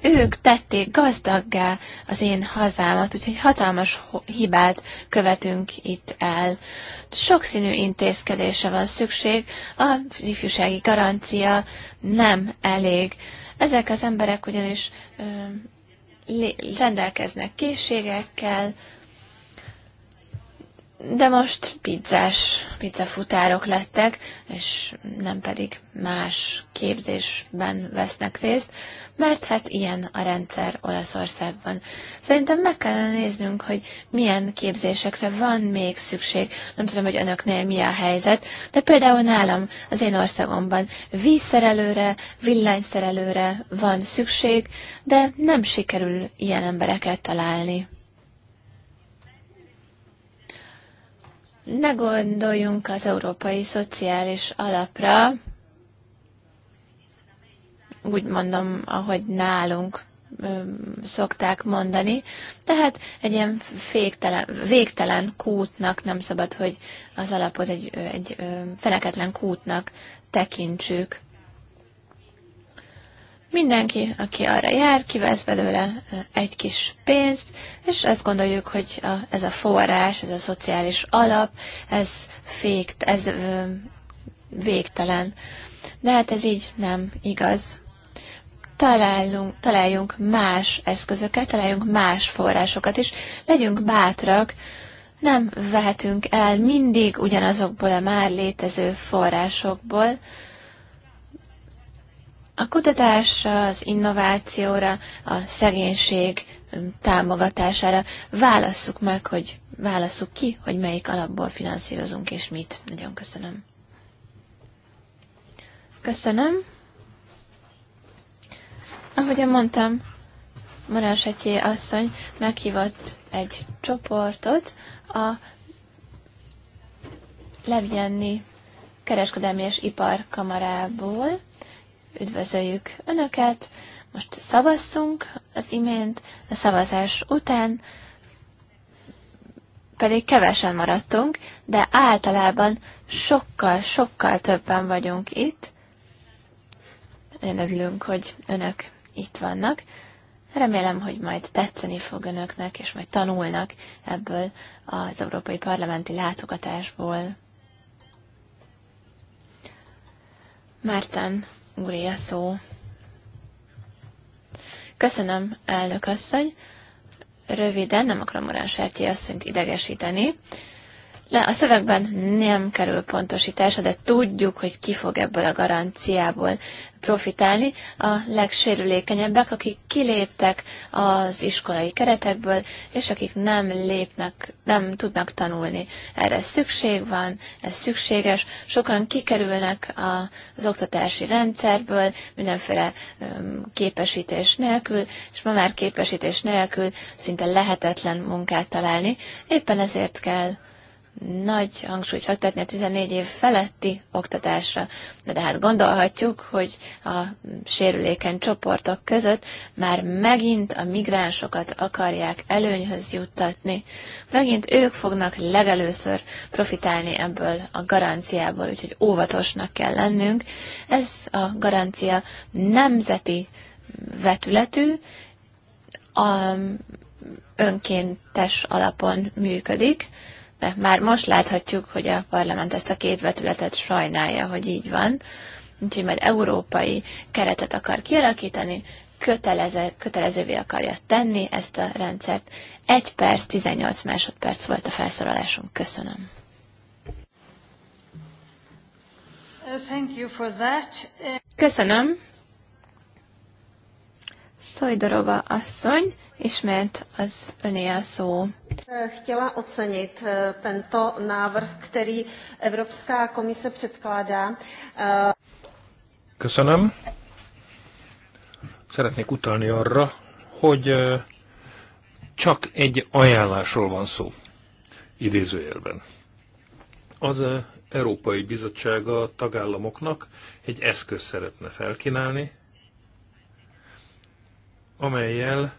C: ők tették gazdaggá az én hazámat, úgyhogy hatalmas hibát hibát követünk itt el. Sokszínű intézkedése van szükség, a ifjúsági garancia nem elég. Ezek az emberek ugyanis rendelkeznek készségekkel, de most pizzás, pizzafutárok lettek, és nem pedig más képzésben vesznek részt mert hát ilyen a rendszer Olaszországban. Szerintem meg kellene néznünk, hogy milyen képzésekre van még szükség. Nem tudom, hogy önöknél mi a helyzet, de például nálam, az én országomban vízszerelőre, villanyszerelőre van szükség, de nem sikerül ilyen embereket találni. Ne gondoljunk az európai szociális alapra, úgy mondom, ahogy nálunk szokták mondani. Tehát egy ilyen féktelen, végtelen kútnak nem szabad, hogy az alapot egy, egy feneketlen kútnak tekintsük. Mindenki, aki arra jár, kivesz belőle egy kis pénzt, és azt gondoljuk, hogy a, ez a forrás, ez a szociális alap, ez fékt, ez ö, végtelen. De hát ez így nem igaz találunk, találjunk más eszközöket, találjunk más forrásokat is, legyünk bátrak, nem vehetünk el mindig ugyanazokból a már létező forrásokból. A kutatásra, az innovációra, a szegénység támogatására válasszuk meg, hogy válasszuk ki, hogy melyik alapból finanszírozunk és mit. Nagyon köszönöm. Köszönöm. Ahogyan mondtam, Morán Setyé asszony meghívott egy csoportot a Levjenni kereskedelmi és iparkamarából. Üdvözöljük Önöket! Most szavaztunk az imént, a szavazás után pedig kevesen maradtunk, de általában sokkal-sokkal többen vagyunk itt. Én örülünk, hogy Önök itt vannak. Remélem, hogy majd tetszeni fog önöknek, és majd tanulnak ebből az európai parlamenti látogatásból. Márten úré a szó. Köszönöm, elnök asszony. Röviden, nem akarom Morán Sertjé asszonyt idegesíteni. Le, a szövegben nem kerül pontosítás, de tudjuk, hogy ki fog ebből a garanciából profitálni. A legsérülékenyebbek, akik kiléptek az iskolai keretekből, és akik nem lépnek, nem tudnak tanulni. Erre szükség van, ez szükséges. Sokan kikerülnek az oktatási rendszerből, mindenféle képesítés nélkül, és ma már képesítés nélkül szinte lehetetlen munkát találni. Éppen ezért kell nagy hangsúlyt fektetni a 14 év feletti oktatásra. De, de hát gondolhatjuk, hogy a sérülékeny csoportok között már megint a migránsokat akarják előnyhöz juttatni. Megint ők fognak legelőször profitálni ebből a garanciából, úgyhogy óvatosnak kell lennünk. Ez a garancia nemzeti vetületű, a önkéntes alapon működik, de Már most láthatjuk, hogy a parlament ezt a két vetületet sajnálja, hogy így van. Úgyhogy majd európai keretet akar kialakítani, kötelező, kötelezővé akarja tenni ezt a rendszert. Egy perc, 18 másodperc volt a felszólalásunk. Köszönöm.
A: Köszönöm.
C: Szojdorova asszony, ismét az öné a szó.
A: Chtěla ocenit eh, tento návrh, který Evropská komise předkládá. Eh,
B: Köszönöm. Szeretnék utalni arra, hogy eh, csak egy ajánlásról van szó, idézőjelben. Az Európai Bizottság a tagállamoknak egy eszköz szeretne felkínálni, amelyel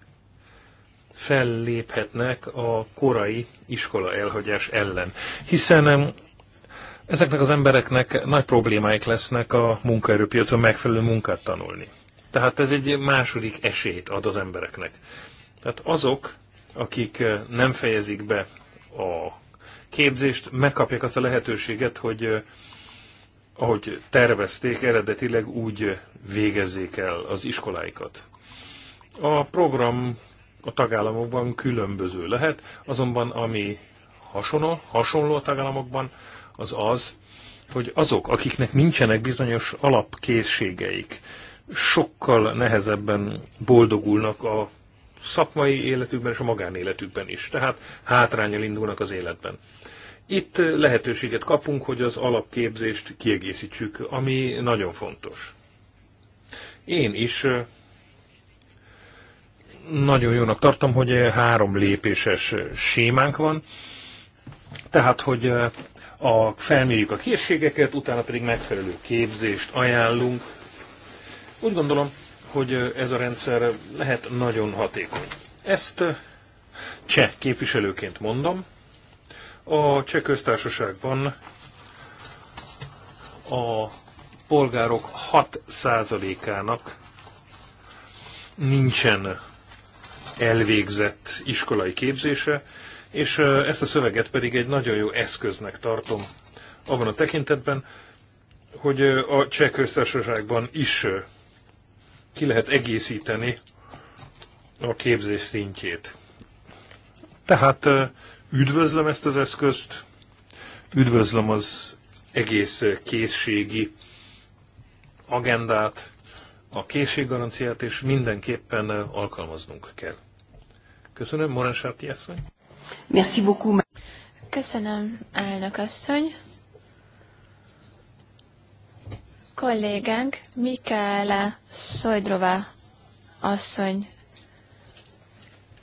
B: felléphetnek a korai iskola elhagyás ellen. Hiszen ezeknek az embereknek nagy problémáik lesznek a munkaerőpiacon megfelelő munkát tanulni. Tehát ez egy második esélyt ad az embereknek. Tehát azok, akik eh, nem fejezik be a képzést, megkapják azt a lehetőséget, hogy eh, ahogy tervezték, eredetileg úgy eh, végezzék el az iskoláikat. A program a tagállamokban különböző lehet, azonban ami hasonló, hasonló a tagállamokban, az az, hogy azok, akiknek nincsenek bizonyos alapkészségeik, sokkal nehezebben boldogulnak a szakmai életükben és a magánéletükben is. Tehát hátrányal indulnak az életben. Itt lehetőséget kapunk, hogy az alapképzést kiegészítsük, ami nagyon fontos. Én is nagyon jónak tartom, hogy három lépéses sémánk van, tehát, hogy eh, a, felmérjük a készségeket, utána pedig megfelelő képzést ajánlunk. Úgy gondolom, hogy eh, ez a rendszer lehet nagyon hatékony. Ezt eh, cseh képviselőként mondom. A cseh köztársaságban a polgárok 6%-ának nincsen elvégzett iskolai képzése, és ezt a szöveget pedig egy nagyon jó eszköznek tartom abban a tekintetben, hogy a cseh köztársaságban is ki lehet egészíteni a képzés szintjét. Tehát üdvözlöm ezt az eszközt, üdvözlöm az egész készségi agendát, a készséggaranciát, és mindenképpen alkalmaznunk kell. Köszönöm, Morán Sárti asszony.
C: Merci beaucoup. Köszönöm, elnök asszony. Kollégánk Mikaela Szojdrova asszony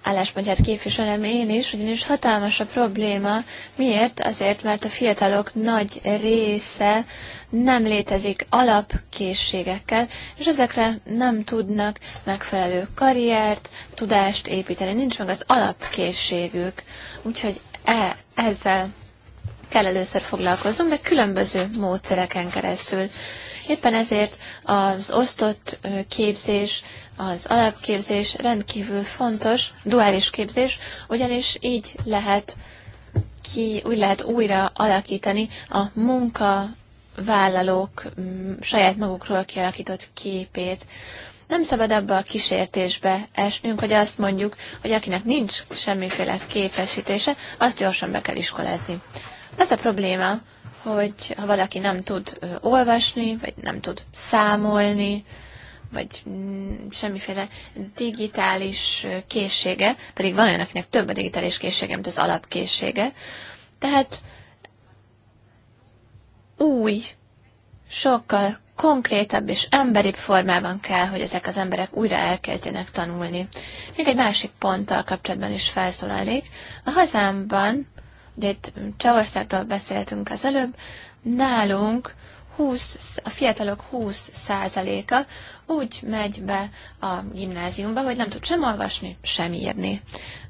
C: álláspontját képviselem én is, ugyanis hatalmas a probléma. Miért? Azért, mert a fiatalok nagy része nem létezik alapkészségekkel, és ezekre nem tudnak megfelelő karriert, tudást építeni. Nincs meg az alapkészségük. Úgyhogy e, ezzel kell először foglalkoznom, de különböző módszereken keresztül. Éppen ezért az osztott képzés az alapképzés rendkívül fontos, duális képzés, ugyanis így lehet ki, úgy lehet újra alakítani a munka vállalók mm, saját magukról kialakított képét. Nem szabad abba a kísértésbe esnünk, hogy azt mondjuk, hogy akinek nincs semmiféle képesítése, azt gyorsan be kell iskolázni. Ez a probléma, hogy ha valaki nem tud olvasni, vagy nem tud számolni, vagy mm, semmiféle digitális készsége, pedig van olyan, akinek több a digitális készsége, mint az alapkészsége. Tehát új, sokkal konkrétabb és emberibb formában kell, hogy ezek az emberek újra elkezdjenek tanulni. Még egy másik ponttal kapcsolatban is felszólalnék. A hazámban, ugye itt Csehországról beszéltünk az előbb, nálunk 20, a fiatalok 20%-a úgy megy be a gimnáziumba, hogy nem tud sem olvasni, sem írni.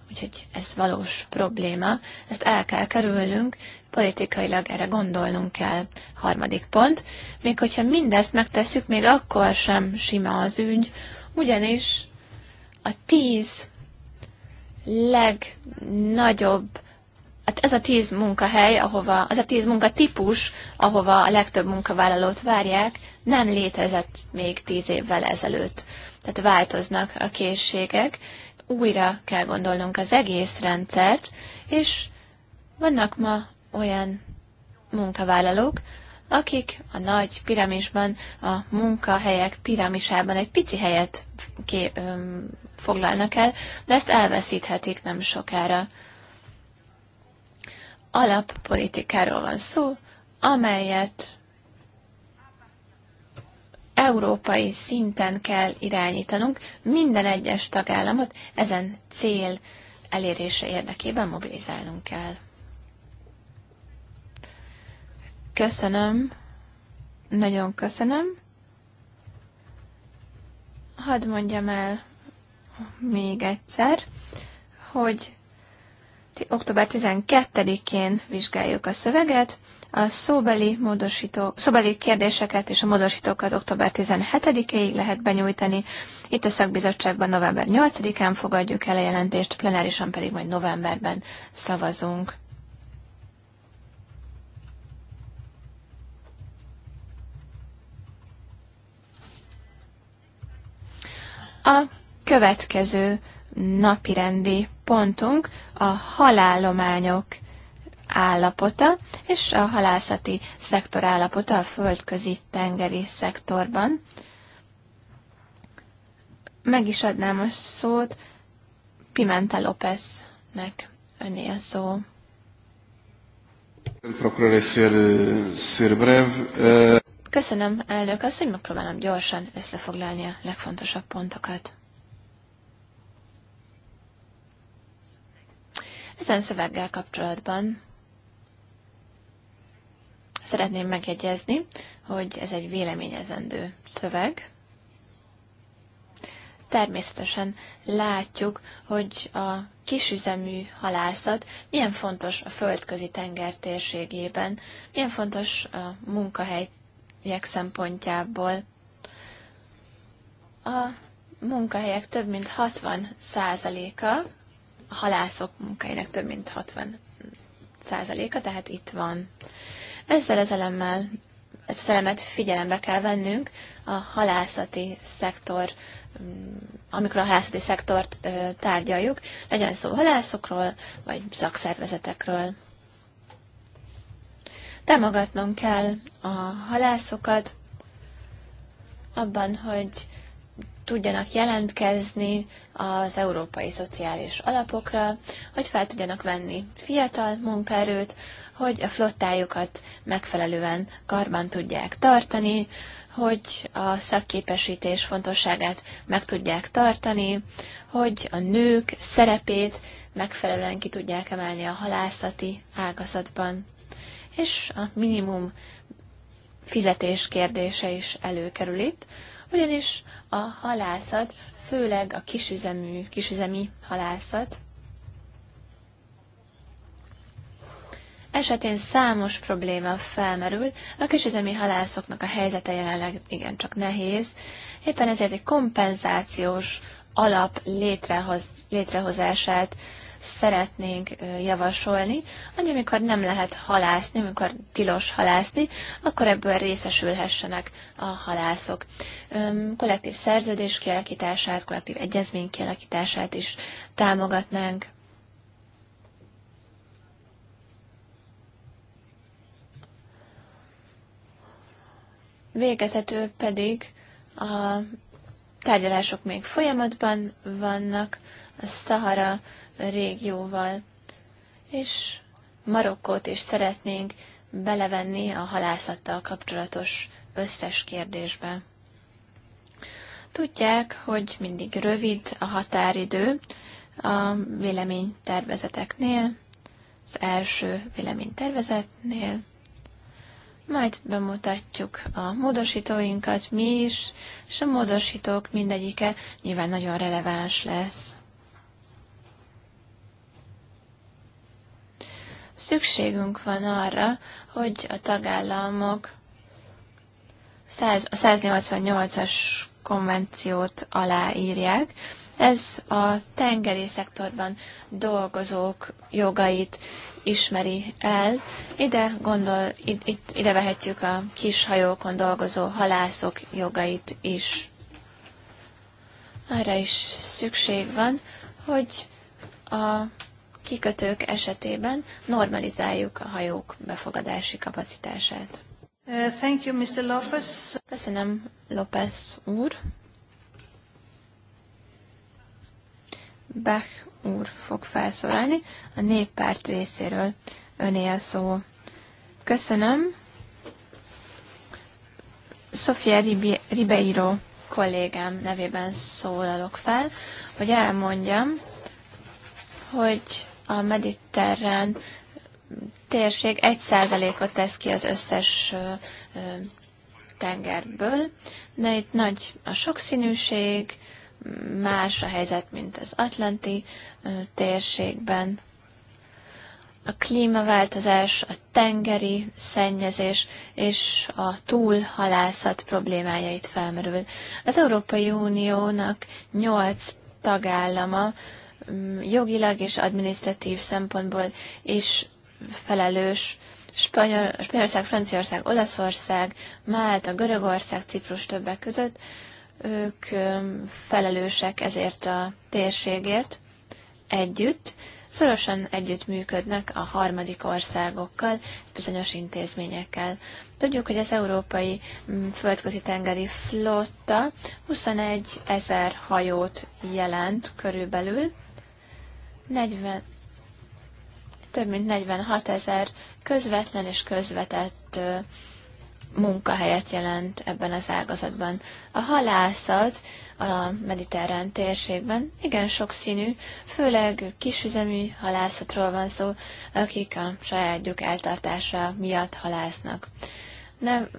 C: Úgyhogy ez valós probléma, ezt el kell kerülnünk, politikailag erre gondolnunk kell. Harmadik pont, még hogyha mindezt megtesszük, még akkor sem sima az ügy, ugyanis a tíz legnagyobb Hát ez a tíz munkahely, ahova, az a tíz munkatípus, ahova a legtöbb munkavállalót várják, nem létezett még tíz évvel ezelőtt. Tehát változnak a készségek, újra kell gondolnunk az egész rendszert, és vannak ma olyan munkavállalók, akik a nagy piramisban, a munkahelyek piramisában egy pici helyet ké, öm, foglalnak el, de ezt elveszíthetik nem sokára alappolitikáról van szó, amelyet európai szinten kell irányítanunk minden egyes tagállamot, ezen cél elérése érdekében mobilizálnunk kell. Köszönöm, nagyon köszönöm. Hadd mondjam el még egyszer, hogy október 12-én vizsgáljuk a szöveget, a szóbeli, módosító, szóbeli kérdéseket és a módosítókat október 17-ig lehet benyújtani. Itt a szakbizottságban november 8-án fogadjuk el a jelentést, plenárisan pedig majd novemberben szavazunk. A következő napirendi pontunk a halállományok állapota és a halászati szektor állapota a földközi tengeri szektorban. Meg is adnám a szót Pimenta Lópeznek. Öné a szó. Köszönöm, elnök hogy megpróbálom gyorsan összefoglalni a legfontosabb pontokat. Ezen szöveggel kapcsolatban szeretném megjegyezni, hogy ez egy véleményezendő szöveg. Természetesen látjuk, hogy a kisüzemű halászat milyen fontos a földközi tenger térségében, milyen fontos a munkahelyek szempontjából. A munkahelyek több mint 60 százaléka halászok munkájának több mint 60 százaléka, tehát itt van. Ezzel az elemmel, ezt az elemet figyelembe kell vennünk a halászati szektor, mm, amikor a halászati szektort tárgyaljuk, legyen szó halászokról, vagy szakszervezetekről. Támogatnom kell a halászokat abban, hogy tudjanak jelentkezni az európai szociális alapokra, hogy fel tudjanak venni fiatal munkaerőt, hogy a flottájukat megfelelően karban tudják tartani, hogy a szakképesítés fontosságát meg tudják tartani, hogy a nők szerepét megfelelően ki tudják emelni a halászati ágazatban. És a minimum fizetés kérdése is előkerül itt, ugyanis a halászat, főleg a kisüzemű, kisüzemi halászat, esetén számos probléma felmerül, a kisüzemi halászoknak a helyzete jelenleg igencsak nehéz, éppen ezért egy kompenzációs alap létrehoz, létrehozását szeretnénk javasolni, hogy amikor nem lehet halászni, amikor tilos halászni, akkor ebből részesülhessenek a halászok. Kollektív szerződés kialakítását, kollektív egyezmény kialakítását is támogatnánk. Végezetül pedig a tárgyalások még folyamatban vannak, a Szahara régióval, és Marokkót is szeretnénk belevenni a halászattal kapcsolatos összes kérdésbe. Tudják, hogy mindig rövid a határidő a véleménytervezeteknél, az első véleménytervezetnél, majd bemutatjuk a módosítóinkat mi is, és a módosítók mindegyike nyilván nagyon releváns lesz. Szükségünk van arra, hogy a tagállamok 100, a 188-as konvenciót aláírják. Ez a tengeri szektorban dolgozók jogait ismeri el. Ide gondol, itt, ide vehetjük a kis hajókon dolgozó halászok jogait is. Arra is szükség van, hogy a kikötők esetében normalizáljuk a hajók befogadási kapacitását. Uh, thank you, Mr. Lopez. Köszönöm, López úr. Bach úr fog felszólalni a néppárt részéről. Öné a szó. Köszönöm. Sofia Ribeiro kollégám nevében szólalok fel, hogy elmondjam, hogy a mediterrán térség 1%-ot tesz ki az összes tengerből, de itt nagy a sokszínűség, más a helyzet, mint az atlanti térségben. A klímaváltozás, a tengeri szennyezés és a túlhalászat problémájait felmerül. Az Európai Uniónak 8 tagállama jogilag és adminisztratív szempontból is felelős Spanyol, Spanyolország, Franciaország, Olaszország, Málta, Görögország, Ciprus többek között, ők felelősek ezért a térségért együtt, szorosan együtt működnek a harmadik országokkal, bizonyos intézményekkel. Tudjuk, hogy az Európai Földközi Tengeri Flotta 21 ezer hajót jelent körülbelül, 40, több mint 46 ezer közvetlen és közvetett munkahelyet jelent ebben az ágazatban. A halászat a mediterrán térségben igen sokszínű, főleg kisüzemű halászatról van szó, akik a saját eltartása miatt halásznak. Nem,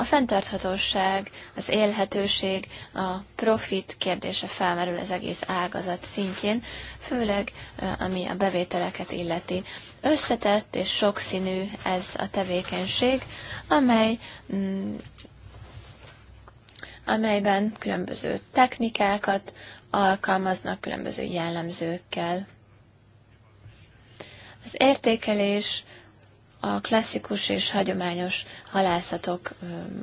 C: a fenntarthatóság, az élhetőség, a profit kérdése felmerül az egész ágazat szintjén, főleg ami a bevételeket illeti. Összetett és sokszínű ez a tevékenység, amely mm, amelyben különböző technikákat alkalmaznak különböző jellemzőkkel. Az értékelés a klasszikus és hagyományos halászatok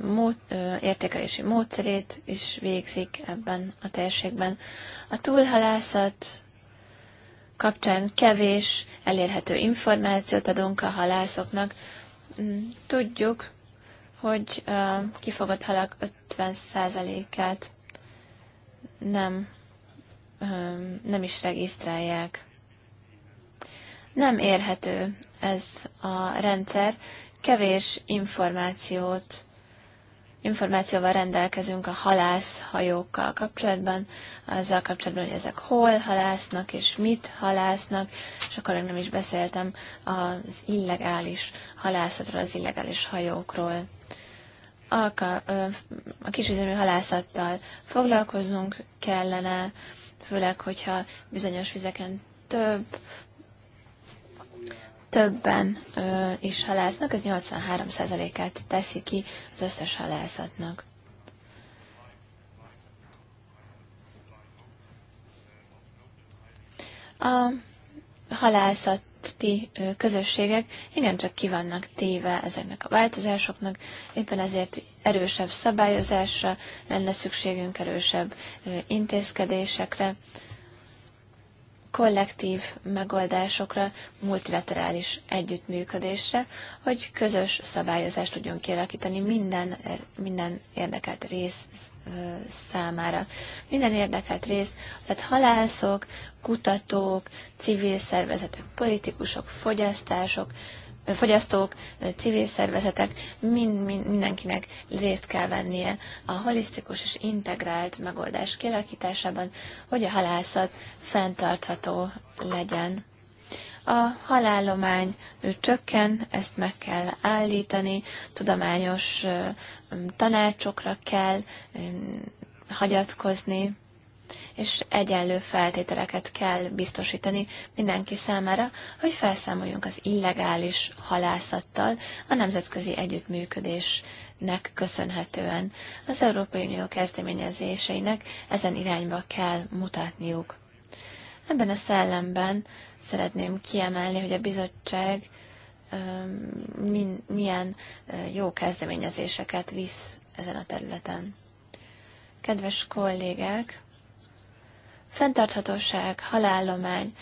C: mód, értékelési módszerét is végzik ebben a térségben. A túlhalászat kapcsán kevés elérhető információt adunk a halászoknak. Mm, tudjuk, hogy a kifogott halak 50%-át nem, nem is regisztrálják. Nem érhető ez a rendszer. Kevés információt, információval rendelkezünk a halászhajókkal kapcsolatban, azzal kapcsolatban, hogy ezek hol halásznak és mit halásznak, és akkor nem is beszéltem az illegális halászatról, az illegális hajókról alka, a kisüzemű halászattal foglalkoznunk kellene, főleg, hogyha bizonyos vizeken több többen ö, is halásznak, ez 83%-át teszi ki az összes halászatnak. A halászati közösségek igencsak ki vannak téve ezeknek a változásoknak, éppen ezért erősebb szabályozásra lenne szükségünk, erősebb intézkedésekre kollektív megoldásokra, multilaterális együttműködésre, hogy közös szabályozást tudjon kialakítani minden, minden érdekelt rész számára. Minden érdekelt rész, tehát halászok, kutatók, civil szervezetek, politikusok, fogyasztások, fogyasztók, civil szervezetek, mind, mind, mindenkinek részt kell vennie a holisztikus és integrált megoldás kialakításában, hogy a halászat fenntartható legyen. A halállomány csökken, ezt meg kell állítani, tudományos tanácsokra kell hagyatkozni és egyenlő feltételeket kell biztosítani mindenki számára, hogy felszámoljunk az illegális halászattal a nemzetközi együttműködésnek köszönhetően. Az Európai Unió kezdeményezéseinek ezen irányba kell mutatniuk. Ebben a szellemben szeretném kiemelni, hogy a bizottság milyen jó kezdeményezéseket visz ezen a területen. Kedves kollégák, Fentarthatóság, halállomány,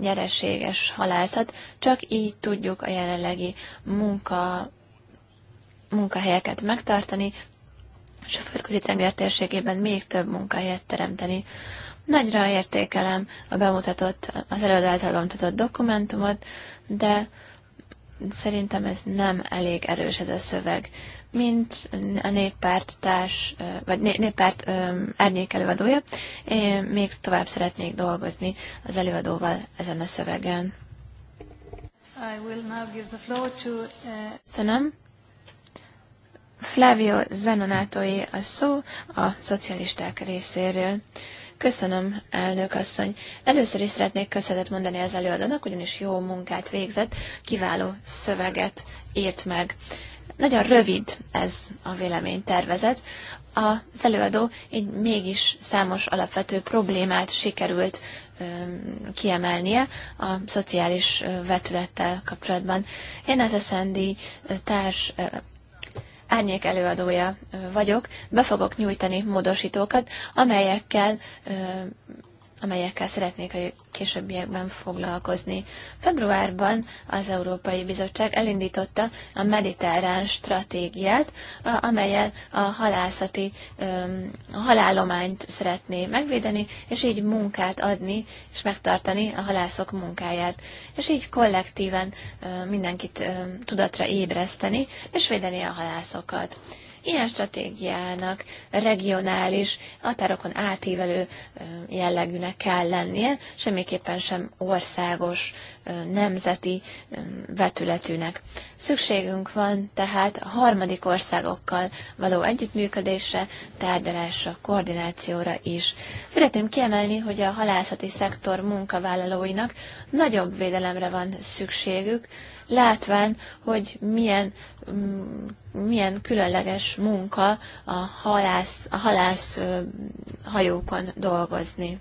C: nyereséges halászat, csak így tudjuk a jelenlegi munka, munkahelyeket megtartani, és a földközi tenger térségében még több munkahelyet teremteni. Nagyra értékelem a bemutatott, az előadó által bemutatott dokumentumot, de szerintem ez nem elég erős ez a szöveg mint a néppárt társ, vagy néppárt árnyék előadója. Én még tovább szeretnék dolgozni az előadóval ezen a szövegen.
A: I will now give the floor to, uh...
C: Köszönöm. Flavio Zenonátói a szó a szocialisták részéről. Köszönöm, elnök asszony. Először is szeretnék köszönetet mondani az előadónak, ugyanis jó munkát végzett, kiváló szöveget írt meg. Nagyon rövid ez a véleménytervezet. Az előadó így mégis számos alapvető problémát sikerült kiemelnie a szociális vetülettel kapcsolatban. Én az SND társ árnyék előadója vagyok, be fogok nyújtani módosítókat, amelyekkel amelyekkel szeretnék a későbbiekben foglalkozni. Februárban az Európai Bizottság elindította a mediterrán stratégiát, amelyel a halászati a halálományt szeretné megvédeni, és így munkát adni és megtartani a halászok munkáját. És így kollektíven mindenkit tudatra ébreszteni, és védeni a halászokat. Ilyen stratégiának regionális, határokon átívelő jellegűnek kell lennie, semmiképpen sem országos, nemzeti vetületűnek. Szükségünk van tehát a harmadik országokkal való együttműködésre, tárgyalásra, koordinációra is. Szeretném kiemelni, hogy a halászati szektor munkavállalóinak nagyobb védelemre van szükségük, látván, hogy milyen mm, milyen különleges munka a halász, a halász hajókon dolgozni.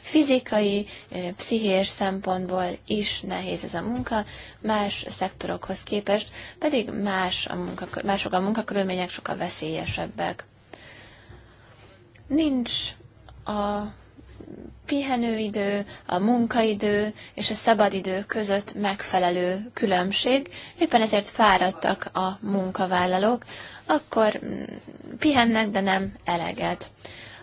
C: Fizikai, pszichés szempontból is nehéz ez a munka, más szektorokhoz képest pedig más a munka, mások a munkakörülmények, sokkal veszélyesebbek. Nincs a pihenőidő, a munkaidő és a szabadidő között megfelelő különbség, éppen ezért fáradtak a munkavállalók, akkor mm, pihennek, de nem eleget.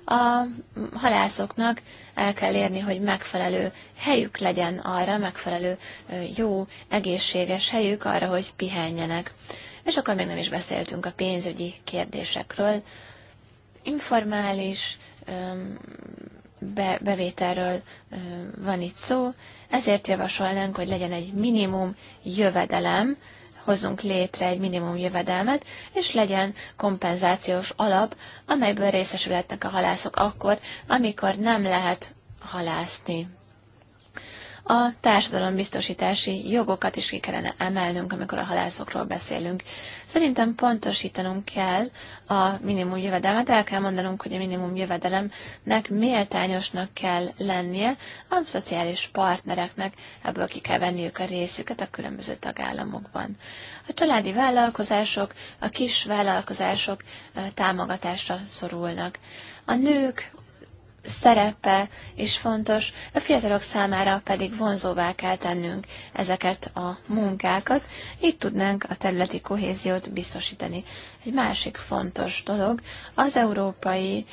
C: A halászoknak el kell érni, hogy megfelelő helyük legyen arra, megfelelő jó, egészséges helyük arra, hogy pihenjenek. És akkor még nem is beszéltünk a pénzügyi kérdésekről. Informális be, bevételről ö, van itt szó, ezért javasolnánk, hogy legyen egy minimum jövedelem, hozzunk létre egy minimum jövedelmet, és legyen kompenzációs alap, amelyből részesülhetnek a halászok akkor, amikor nem lehet halászni a társadalombiztosítási jogokat is ki kellene emelnünk, amikor a halászokról beszélünk. Szerintem pontosítanunk kell a minimum jövedelmet, el kell mondanunk, hogy a minimum jövedelemnek méltányosnak kell lennie, a szociális partnereknek ebből ki kell venniük a részüket a különböző tagállamokban. A családi vállalkozások, a kis vállalkozások támogatásra szorulnak. A nők szerepe is fontos, a fiatalok számára pedig vonzóvá kell tennünk ezeket a munkákat, így tudnánk a területi kohéziót biztosítani. Egy másik fontos dolog az európai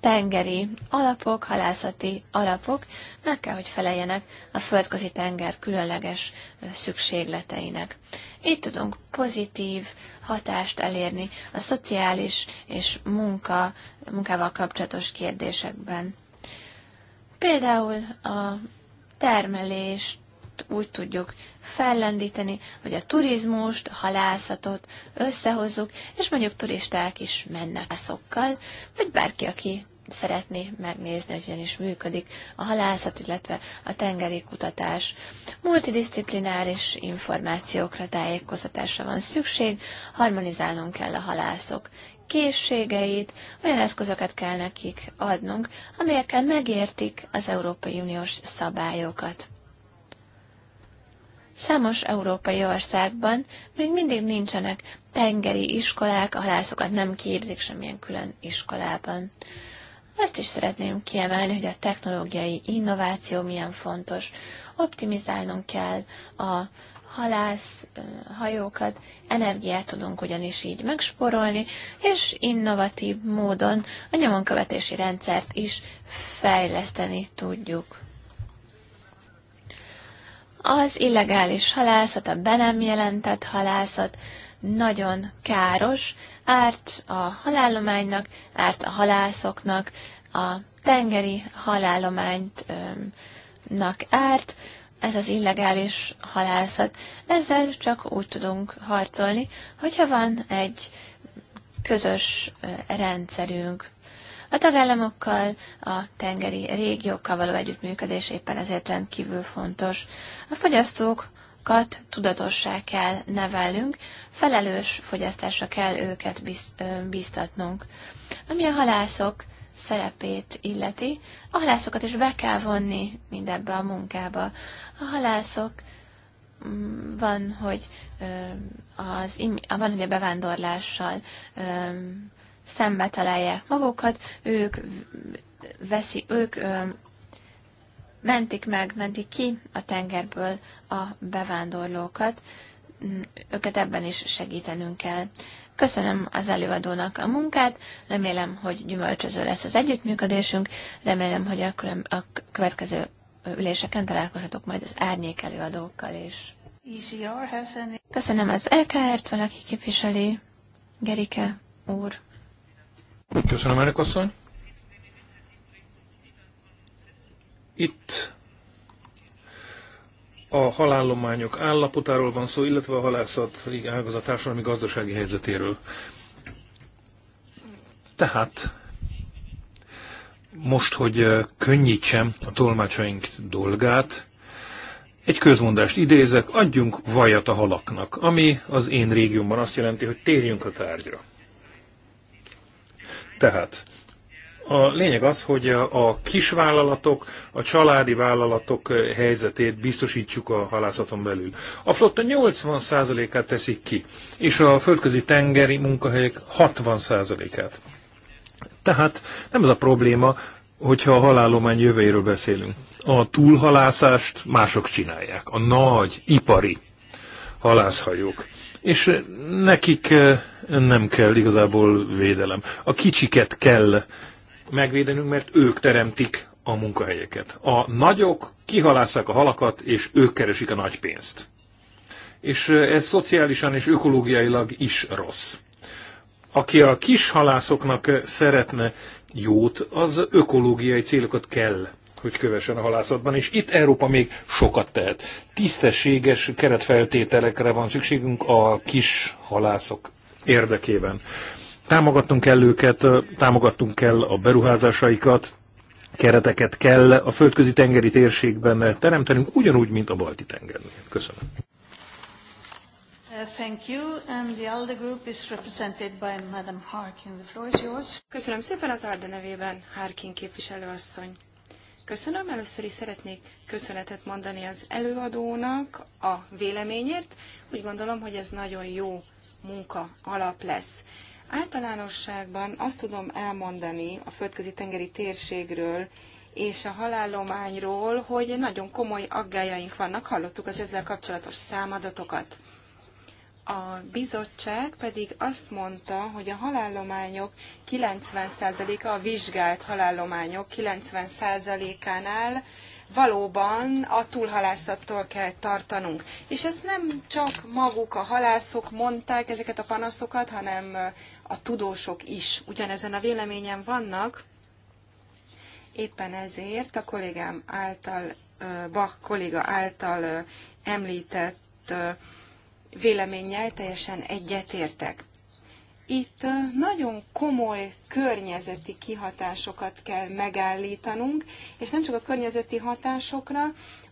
C: tengeri alapok, halászati alapok meg kell, hogy feleljenek a földközi tenger különleges szükségleteinek. Így tudunk pozitív hatást elérni a szociális és munka, munkával kapcsolatos kérdésekben. Például a termelést úgy tudjuk fellendíteni, hogy a turizmust, a halászatot összehozzuk, és mondjuk turisták is mennek szokkal, vagy bárki, aki szeretné megnézni, hogy ugyanis is működik a halászat, illetve a tengeri kutatás. Multidisziplináris információkra, tájékoztatásra van szükség, harmonizálnunk kell a halászok készségeit, olyan eszközöket kell nekik adnunk, amelyekkel megértik az Európai Uniós szabályokat. Számos európai országban még mindig nincsenek tengeri iskolák, a halászokat nem képzik semmilyen külön iskolában. Azt is szeretném kiemelni, hogy a technológiai innováció milyen fontos. Optimizálnunk kell a halász hajókat, energiát tudunk ugyanis így megsporolni, és innovatív módon a nyomonkövetési rendszert is fejleszteni tudjuk. Az illegális halászat, a be nem jelentett halászat nagyon káros, Árt a halállománynak, árt a halászoknak, a tengeri halállománynak árt, ez az illegális halászat. Ezzel csak úgy tudunk harcolni, hogyha van egy közös rendszerünk. A tagállamokkal, a tengeri régiókkal való együttműködés éppen ezért rendkívül fontos. A fogyasztók fogyasztókat tudatossá kell nevelnünk, felelős fogyasztásra kell őket biztatnunk. Ami a halászok szerepét illeti, a halászokat is be kell vonni mindebbe a munkába. A halászok mm, van, hogy az, van, hogy a bevándorlással szembe találják magukat, ők veszi, ők mentik meg, mentik ki a tengerből a bevándorlókat, mm, őket ebben is segítenünk kell. Köszönöm az előadónak a munkát, remélem, hogy gyümölcsöző lesz az együttműködésünk, remélem, hogy a, a következő üléseken találkozhatok majd az árnyék előadókkal is. Köszönöm az EKR-t, valaki képviseli. Gerike úr.
B: Köszönöm, Erik asszony. Itt a halállományok állapotáról van szó, illetve a halászat ágazat társadalmi gazdasági helyzetéről. Tehát most, hogy eh, könnyítsem a tolmácsaink dolgát, egy közmondást idézek, adjunk vajat a halaknak, ami az én régiómban azt jelenti, hogy térjünk a tárgyra. Tehát a lényeg az, hogy a kisvállalatok, a családi vállalatok eh, helyzetét biztosítsuk a halászaton belül. A flotta 80%-át teszik ki, és a földközi tengeri munkahelyek 60%-át. Tehát nem ez a probléma, hogyha a halálomány jövőjéről beszélünk. A túlhalászást mások csinálják, a nagy, ipari halászhajók. És eh, nekik eh, nem kell igazából védelem. A kicsiket kell megvédenünk, mert ők teremtik a munkahelyeket. A nagyok kihalásszák a halakat, és ők keresik a nagy pénzt. És ez szociálisan és ökológiailag is rossz. Aki a kis halászoknak szeretne jót, az ökológiai célokat kell hogy kövessen a halászatban, és itt Európa még sokat tehet. Tisztességes keretfeltételekre van szükségünk a kis halászok érdekében. Támogatnunk kell őket, támogatnunk kell a beruházásaikat, kereteket kell a földközi tengeri térségben teremtenünk, ugyanúgy, mint a balti tengernél. Köszönöm.
D: Uh, Köszönöm szépen az ALDE nevében, Harkin képviselőasszony. Köszönöm, először is szeretnék köszönetet mondani az előadónak a véleményért. Úgy gondolom, hogy ez nagyon jó munka alap lesz. Általánosságban azt tudom elmondani a földközi tengeri térségről és a halállományról, hogy nagyon komoly aggájaink vannak, hallottuk az ezzel kapcsolatos számadatokat. A bizottság pedig azt mondta, hogy a halállományok 90%-a, a vizsgált halállományok 90%-ánál valóban a túlhalászattól kell tartanunk. És ezt nem csak maguk a halászok mondták ezeket a panaszokat, hanem a tudósok is ugyanezen a véleményen vannak, éppen ezért a kollégám által, Bach kolléga által említett véleménnyel teljesen egyetértek. Itt nagyon komoly környezeti kihatásokat kell megállítanunk, és nem csak a környezeti hatásokra,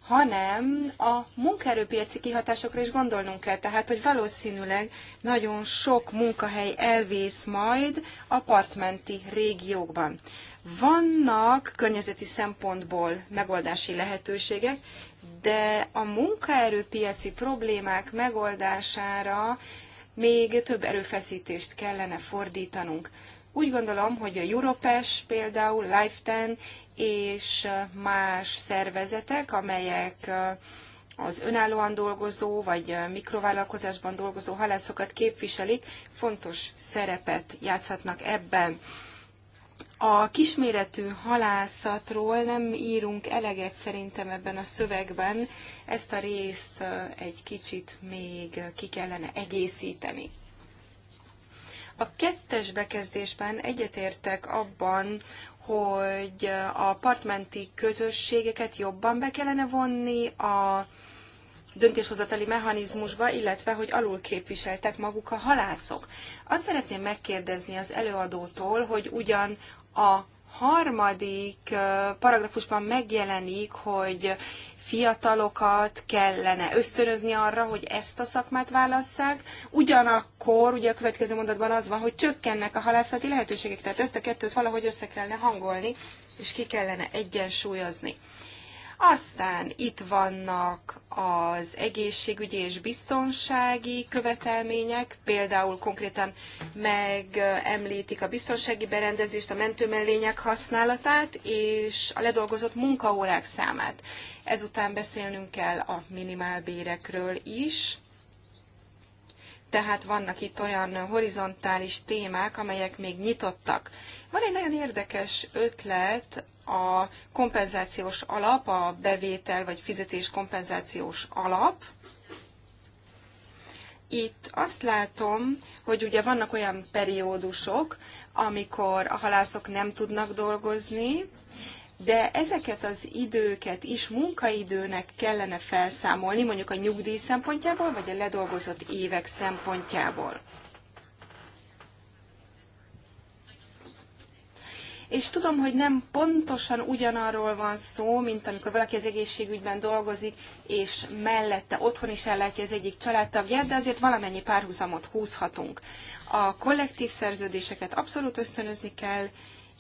D: hanem a munkaerőpiaci kihatásokra is gondolnunk kell. Tehát, hogy valószínűleg nagyon sok munkahely elvész majd apartmenti régiókban. Vannak környezeti szempontból megoldási lehetőségek, de a munkaerőpiaci problémák megoldására még több erőfeszítést kellene fordítanunk. Úgy gondolom, hogy a Europes például, Life 10 és más szervezetek, amelyek az önállóan dolgozó vagy mikrovállalkozásban dolgozó halászokat képviselik, fontos szerepet játszhatnak ebben. A kisméretű halászatról nem írunk eleget szerintem ebben a szövegben, ezt a részt egy kicsit még ki kellene egészíteni. A kettes bekezdésben egyetértek abban, hogy a partmenti közösségeket jobban be kellene vonni a döntéshozatali mechanizmusba, illetve hogy alul képviseltek maguk a halászok. Azt szeretném megkérdezni az előadótól, hogy ugyan a harmadik paragrafusban megjelenik, hogy fiatalokat kellene ösztönözni arra, hogy ezt a szakmát válasszák. Ugyanakkor ugye a következő mondatban az van, hogy csökkennek a halászati lehetőségek, tehát ezt a kettőt valahogy össze kellene hangolni, és ki kellene egyensúlyozni. Aztán itt vannak az egészségügyi és biztonsági követelmények, például konkrétan megemlítik a biztonsági berendezést, a mentőmellények használatát és a ledolgozott munkaórák számát. Ezután beszélnünk kell a minimálbérekről is. Tehát vannak itt olyan horizontális témák, amelyek még nyitottak. Van egy nagyon érdekes ötlet a kompenzációs alap, a bevétel vagy fizetés kompenzációs alap. Itt azt látom, hogy ugye vannak olyan periódusok, amikor a halászok nem tudnak dolgozni, de ezeket az időket is munkaidőnek kellene felszámolni, mondjuk a nyugdíj szempontjából, vagy a ledolgozott évek szempontjából. és tudom, hogy nem pontosan ugyanarról van szó, mint amikor valaki az egészségügyben dolgozik, és mellette otthon is ellátja az egyik családtagját, de azért valamennyi párhuzamot húzhatunk. A kollektív szerződéseket abszolút ösztönözni kell,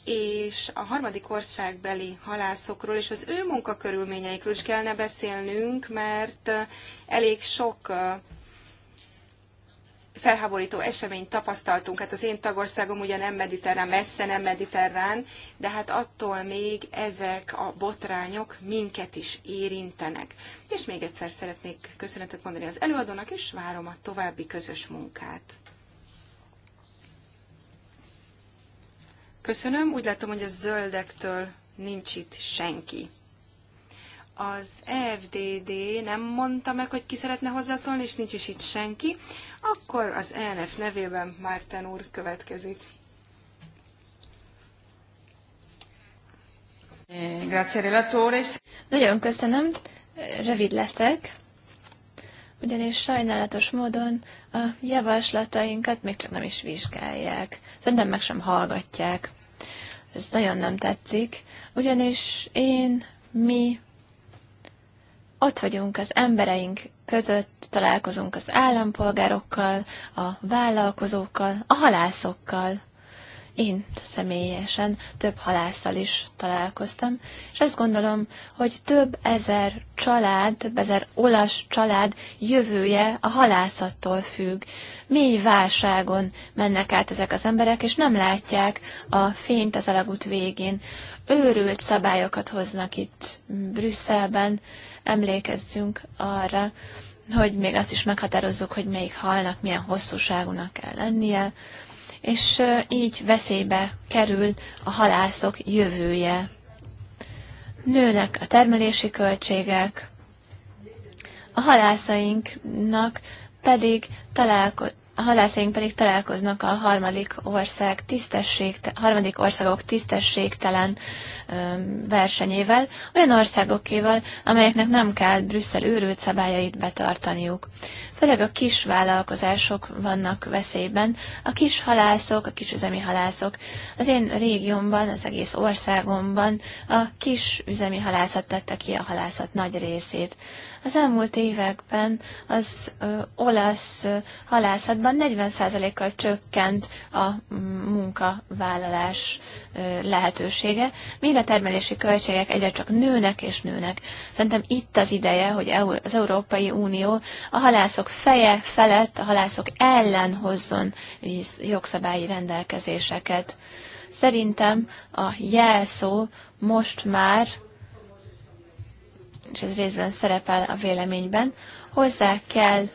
D: és a harmadik országbeli halászokról és az ő munkakörülményeikről is kellene beszélnünk, mert eh, elég sok eh, felháborító eseményt tapasztaltunk. Hát az én tagországom ugye nem mediterrán, messze nem mediterrán, de hát attól még ezek a botrányok minket is érintenek. És még egyszer szeretnék köszönetet mondani az előadónak, és várom a további közös munkát. Köszönöm, úgy látom, hogy a zöldektől nincs itt senki az FDD nem mondta meg, hogy ki szeretne hozzászólni, és nincs is itt senki, akkor az ENF nevében Márten úr következik.
C: Grazie, relatore. Nagyon köszönöm, rövid leszek, ugyanis sajnálatos módon a javaslatainkat még csak nem is vizsgálják. Szerintem meg sem hallgatják. Ez nagyon nem tetszik, ugyanis én, mi, ott vagyunk az embereink között, találkozunk az állampolgárokkal, a vállalkozókkal, a halászokkal. Én személyesen több halásszal is találkoztam, és azt gondolom, hogy több ezer család, több ezer olasz család jövője a halászattól függ. Mély válságon mennek át ezek az emberek, és nem látják a fényt az alagút végén. Őrült szabályokat hoznak itt Brüsszelben, emlékezzünk arra, hogy még azt is meghatározzuk, hogy melyik halnak milyen hosszúságúnak kell lennie, és így veszélybe kerül a halászok jövője. Nőnek a termelési költségek, a halászainknak pedig találko- a halászaink pedig találkoznak a harmadik ország tisztesség, harmadik országok tisztességtelen versenyével, olyan országokéval, amelyeknek nem kell Brüsszel őrült szabályait betartaniuk. Főleg a kis vállalkozások vannak veszélyben, a kis halászok, a kis üzemi halászok. Az én régiómban, az egész országomban a kis üzemi halászat tette ki a halászat nagy részét. Az elmúlt években az ö, olasz ö, halászatban 40%-kal csökkent a munkavállalás ö, lehetősége, míg a termelési költségek egyre csak nőnek és nőnek. Szerintem itt az ideje, hogy az Európai Unió a halászok feje felett, a halászok ellen hozzon jogszabályi rendelkezéseket. Szerintem a jelszó most már és ez részben szerepel a véleményben, hozzá kell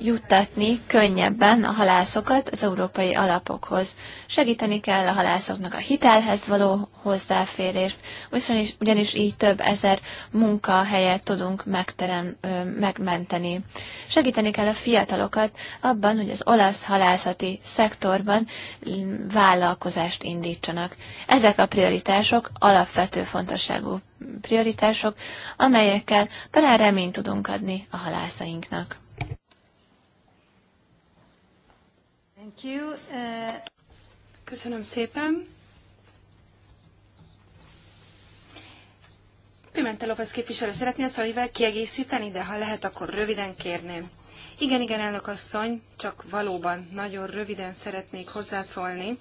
C: juttatni könnyebben a halászokat az európai alapokhoz. Segíteni kell a halászoknak a hitelhez való hozzáférést, ugyanis, ugyanis így több ezer munkahelyet tudunk megterem, megmenteni. Segíteni kell a fiatalokat abban, hogy az olasz halászati szektorban vállalkozást indítsanak. Ezek a prioritások alapvető fontosságú prioritások, amelyekkel talán reményt tudunk adni a halászainknak.
D: you. Uh, Köszönöm szépen. Pimentel López képviselő szeretné ezt valamivel kiegészíteni, de ha lehet, akkor röviden kérném. Igen, igen, elnök asszony, csak valóban nagyon röviden szeretnék hozzászólni.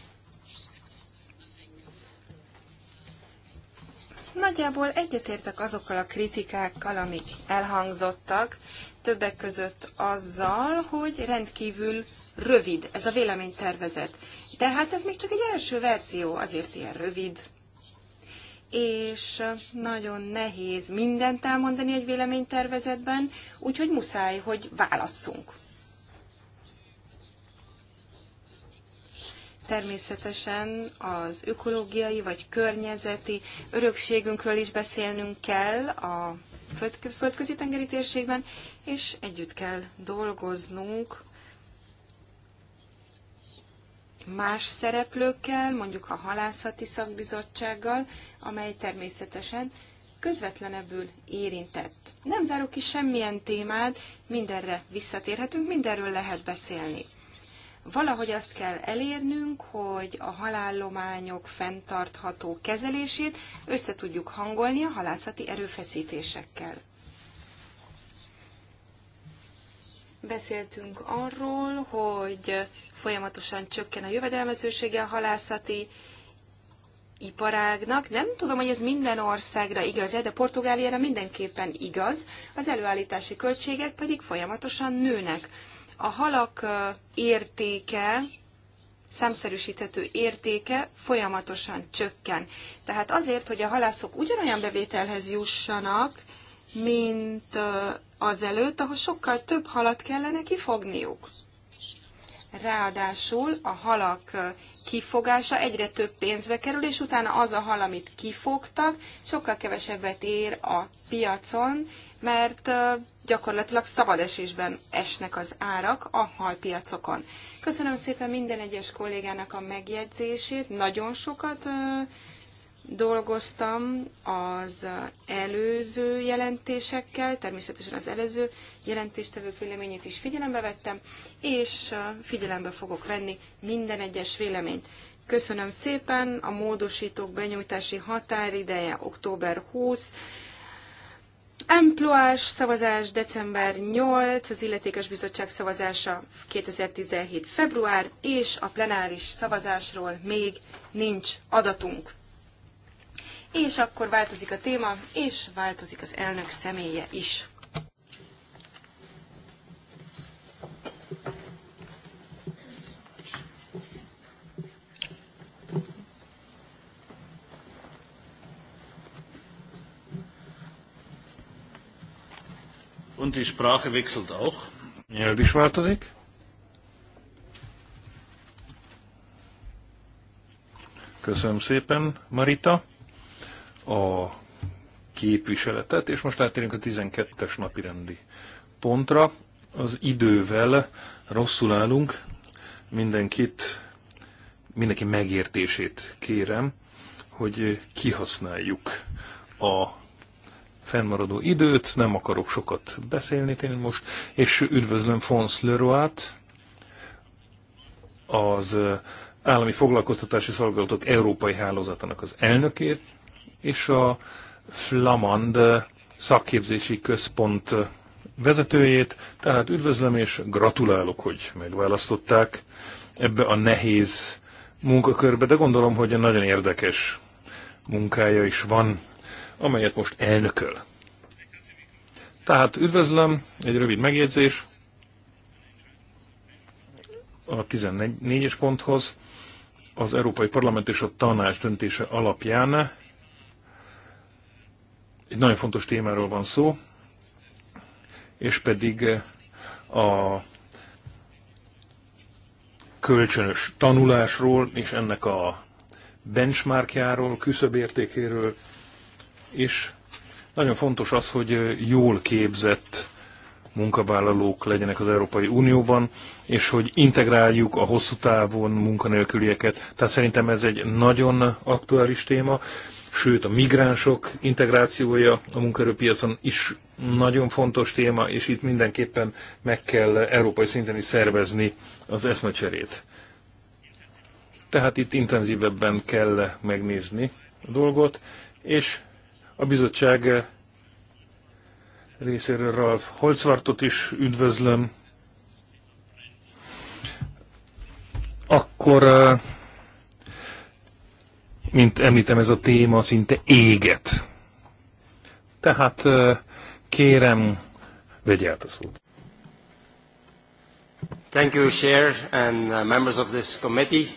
D: Nagyjából egyetértek azokkal a kritikákkal, amik elhangzottak, többek között azzal, hogy rendkívül rövid ez a véleménytervezet. Tehát ez még csak egy első verszió, azért ilyen rövid. És nagyon nehéz mindent elmondani egy véleménytervezetben, úgyhogy muszáj, hogy válasszunk. természetesen az ökológiai vagy környezeti örökségünkről is beszélnünk kell a földközi tengeri térségben, és együtt kell dolgoznunk más szereplőkkel, mondjuk a halászati szakbizottsággal, amely természetesen közvetlenebbül érintett. Nem zárok ki semmilyen témát, mindenre visszatérhetünk, mindenről lehet beszélni. Valahogy azt kell elérnünk, hogy a halállományok fenntartható kezelését össze tudjuk hangolni a halászati erőfeszítésekkel. Beszéltünk arról, hogy folyamatosan csökken a jövedelmezősége a halászati iparágnak. Nem tudom, hogy ez minden országra igaz -e, de Portugáliára mindenképpen igaz, az előállítási költségek pedig folyamatosan nőnek. A halak értéke, számszerűsíthető értéke folyamatosan csökken. Tehát azért, hogy a halászok ugyanolyan bevételhez jussanak, mint azelőtt, ahol sokkal több halat kellene kifogniuk. Ráadásul a halak kifogása egyre több pénzbe kerül, és utána az a hal, amit kifogtak, sokkal kevesebbet ér a piacon, mert gyakorlatilag szabad esésben esnek az árak a halpiacokon. Köszönöm szépen minden egyes kollégának a megjegyzését. Nagyon sokat dolgoztam az előző jelentésekkel, természetesen az előző jelentéstevők véleményét is figyelembe vettem, és figyelembe fogok venni minden egyes véleményt. Köszönöm szépen, a módosítók benyújtási határideje október 20, Emploás szavazás december 8, az illetékes bizottság szavazása 2017. február, és a plenáris szavazásról még nincs adatunk. És akkor változik a téma, és változik az elnök személye is.
B: Und die Sprache wechselt auch. Nyelv is változik. Köszönöm szépen, Marita, a képviseletet, és most áttérünk a 12-es napirendi pontra. Az idővel rosszul állunk, mindenkit, mindenki megértését kérem, hogy kihasználjuk a fennmaradó időt, nem akarok sokat beszélni én most, és üdvözlöm Fons Leroy-t, az Állami Foglalkoztatási Szolgálatok Európai Hálózatának az elnökét, és a Flamand szakképzési központ vezetőjét, tehát üdvözlöm és gratulálok, hogy megválasztották ebbe a nehéz munkakörbe, de gondolom, hogy nagyon érdekes munkája is van amelyet most elnököl. Tehát üdvözlöm, egy rövid megjegyzés a 14-es ponthoz. Az Európai Parlament és a Tanács döntése alapján egy nagyon fontos témáról van szó, és pedig a kölcsönös tanulásról és ennek a benchmarkjáról, küszöbértékéről és nagyon fontos az, hogy jól képzett munkavállalók legyenek az Európai Unióban, és hogy integráljuk a hosszú távon munkanélkülieket. Tehát szerintem ez egy nagyon aktuális téma, sőt a migránsok integrációja a munkaerőpiacon is nagyon fontos téma, és itt mindenképpen meg kell európai szinten is szervezni az eszmecserét. Tehát itt intenzívebben kell megnézni a dolgot, és a bizottság részéről Ralf Holzwartot is üdvözlöm. Akkor, eh, mint említem, ez a téma szinte éget. Tehát eh, kérem, vegye át a szót. Thank you, Chair and uh, members of
E: this committee.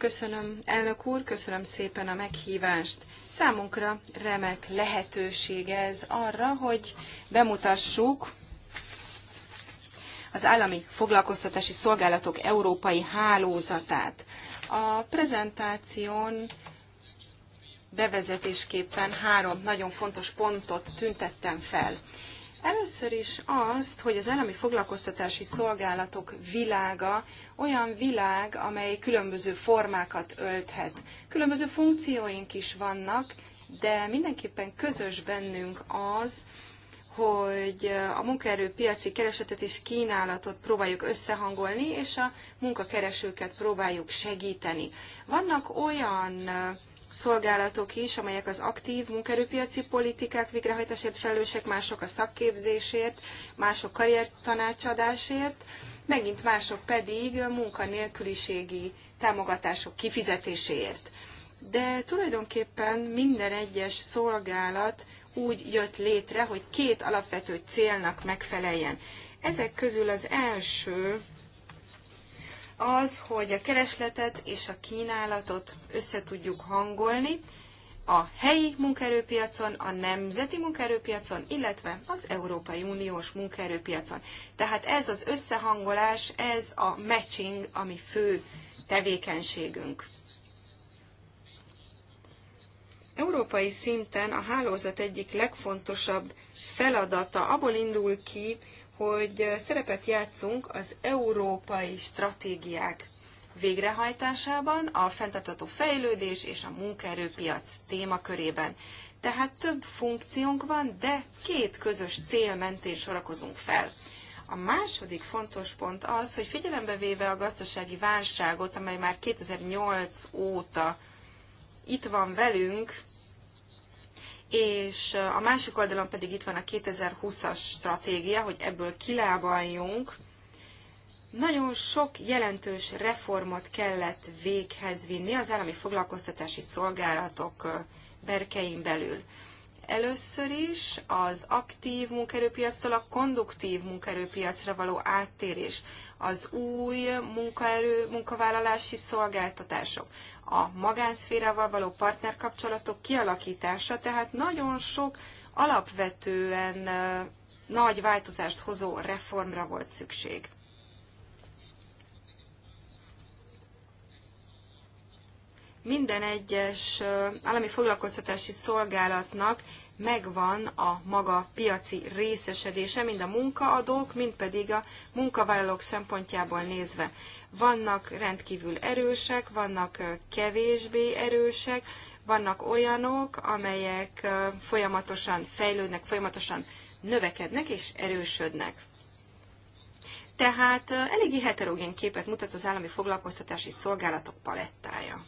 D: Köszönöm, elnök úr, köszönöm szépen a meghívást. Számunkra remek lehetőség ez arra, hogy bemutassuk az állami foglalkoztatási szolgálatok európai hálózatát. A prezentáción bevezetésképpen három nagyon fontos pontot tüntettem fel. Először is azt, hogy az állami foglalkoztatási szolgálatok világa olyan világ, amely különböző formákat ölthet. Különböző funkcióink is vannak, de mindenképpen közös bennünk az, hogy a munkaerőpiaci keresetet és kínálatot próbáljuk összehangolni, és a munkakeresőket próbáljuk segíteni. Vannak olyan szolgálatok is, amelyek az aktív munkerőpiaci politikák végrehajtásért felelősek, mások a szakképzésért, mások karriertanácsadásért, megint mások pedig munkanélküliségi támogatások kifizetéséért. De tulajdonképpen minden egyes szolgálat úgy jött létre, hogy két alapvető célnak megfeleljen. Ezek közül az első az, hogy a keresletet és a kínálatot össze tudjuk hangolni a helyi munkaerőpiacon, a nemzeti munkaerőpiacon, illetve az Európai Uniós munkaerőpiacon. Tehát ez az összehangolás, ez a matching, ami fő tevékenységünk. Európai szinten a hálózat egyik legfontosabb feladata abból indul ki, hogy szerepet játszunk az európai stratégiák végrehajtásában, a fenntartható fejlődés és a munkaerőpiac témakörében. Tehát több funkciónk van, de két közös cél mentén sorakozunk fel. A második fontos pont az, hogy figyelembe véve a gazdasági válságot, amely már 2008 óta itt van velünk, és a másik oldalon pedig itt van a 2020-as stratégia, hogy ebből kilábaljunk. Nagyon sok jelentős reformot kellett véghez vinni az állami foglalkoztatási szolgálatok berkein belül. Először is az aktív munkaerőpiactól a konduktív munkaerőpiacra való áttérés, az új munkaerő, munkavállalási szolgáltatások, a magánszférával való partnerkapcsolatok kialakítása, tehát nagyon sok alapvetően nagy változást hozó reformra volt szükség. minden egyes állami foglalkoztatási szolgálatnak megvan a maga piaci részesedése, mind a munkaadók, mind pedig a munkavállalók szempontjából nézve. Vannak rendkívül erősek, vannak kevésbé erősek, vannak olyanok, amelyek folyamatosan fejlődnek, folyamatosan növekednek és erősödnek. Tehát eléggé heterogén képet mutat az állami foglalkoztatási szolgálatok palettája.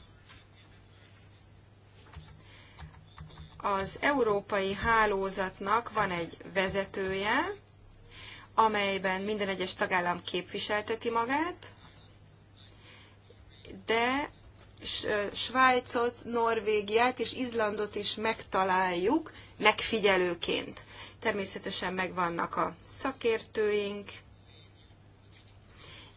D: az európai hálózatnak van egy vezetője, amelyben minden egyes tagállam képviselteti magát, de Svájcot, Norvégiát és Izlandot is megtaláljuk megfigyelőként. Természetesen megvannak a szakértőink,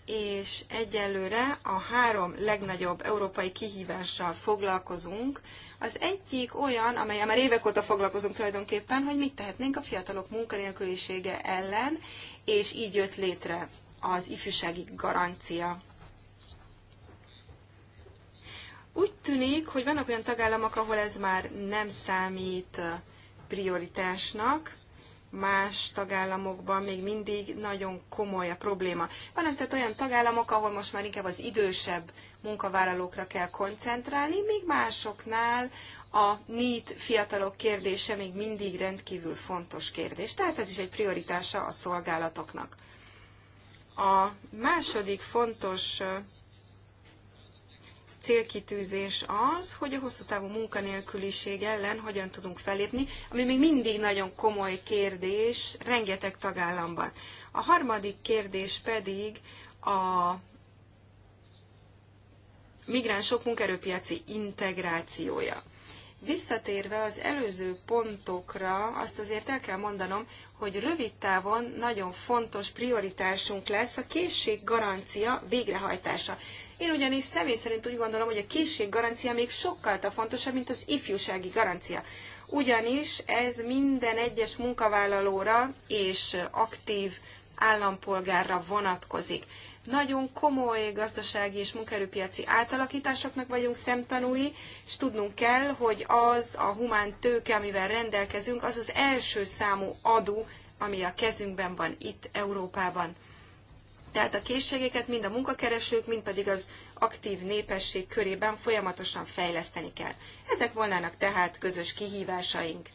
D: és egyelőre a három legnagyobb európai kihívással foglalkozunk, az egyik olyan, amely már évek óta foglalkozunk tulajdonképpen, hogy mit tehetnénk a fiatalok munkanélkülisége ellen, és így jött létre az ifjúsági garancia. Úgy tűnik, hogy vannak olyan tagállamok, ahol ez már nem számít prioritásnak, más tagállamokban még mindig nagyon komoly a probléma. Vannak tehát olyan tagállamok, ahol most már inkább az idősebb munkavállalókra kell koncentrálni, még másoknál a NEET fiatalok kérdése még mindig rendkívül fontos kérdés. Tehát ez is egy prioritása a szolgálatoknak. A második fontos célkitűzés az, hogy a hosszú távú munkanélküliség ellen hogyan tudunk felépni, ami még mindig nagyon komoly kérdés rengeteg tagállamban. A harmadik kérdés pedig a migránsok munkerőpiaci integrációja. Visszatérve az előző pontokra, azt azért el kell mondanom, hogy rövid távon nagyon fontos prioritásunk lesz a készséggarancia végrehajtása. Én ugyanis személy szerint úgy gondolom, hogy a készséggarancia még sokkal fontosabb, mint az ifjúsági garancia. Ugyanis ez minden egyes munkavállalóra és aktív állampolgárra vonatkozik. Nagyon komoly gazdasági és munkaerőpiaci átalakításoknak vagyunk szemtanúi, és tudnunk kell, hogy az a humán tőke, amivel rendelkezünk, az az első számú adó, ami a kezünkben van itt Európában. Tehát a készségeket mind a munkakeresők, mind pedig az aktív népesség körében folyamatosan fejleszteni kell. Ezek volnának tehát közös kihívásaink.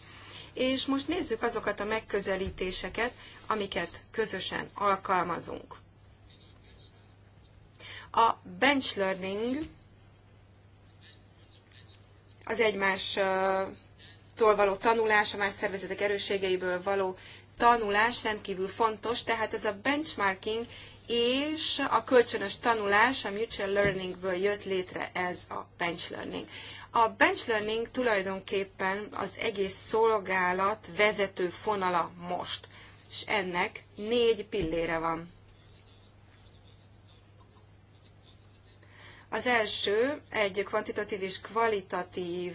D: És most nézzük azokat a megközelítéseket, amiket közösen alkalmazunk. A bench learning az egymástól való tanulás, a más szervezetek erősségeiből való tanulás rendkívül fontos, tehát ez a benchmarking és a kölcsönös tanulás, a mutual learningből jött létre ez a bench learning. A bench learning tulajdonképpen az egész szolgálat vezető fonala most, és ennek négy pillére van. Az első egy kvantitatív és kvalitatív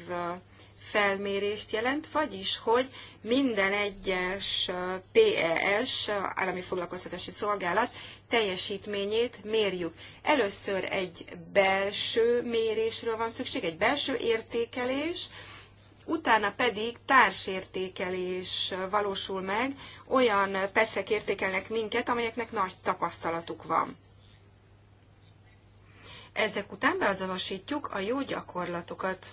D: felmérést jelent, vagyis, hogy minden egyes PES, állami foglalkoztatási szolgálat teljesítményét mérjük. Először egy belső mérésről van szükség, egy belső értékelés, utána pedig társértékelés valósul meg, olyan peszek értékelnek minket, amelyeknek nagy tapasztalatuk van ezek után beazonosítjuk a jó gyakorlatokat.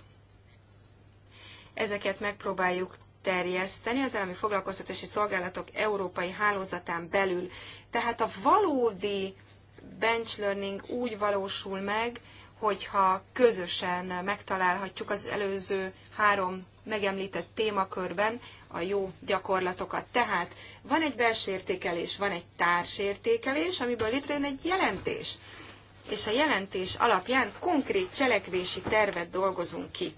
D: Ezeket megpróbáljuk terjeszteni az állami foglalkoztatási szolgálatok európai hálózatán belül. Tehát a valódi bench learning úgy valósul meg, hogyha közösen megtalálhatjuk az előző három megemlített témakörben a jó gyakorlatokat. Tehát van egy belső értékelés, van egy társértékelés, amiből létrejön egy jelentés és a jelentés alapján konkrét cselekvési tervet dolgozunk ki.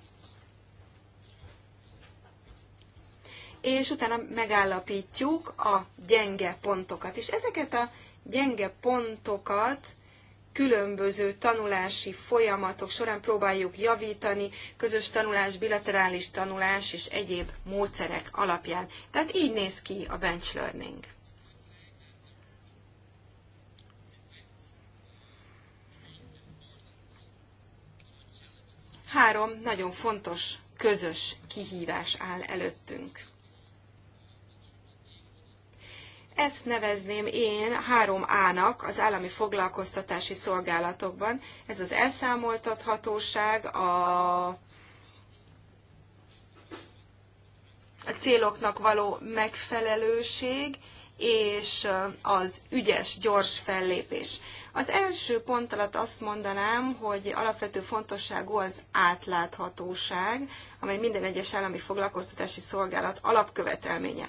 D: És utána megállapítjuk a gyenge pontokat. És ezeket a gyenge pontokat különböző tanulási folyamatok során próbáljuk javítani, közös tanulás, bilaterális tanulás és egyéb módszerek alapján. Tehát így néz ki a bench learning. három nagyon fontos közös kihívás áll előttünk. Ezt nevezném én 3A-nak az állami foglalkoztatási szolgálatokban. Ez az elszámoltathatóság, a, a céloknak való megfelelőség, és az ügyes, gyors fellépés. Az első pont alatt azt mondanám, hogy alapvető fontosságú az átláthatóság, amely minden egyes állami foglalkoztatási szolgálat alapkövetelménye.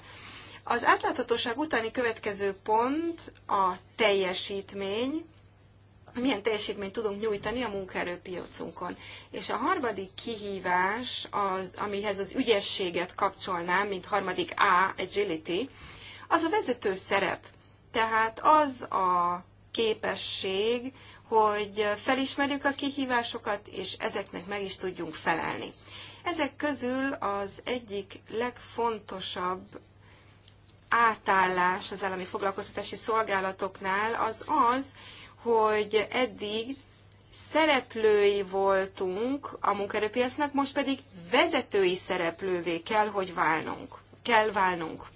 D: Az átláthatóság utáni következő pont a teljesítmény, milyen teljesítményt tudunk nyújtani a munkaerőpiacunkon. És a harmadik kihívás, az, amihez az ügyességet kapcsolnám, mint harmadik A, agility, az a vezető szerep. Tehát az a képesség, hogy felismerjük a kihívásokat, és ezeknek meg is tudjunk felelni. Ezek közül az egyik legfontosabb átállás az állami foglalkoztatási szolgálatoknál az az, hogy eddig szereplői voltunk a munkaerőpiacnak, most pedig vezetői szereplővé kell, hogy válnunk. Kell válnunk.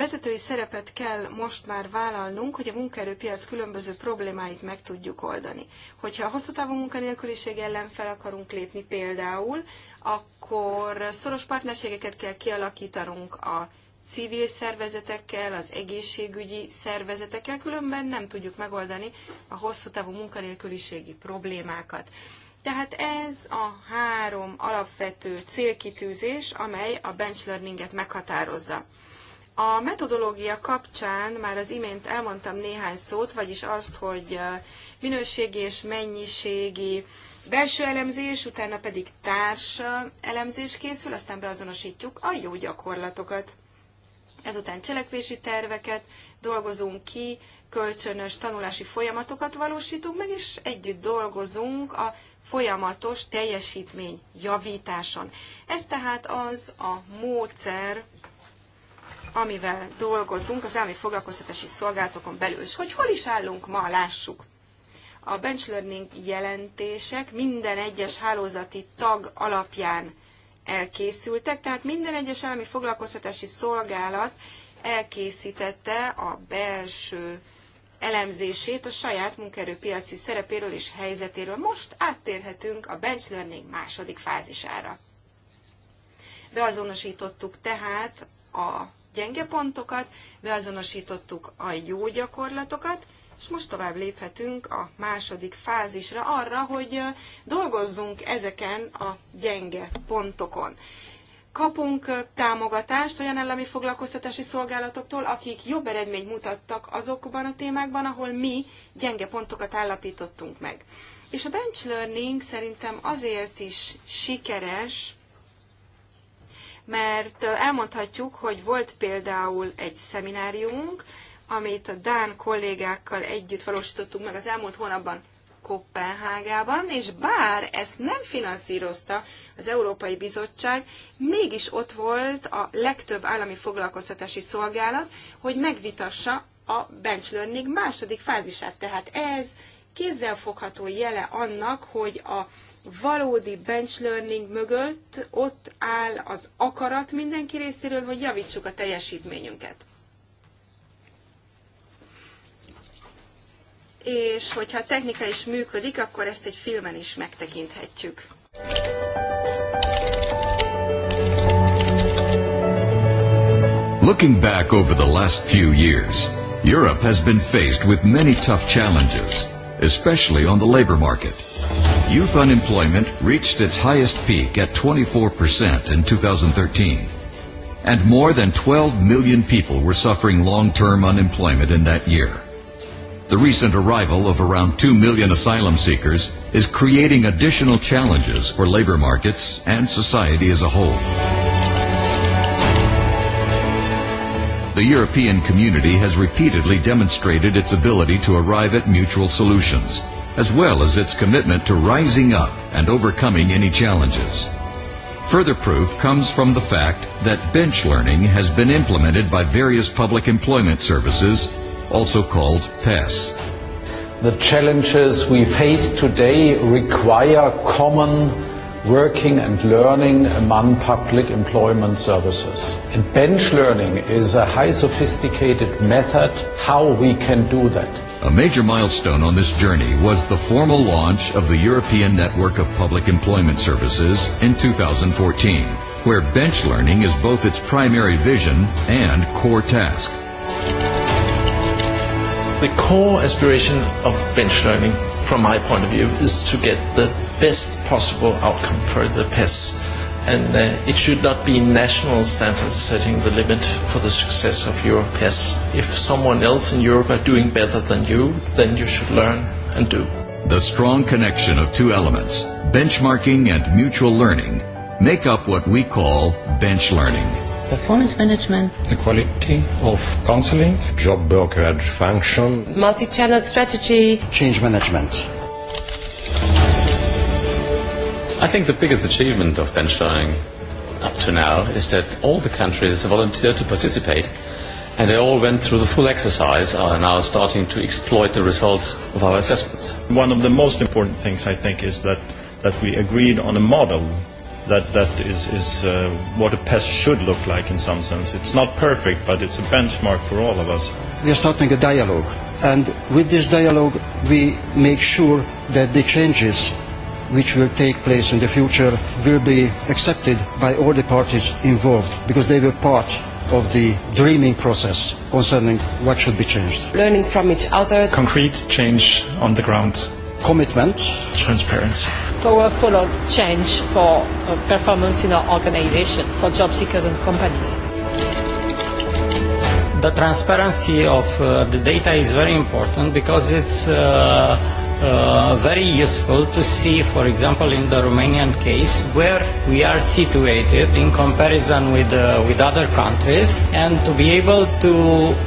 D: Vezetői szerepet kell most már vállalnunk, hogy a munkaerőpiac különböző problémáit meg tudjuk oldani. Hogyha a hosszú távú munkanélküliség ellen fel akarunk lépni például, akkor szoros partnerségeket kell kialakítanunk a civil szervezetekkel, az egészségügyi szervezetekkel, különben nem tudjuk megoldani a hosszú távú munkanélküliségi problémákat. Tehát ez a három alapvető célkitűzés, amely a bench meghatározza. A metodológia kapcsán már az imént elmondtam néhány szót, vagyis azt, hogy minőségi és mennyiségi belső elemzés, utána pedig társ elemzés készül, aztán beazonosítjuk a jó gyakorlatokat. Ezután cselekvési terveket dolgozunk ki, kölcsönös tanulási folyamatokat valósítunk meg, és együtt dolgozunk a folyamatos teljesítmény javításon. Ez tehát az a módszer, amivel dolgozunk az állami foglalkoztatási szolgálatokon belül. És hogy hol is állunk ma, lássuk. A bench learning jelentések minden egyes hálózati tag alapján elkészültek, tehát minden egyes állami foglalkoztatási szolgálat elkészítette a belső elemzését a saját munkaerőpiaci szerepéről és helyzetéről. Most áttérhetünk a bench learning második fázisára. Beazonosítottuk tehát a gyenge pontokat, beazonosítottuk a jó gyakorlatokat, és most tovább léphetünk a második fázisra arra, hogy dolgozzunk ezeken a gyenge pontokon. Kapunk támogatást olyan állami foglalkoztatási szolgálatoktól, akik jobb eredményt mutattak azokban a témákban, ahol mi gyenge pontokat állapítottunk meg. És a bench learning szerintem azért is sikeres, mert elmondhatjuk, hogy volt például egy szemináriumunk, amit a Dán kollégákkal együtt valósítottunk meg az elmúlt hónapban Kopenhágában, és bár ezt nem finanszírozta az Európai Bizottság, mégis ott volt a legtöbb állami foglalkoztatási szolgálat, hogy megvitassa a bench learning második fázisát. Tehát ez kézzelfogható jele annak, hogy a valódi bench learning mögött ott áll az akarat mindenki részéről, hogy javítsuk a teljesítményünket. És hogyha a technika is működik, akkor ezt egy filmen is megtekinthetjük.
E: Looking back over the last few years, Europe has been faced with many tough challenges, especially on the labor market. Youth unemployment reached its highest peak at 24% in 2013. And more than 12 million people were suffering long-term unemployment in that year. The recent arrival of around 2 million asylum seekers is creating additional challenges for labor markets and society as a whole. the European community has repeatedly demonstrated its ability to arrive at mutual solutions as well as its commitment to rising up and overcoming any challenges. Further proof comes from the fact that bench learning has been implemented by various public employment services, also called PES. The challenges we face today require common working and learning among public employment services. And bench learning is a high sophisticated method how we can do that. A major milestone on this journey was the formal launch of the European Network of Public Employment Services in 2014, where bench learning is both its primary vision and core task. The core aspiration of bench learning, from my point of view, is to get the best possible outcome for the PES and uh, it should not be national standards setting the limit for the success of Europe. Yes, if someone else in Europe are doing better than you, then you should learn and do. The strong connection of two elements, benchmarking and mutual learning, make up what we call bench learning.
A: Performance management,
E: the quality of counseling, job brokerage function,
A: multi channel strategy,
E: change management. I think the biggest achievement of Benstein up to now is that all the countries volunteered to participate and they all went through the full exercise and are now starting to exploit the results of our assessments. One of the most important things I think is that, that we agreed on a model that, that is, is uh, what a pest should look like in some sense. It's not perfect, but it's a benchmark for all of us.
A: We are starting a dialogue, and
D: with this dialogue, we make sure that the changes which will take place in the future will be accepted by all the parties involved because they were part
B: of the dreaming process concerning what should be changed.
D: Learning from each other.
B: Concrete change on the ground. Commitment. Transparency.
A: Powerful of
C: change for uh, performance in our organization, for job seekers and companies.
E: The transparency of uh, the data is very important because it's uh, Uh, very useful to see, for example, in the
D: Romanian case, where we are situated in comparison with, uh, with other
E: countries, and to be able to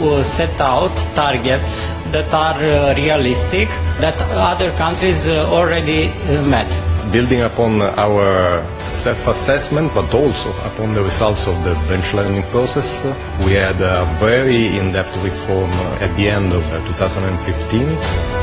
E: uh, set out targets that are uh, realistic, that other countries uh, already uh, met. Building
B: upon our self-assessment, but also upon the results of the bench learning process, uh,
E: we had a very in-depth reform uh, at the end of 2015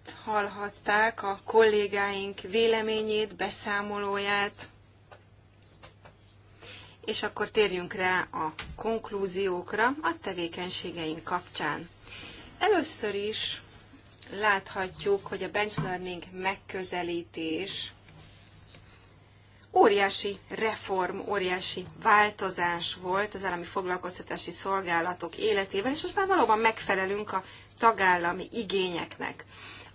D: hallhatták a kollégáink véleményét, beszámolóját, és akkor térjünk rá a konklúziókra a tevékenységeink kapcsán. Először is láthatjuk, hogy a bench learning megközelítés óriási reform, óriási változás volt az állami foglalkoztatási szolgálatok életében, és most már valóban megfelelünk a tagállami igényeknek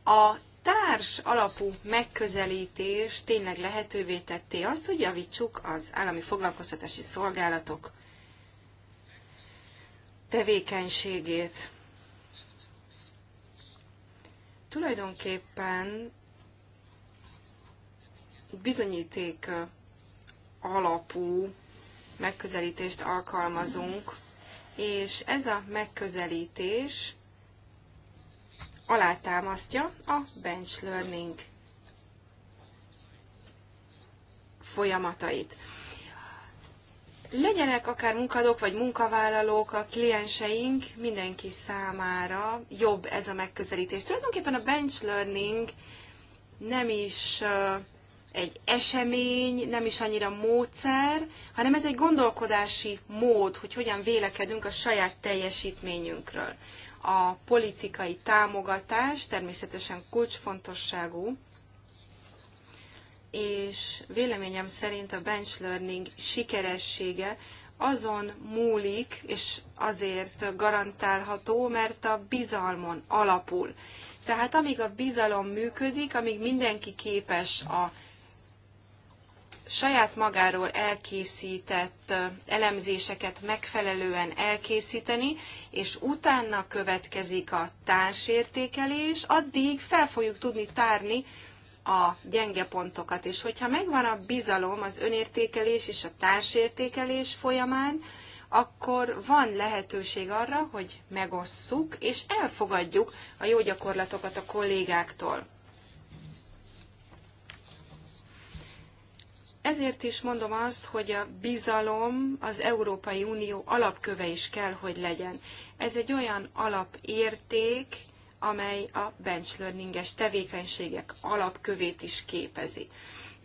D: a társ alapú megközelítés tényleg lehetővé tetté azt, hogy javítsuk az állami foglalkoztatási szolgálatok tevékenységét. Tulajdonképpen bizonyíték alapú megközelítést alkalmazunk, és ez a megközelítés alátámasztja a bench learning folyamatait. Legyenek akár munkadók vagy munkavállalók, a klienseink mindenki számára jobb ez a megközelítés. Tulajdonképpen a bench learning nem is egy esemény, nem is annyira módszer, hanem ez egy gondolkodási mód, hogy hogyan vélekedünk a saját teljesítményünkről a politikai támogatás természetesen kulcsfontosságú, és véleményem szerint a bench learning sikeressége azon múlik, és azért garantálható, mert a bizalmon alapul. Tehát amíg a bizalom működik, amíg mindenki képes a saját magáról elkészített elemzéseket megfelelően elkészíteni, és utána következik a társértékelés, addig fel fogjuk tudni tárni a gyenge pontokat. És hogyha megvan a bizalom az önértékelés és a társértékelés folyamán, akkor van lehetőség arra, hogy megosszuk és elfogadjuk a jó gyakorlatokat a kollégáktól. Ezért is mondom azt, hogy a bizalom az Európai Unió alapköve is kell, hogy legyen. Ez egy olyan alapérték, amely a benchlearninges tevékenységek alapkövét is képezi.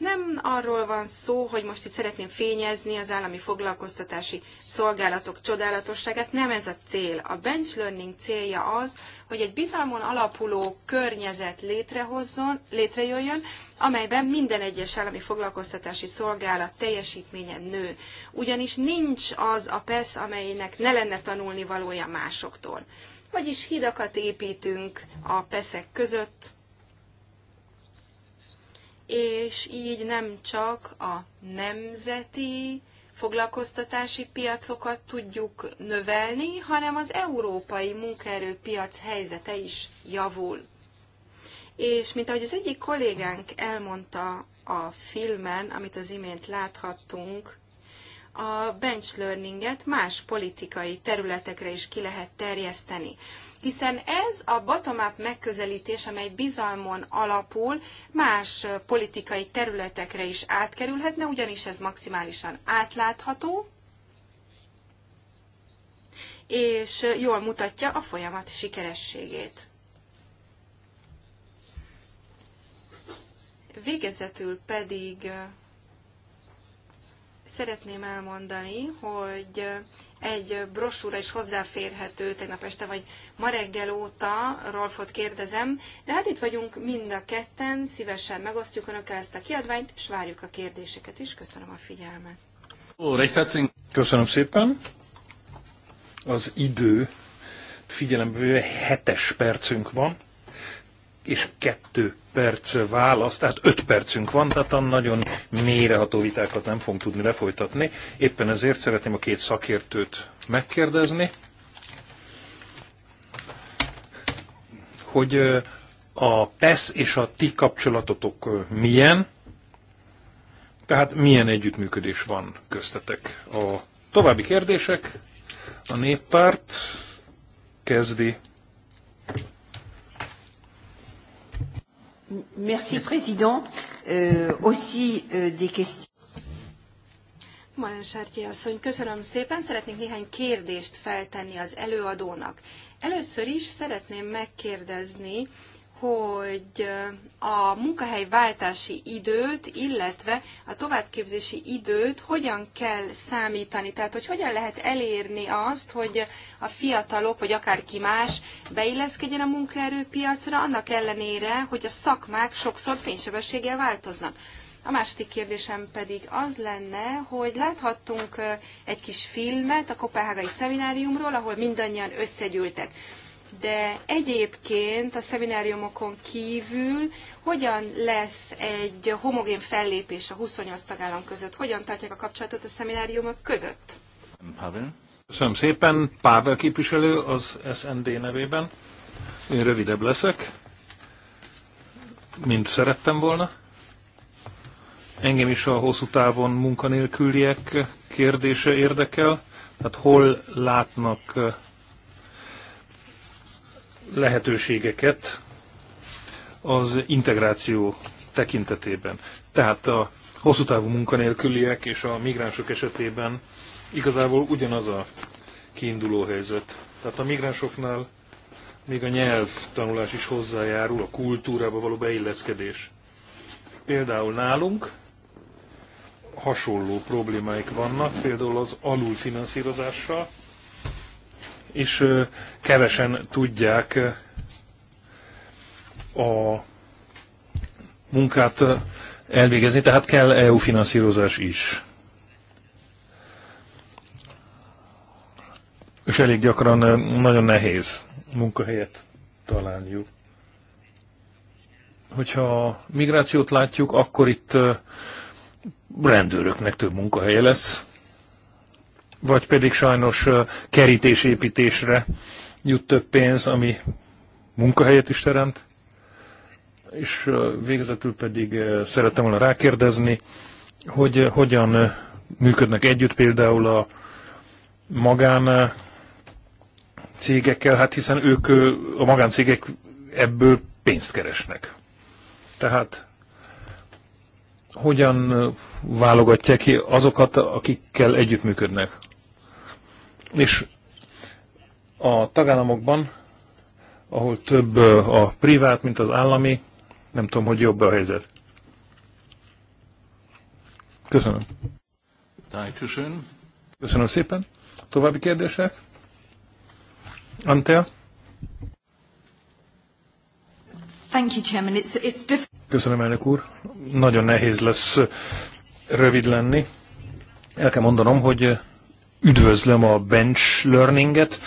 D: Nem arról van szó, hogy most itt szeretném fényezni az állami foglalkoztatási szolgálatok csodálatosságát, nem ez a cél. A bench learning célja az, hogy egy bizalmon alapuló környezet létrehozzon, létrejöjjön, amelyben minden egyes állami foglalkoztatási szolgálat teljesítménye nő. Ugyanis nincs az a PESZ, amelynek ne lenne tanulni valója másoktól. Vagyis hidakat építünk a peszek között, és így nem csak a nemzeti foglalkoztatási piacokat tudjuk növelni, hanem az európai munkaerőpiac helyzete is javul. És mint ahogy az egyik kollégánk elmondta a filmen, amit az imént láthattunk, a bench learninget más politikai területekre is ki lehet terjeszteni hiszen ez a bottom-up megközelítés, amely bizalmon alapul, más politikai területekre is átkerülhetne, ugyanis ez maximálisan átlátható, és jól mutatja a folyamat sikerességét. Végezetül pedig szeretném elmondani, hogy egy brosúra is hozzáférhető tegnap este, vagy ma reggel óta, Rolfot kérdezem, de hát itt vagyunk mind a ketten, szívesen megosztjuk önökkel ezt a kiadványt, és várjuk a kérdéseket is. Köszönöm a figyelmet.
B: Köszönöm szépen. Az idő figyelembe véve hetes percünk van és kettő perc válasz, tehát öt percünk van, tehát nagyon mélyreható vitákat nem fogunk tudni lefolytatni. Éppen ezért szeretném a két szakértőt megkérdezni, hogy a PESZ és a ti kapcsolatotok milyen, tehát milyen együttműködés van köztetek. A további kérdések, a néppárt kezdi
D: Merci, Président. Euh, aussi euh, des questions. Malen asszony, köszönöm szépen. Szeretnék néhány kérdést feltenni az előadónak. Először is szeretném megkérdezni, hogy a munkahely váltási időt, illetve a továbbképzési időt hogyan kell számítani, tehát hogy hogyan lehet elérni azt, hogy a fiatalok, vagy akárki más beilleszkedjen a munkaerőpiacra, annak ellenére, hogy a szakmák sokszor fénysebességgel változnak. A második kérdésem pedig az lenne, hogy láthattunk egy kis filmet a Kopenhágai szemináriumról, ahol mindannyian összegyűltek de egyébként a szemináriumokon kívül hogyan lesz egy homogén fellépés a 28 tagállam között? Hogyan tartják a kapcsolatot a szemináriumok között?
B: Pavel. Köszönöm szépen. Pável képviselő az SND nevében. Én rövidebb leszek, mint szerettem volna. Engem is a hosszú távon munkanélküliek kérdése érdekel. Tehát hol látnak lehetőségeket az integráció tekintetében. Tehát a hosszú távú munkanélküliek és a migránsok esetében igazából ugyanaz a kiinduló helyzet. Tehát a migránsoknál még a nyelvtanulás is hozzájárul, a kultúrába való beilleszkedés. Például nálunk hasonló problémáik vannak, például az alulfinanszírozással, és kevesen tudják a munkát elvégezni, tehát kell EU finanszírozás is. És elég gyakran nagyon nehéz munkahelyet találniuk. Hogyha migrációt látjuk, akkor itt rendőröknek több munkahelye lesz, vagy pedig sajnos kerítésépítésre jut több pénz, ami munkahelyet is teremt. És végezetül pedig szerettem volna rákérdezni, hogy hogyan működnek együtt például a magán cégekkel, hát hiszen ők, a magáncégek ebből pénzt keresnek. Tehát hogyan válogatják ki azokat, akikkel együttműködnek. És a tagállamokban, ahol több a privát, mint az állami, nem tudom, hogy jobb a helyzet. Köszönöm. Köszönöm. Köszönöm szépen. További kérdések? Antea?
A: Thank you, Chairman. It's, it's
B: Köszönöm, elnök úr. Nagyon nehéz lesz rövid lenni. El kell mondanom, hogy üdvözlöm a bench learninget,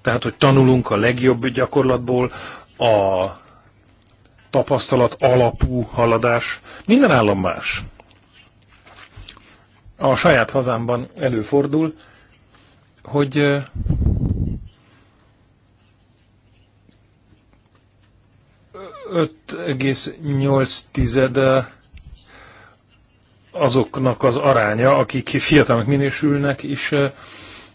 B: tehát, hogy tanulunk a legjobb gyakorlatból, a tapasztalat alapú haladás. Minden állam más. A saját hazámban előfordul, hogy 5,8 azoknak az aránya, akik fiatalnak minősülnek, és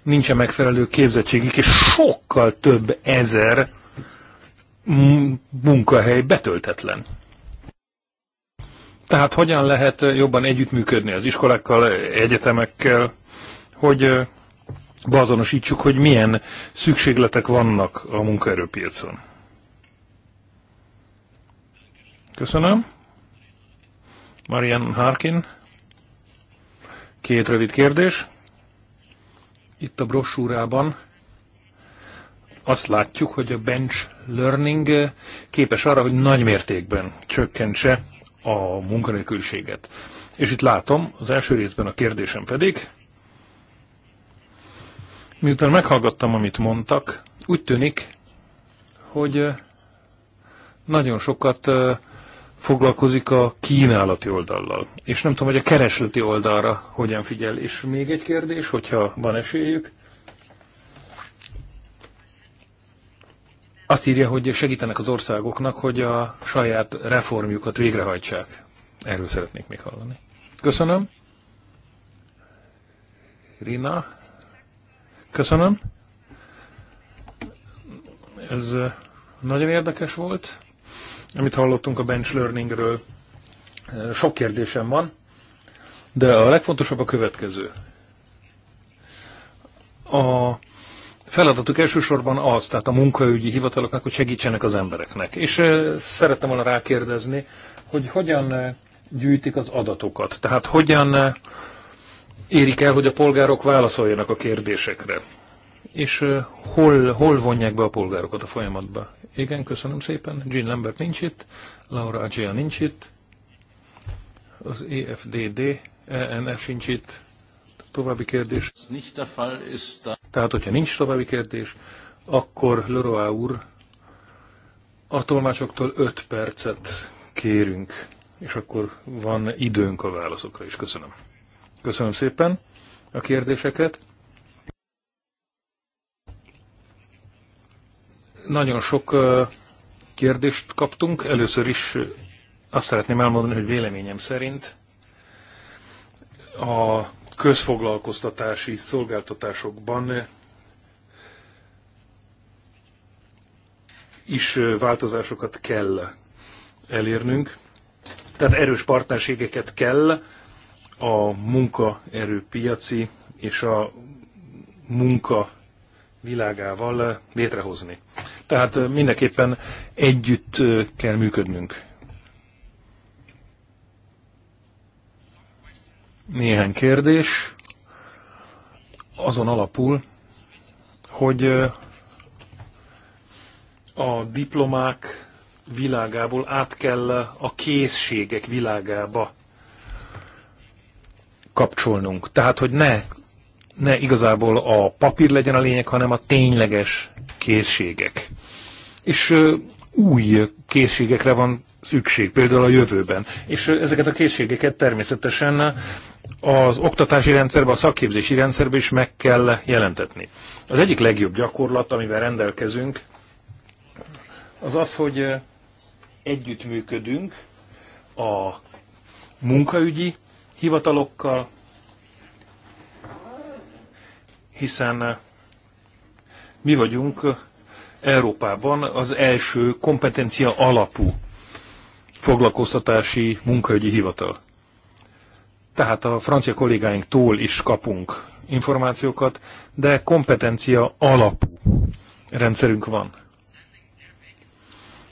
B: nincsen megfelelő képzettségük, és sokkal több ezer munkahely betöltetlen. Tehát hogyan lehet jobban együttműködni az iskolákkal, egyetemekkel, hogy beazonosítsuk, hogy milyen szükségletek vannak a munkaerőpiacon. Köszönöm. Marian Harkin. Két rövid kérdés. Itt a brosúrában azt látjuk, hogy a bench learning képes arra, hogy nagy mértékben csökkentse a munkanélküliséget. És itt látom, az első részben a kérdésem pedig, miután meghallgattam, amit mondtak, úgy tűnik, hogy nagyon sokat foglalkozik a kínálati oldallal. És nem tudom, hogy a keresleti oldalra hogyan figyel. És még egy kérdés, hogyha van esélyük. Azt írja, hogy segítenek az országoknak, hogy a saját reformjukat végrehajtsák. Erről szeretnék még hallani. Köszönöm. Rina. Köszönöm. Ez nagyon érdekes volt amit hallottunk a bench learningről. Eh, sok kérdésem van, de a legfontosabb a következő. A feladatuk elsősorban az, tehát a munkaügyi hivataloknak, hogy segítsenek az embereknek. És eh, szerettem volna rákérdezni, hogy hogyan eh, gyűjtik az adatokat, tehát hogyan érik el, hogy a polgárok válaszoljanak a kérdésekre. És hol, hol vonják be a polgárokat a folyamatba? Igen, köszönöm szépen. Jean Lambert nincs itt, Laura Agia nincs itt, az EFDD, ENF sincs itt. További kérdés. Tehát, hogyha nincs további kérdés, akkor Leroy úr a tolmácsoktól 5 percet kérünk, és akkor van időnk a válaszokra is. Köszönöm. Köszönöm szépen a kérdéseket. Nagyon sok kérdést kaptunk. Először is azt szeretném elmondani, hogy véleményem szerint a közfoglalkoztatási szolgáltatásokban is változásokat kell elérnünk. Tehát erős partnerségeket kell a munkaerőpiaci és a munka világával eh, létrehozni. Tehát eh, mindenképpen együtt eh, kell működnünk. Néhány kérdés azon alapul, hogy a diplomák világából át kell a készségek világába kapcsolnunk. Tehát, hogy ne ne igazából a papír legyen a lényeg, hanem a tényleges készségek. És új készségekre van szükség, például a jövőben. És ezeket a készségeket természetesen az oktatási rendszerbe, a szakképzési rendszerbe is meg kell jelentetni. Az egyik legjobb gyakorlat, amivel rendelkezünk, az az, hogy együttműködünk a munkaügyi hivatalokkal, hiszen mi vagyunk Európában az első kompetencia alapú foglalkoztatási munkaügyi hivatal. Tehát a francia kollégáinktól is kapunk információkat, de kompetencia alapú rendszerünk van.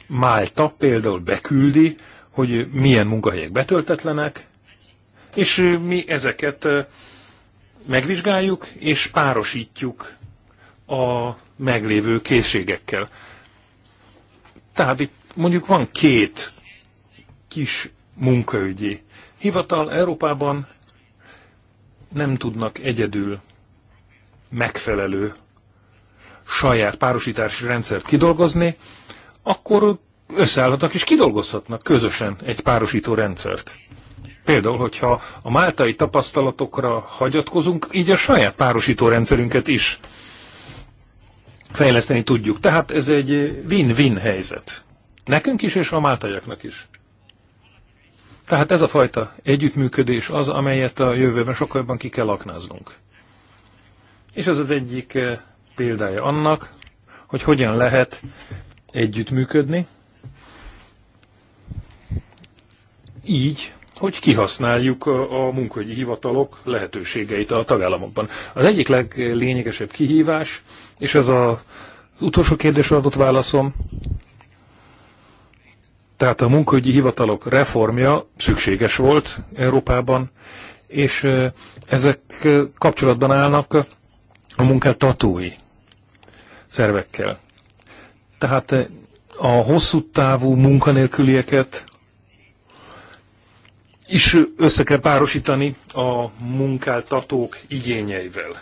B: Málta például beküldi, hogy milyen munkahelyek betöltetlenek, és mi ezeket megvizsgáljuk és párosítjuk a meglévő készségekkel. Tehát itt mondjuk van két kis munkaügyi hivatal Európában nem tudnak egyedül megfelelő saját párosítási rendszert kidolgozni, akkor összeállhatnak és kidolgozhatnak közösen egy párosító rendszert. Például, hogyha a máltai tapasztalatokra hagyatkozunk, így a saját párosító rendszerünket is fejleszteni tudjuk. Tehát ez egy win-win helyzet. Nekünk is, és a máltaiaknak is. Tehát ez a fajta együttműködés az, amelyet a jövőben sokkal jobban ki kell aknáznunk. És ez az egyik eh, példája annak, hogy hogyan lehet együttműködni, így, hogy kihasználjuk a munkahogyi hivatalok lehetőségeit a tagállamokban. Az egyik leglényegesebb kihívás, és ez a, az utolsó kérdésre adott válaszom, tehát a munkahogyi hivatalok reformja szükséges volt Európában, és ezek kapcsolatban állnak a munkáltatói szervekkel. Tehát a hosszú távú munkanélkülieket is össze kell párosítani a munkáltatók igényeivel.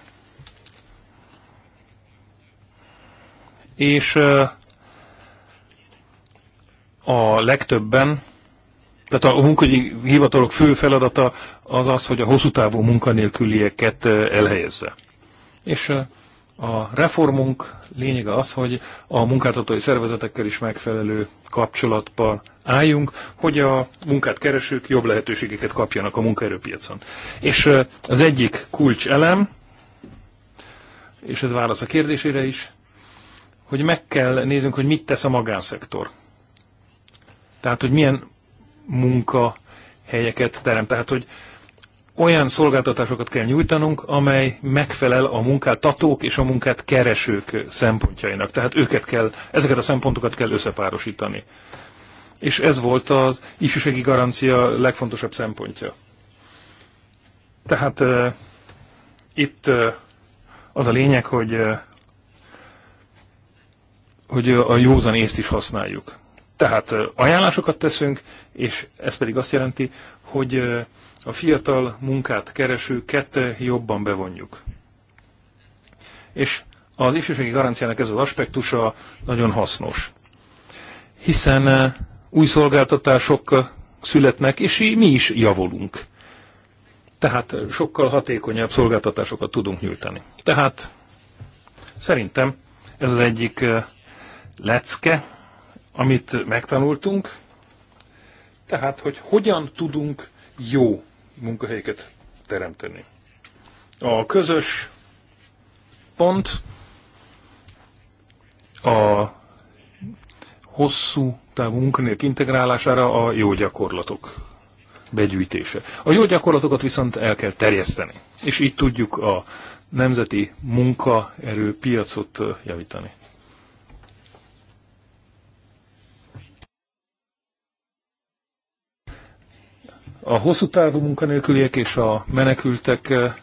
B: És a legtöbben, tehát a munkahogyi hivatalok fő feladata az az, hogy a hosszú távú munkanélkülieket elhelyezze. És a reformunk lényege az, hogy a munkáltatói szervezetekkel is megfelelő kapcsolatba álljunk, hogy a munkát keresők jobb lehetőségeket kapjanak a munkaerőpiacon. És az egyik kulcselem, és ez válasz a kérdésére is, hogy meg kell néznünk, hogy mit tesz a magánszektor. Tehát, hogy milyen munkahelyeket teremt. Tehát, hogy olyan szolgáltatásokat kell nyújtanunk, amely megfelel a munkáltatók és a munkát keresők szempontjainak. Tehát őket kell, ezeket a szempontokat kell összepárosítani. És ez volt az ifjúsági garancia legfontosabb szempontja. Tehát uh, itt uh, az a lényeg, hogy, uh, hogy a józan észt is használjuk. Tehát uh, ajánlásokat teszünk, és ez pedig azt jelenti, hogy uh, a fiatal munkát kette jobban bevonjuk. És az ifjúsági garanciának ez az aspektusa nagyon hasznos. Hiszen eh, új szolgáltatások eh, születnek, és mi is javulunk. Tehát eh, sokkal hatékonyabb szolgáltatásokat tudunk nyújtani. Tehát szerintem ez az egyik lecke, amit megtanultunk. Tehát, hogy hogyan tudunk jó munkahelyeket teremteni. A közös pont a hosszú távú munkanélk integrálására a jó gyakorlatok begyűjtése. A jó gyakorlatokat viszont el kell terjeszteni, és így tudjuk a nemzeti munkaerőpiacot javítani. a hosszú távú munkanélküliek és a menekültek eh,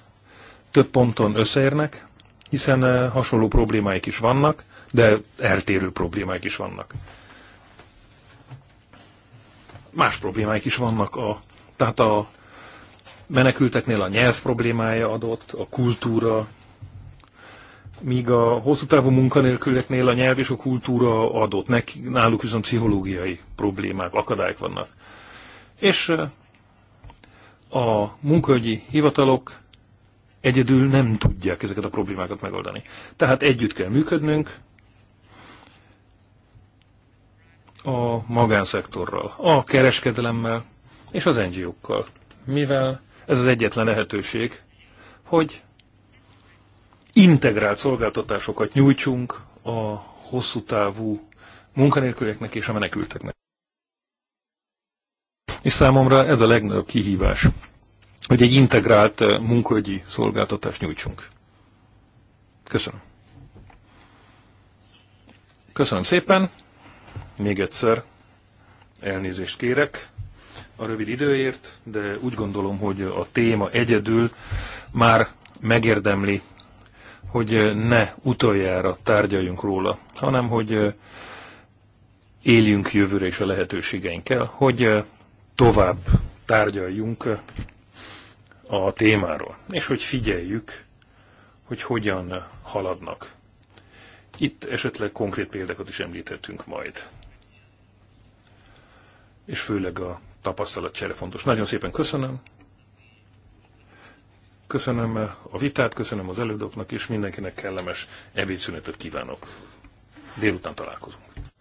B: több ponton összeérnek, hiszen eh, hasonló problémáik is vannak, de eltérő problémáik is vannak. Más problémáik is vannak, a, tehát a menekülteknél a nyelv problémája adott, a kultúra, míg a hosszú távú munkanélküleknél a nyelv és a kultúra adott, nek, náluk viszont pszichológiai problémák, akadályok vannak. És eh, a munkahogyi hivatalok egyedül nem tudják ezeket a problémákat megoldani. Tehát együtt kell működnünk a magánszektorral, a kereskedelemmel és az NGO-kkal, mivel ez az egyetlen lehetőség, hogy integrált szolgáltatásokat nyújtsunk a hosszú távú munkanélkülieknek és a menekülteknek. És számomra ez a legnagyobb kihívás, hogy egy integrált eh, munkahogyi szolgáltatást nyújtsunk. Köszönöm. Köszönöm szépen. Még egyszer elnézést kérek a rövid időért, de úgy gondolom, hogy a téma egyedül már megérdemli, hogy ne utoljára tárgyaljunk róla, hanem hogy eh, éljünk jövőre is a lehetőségeinkkel, hogy eh, tovább tárgyaljunk a témáról, és hogy figyeljük, hogy hogyan haladnak. Itt esetleg konkrét példákat is említettünk majd. És főleg a csere fontos. Nagyon szépen köszönöm. Köszönöm a vitát, köszönöm az elődoknak, és mindenkinek kellemes ebédszünetet kívánok. Délután találkozunk.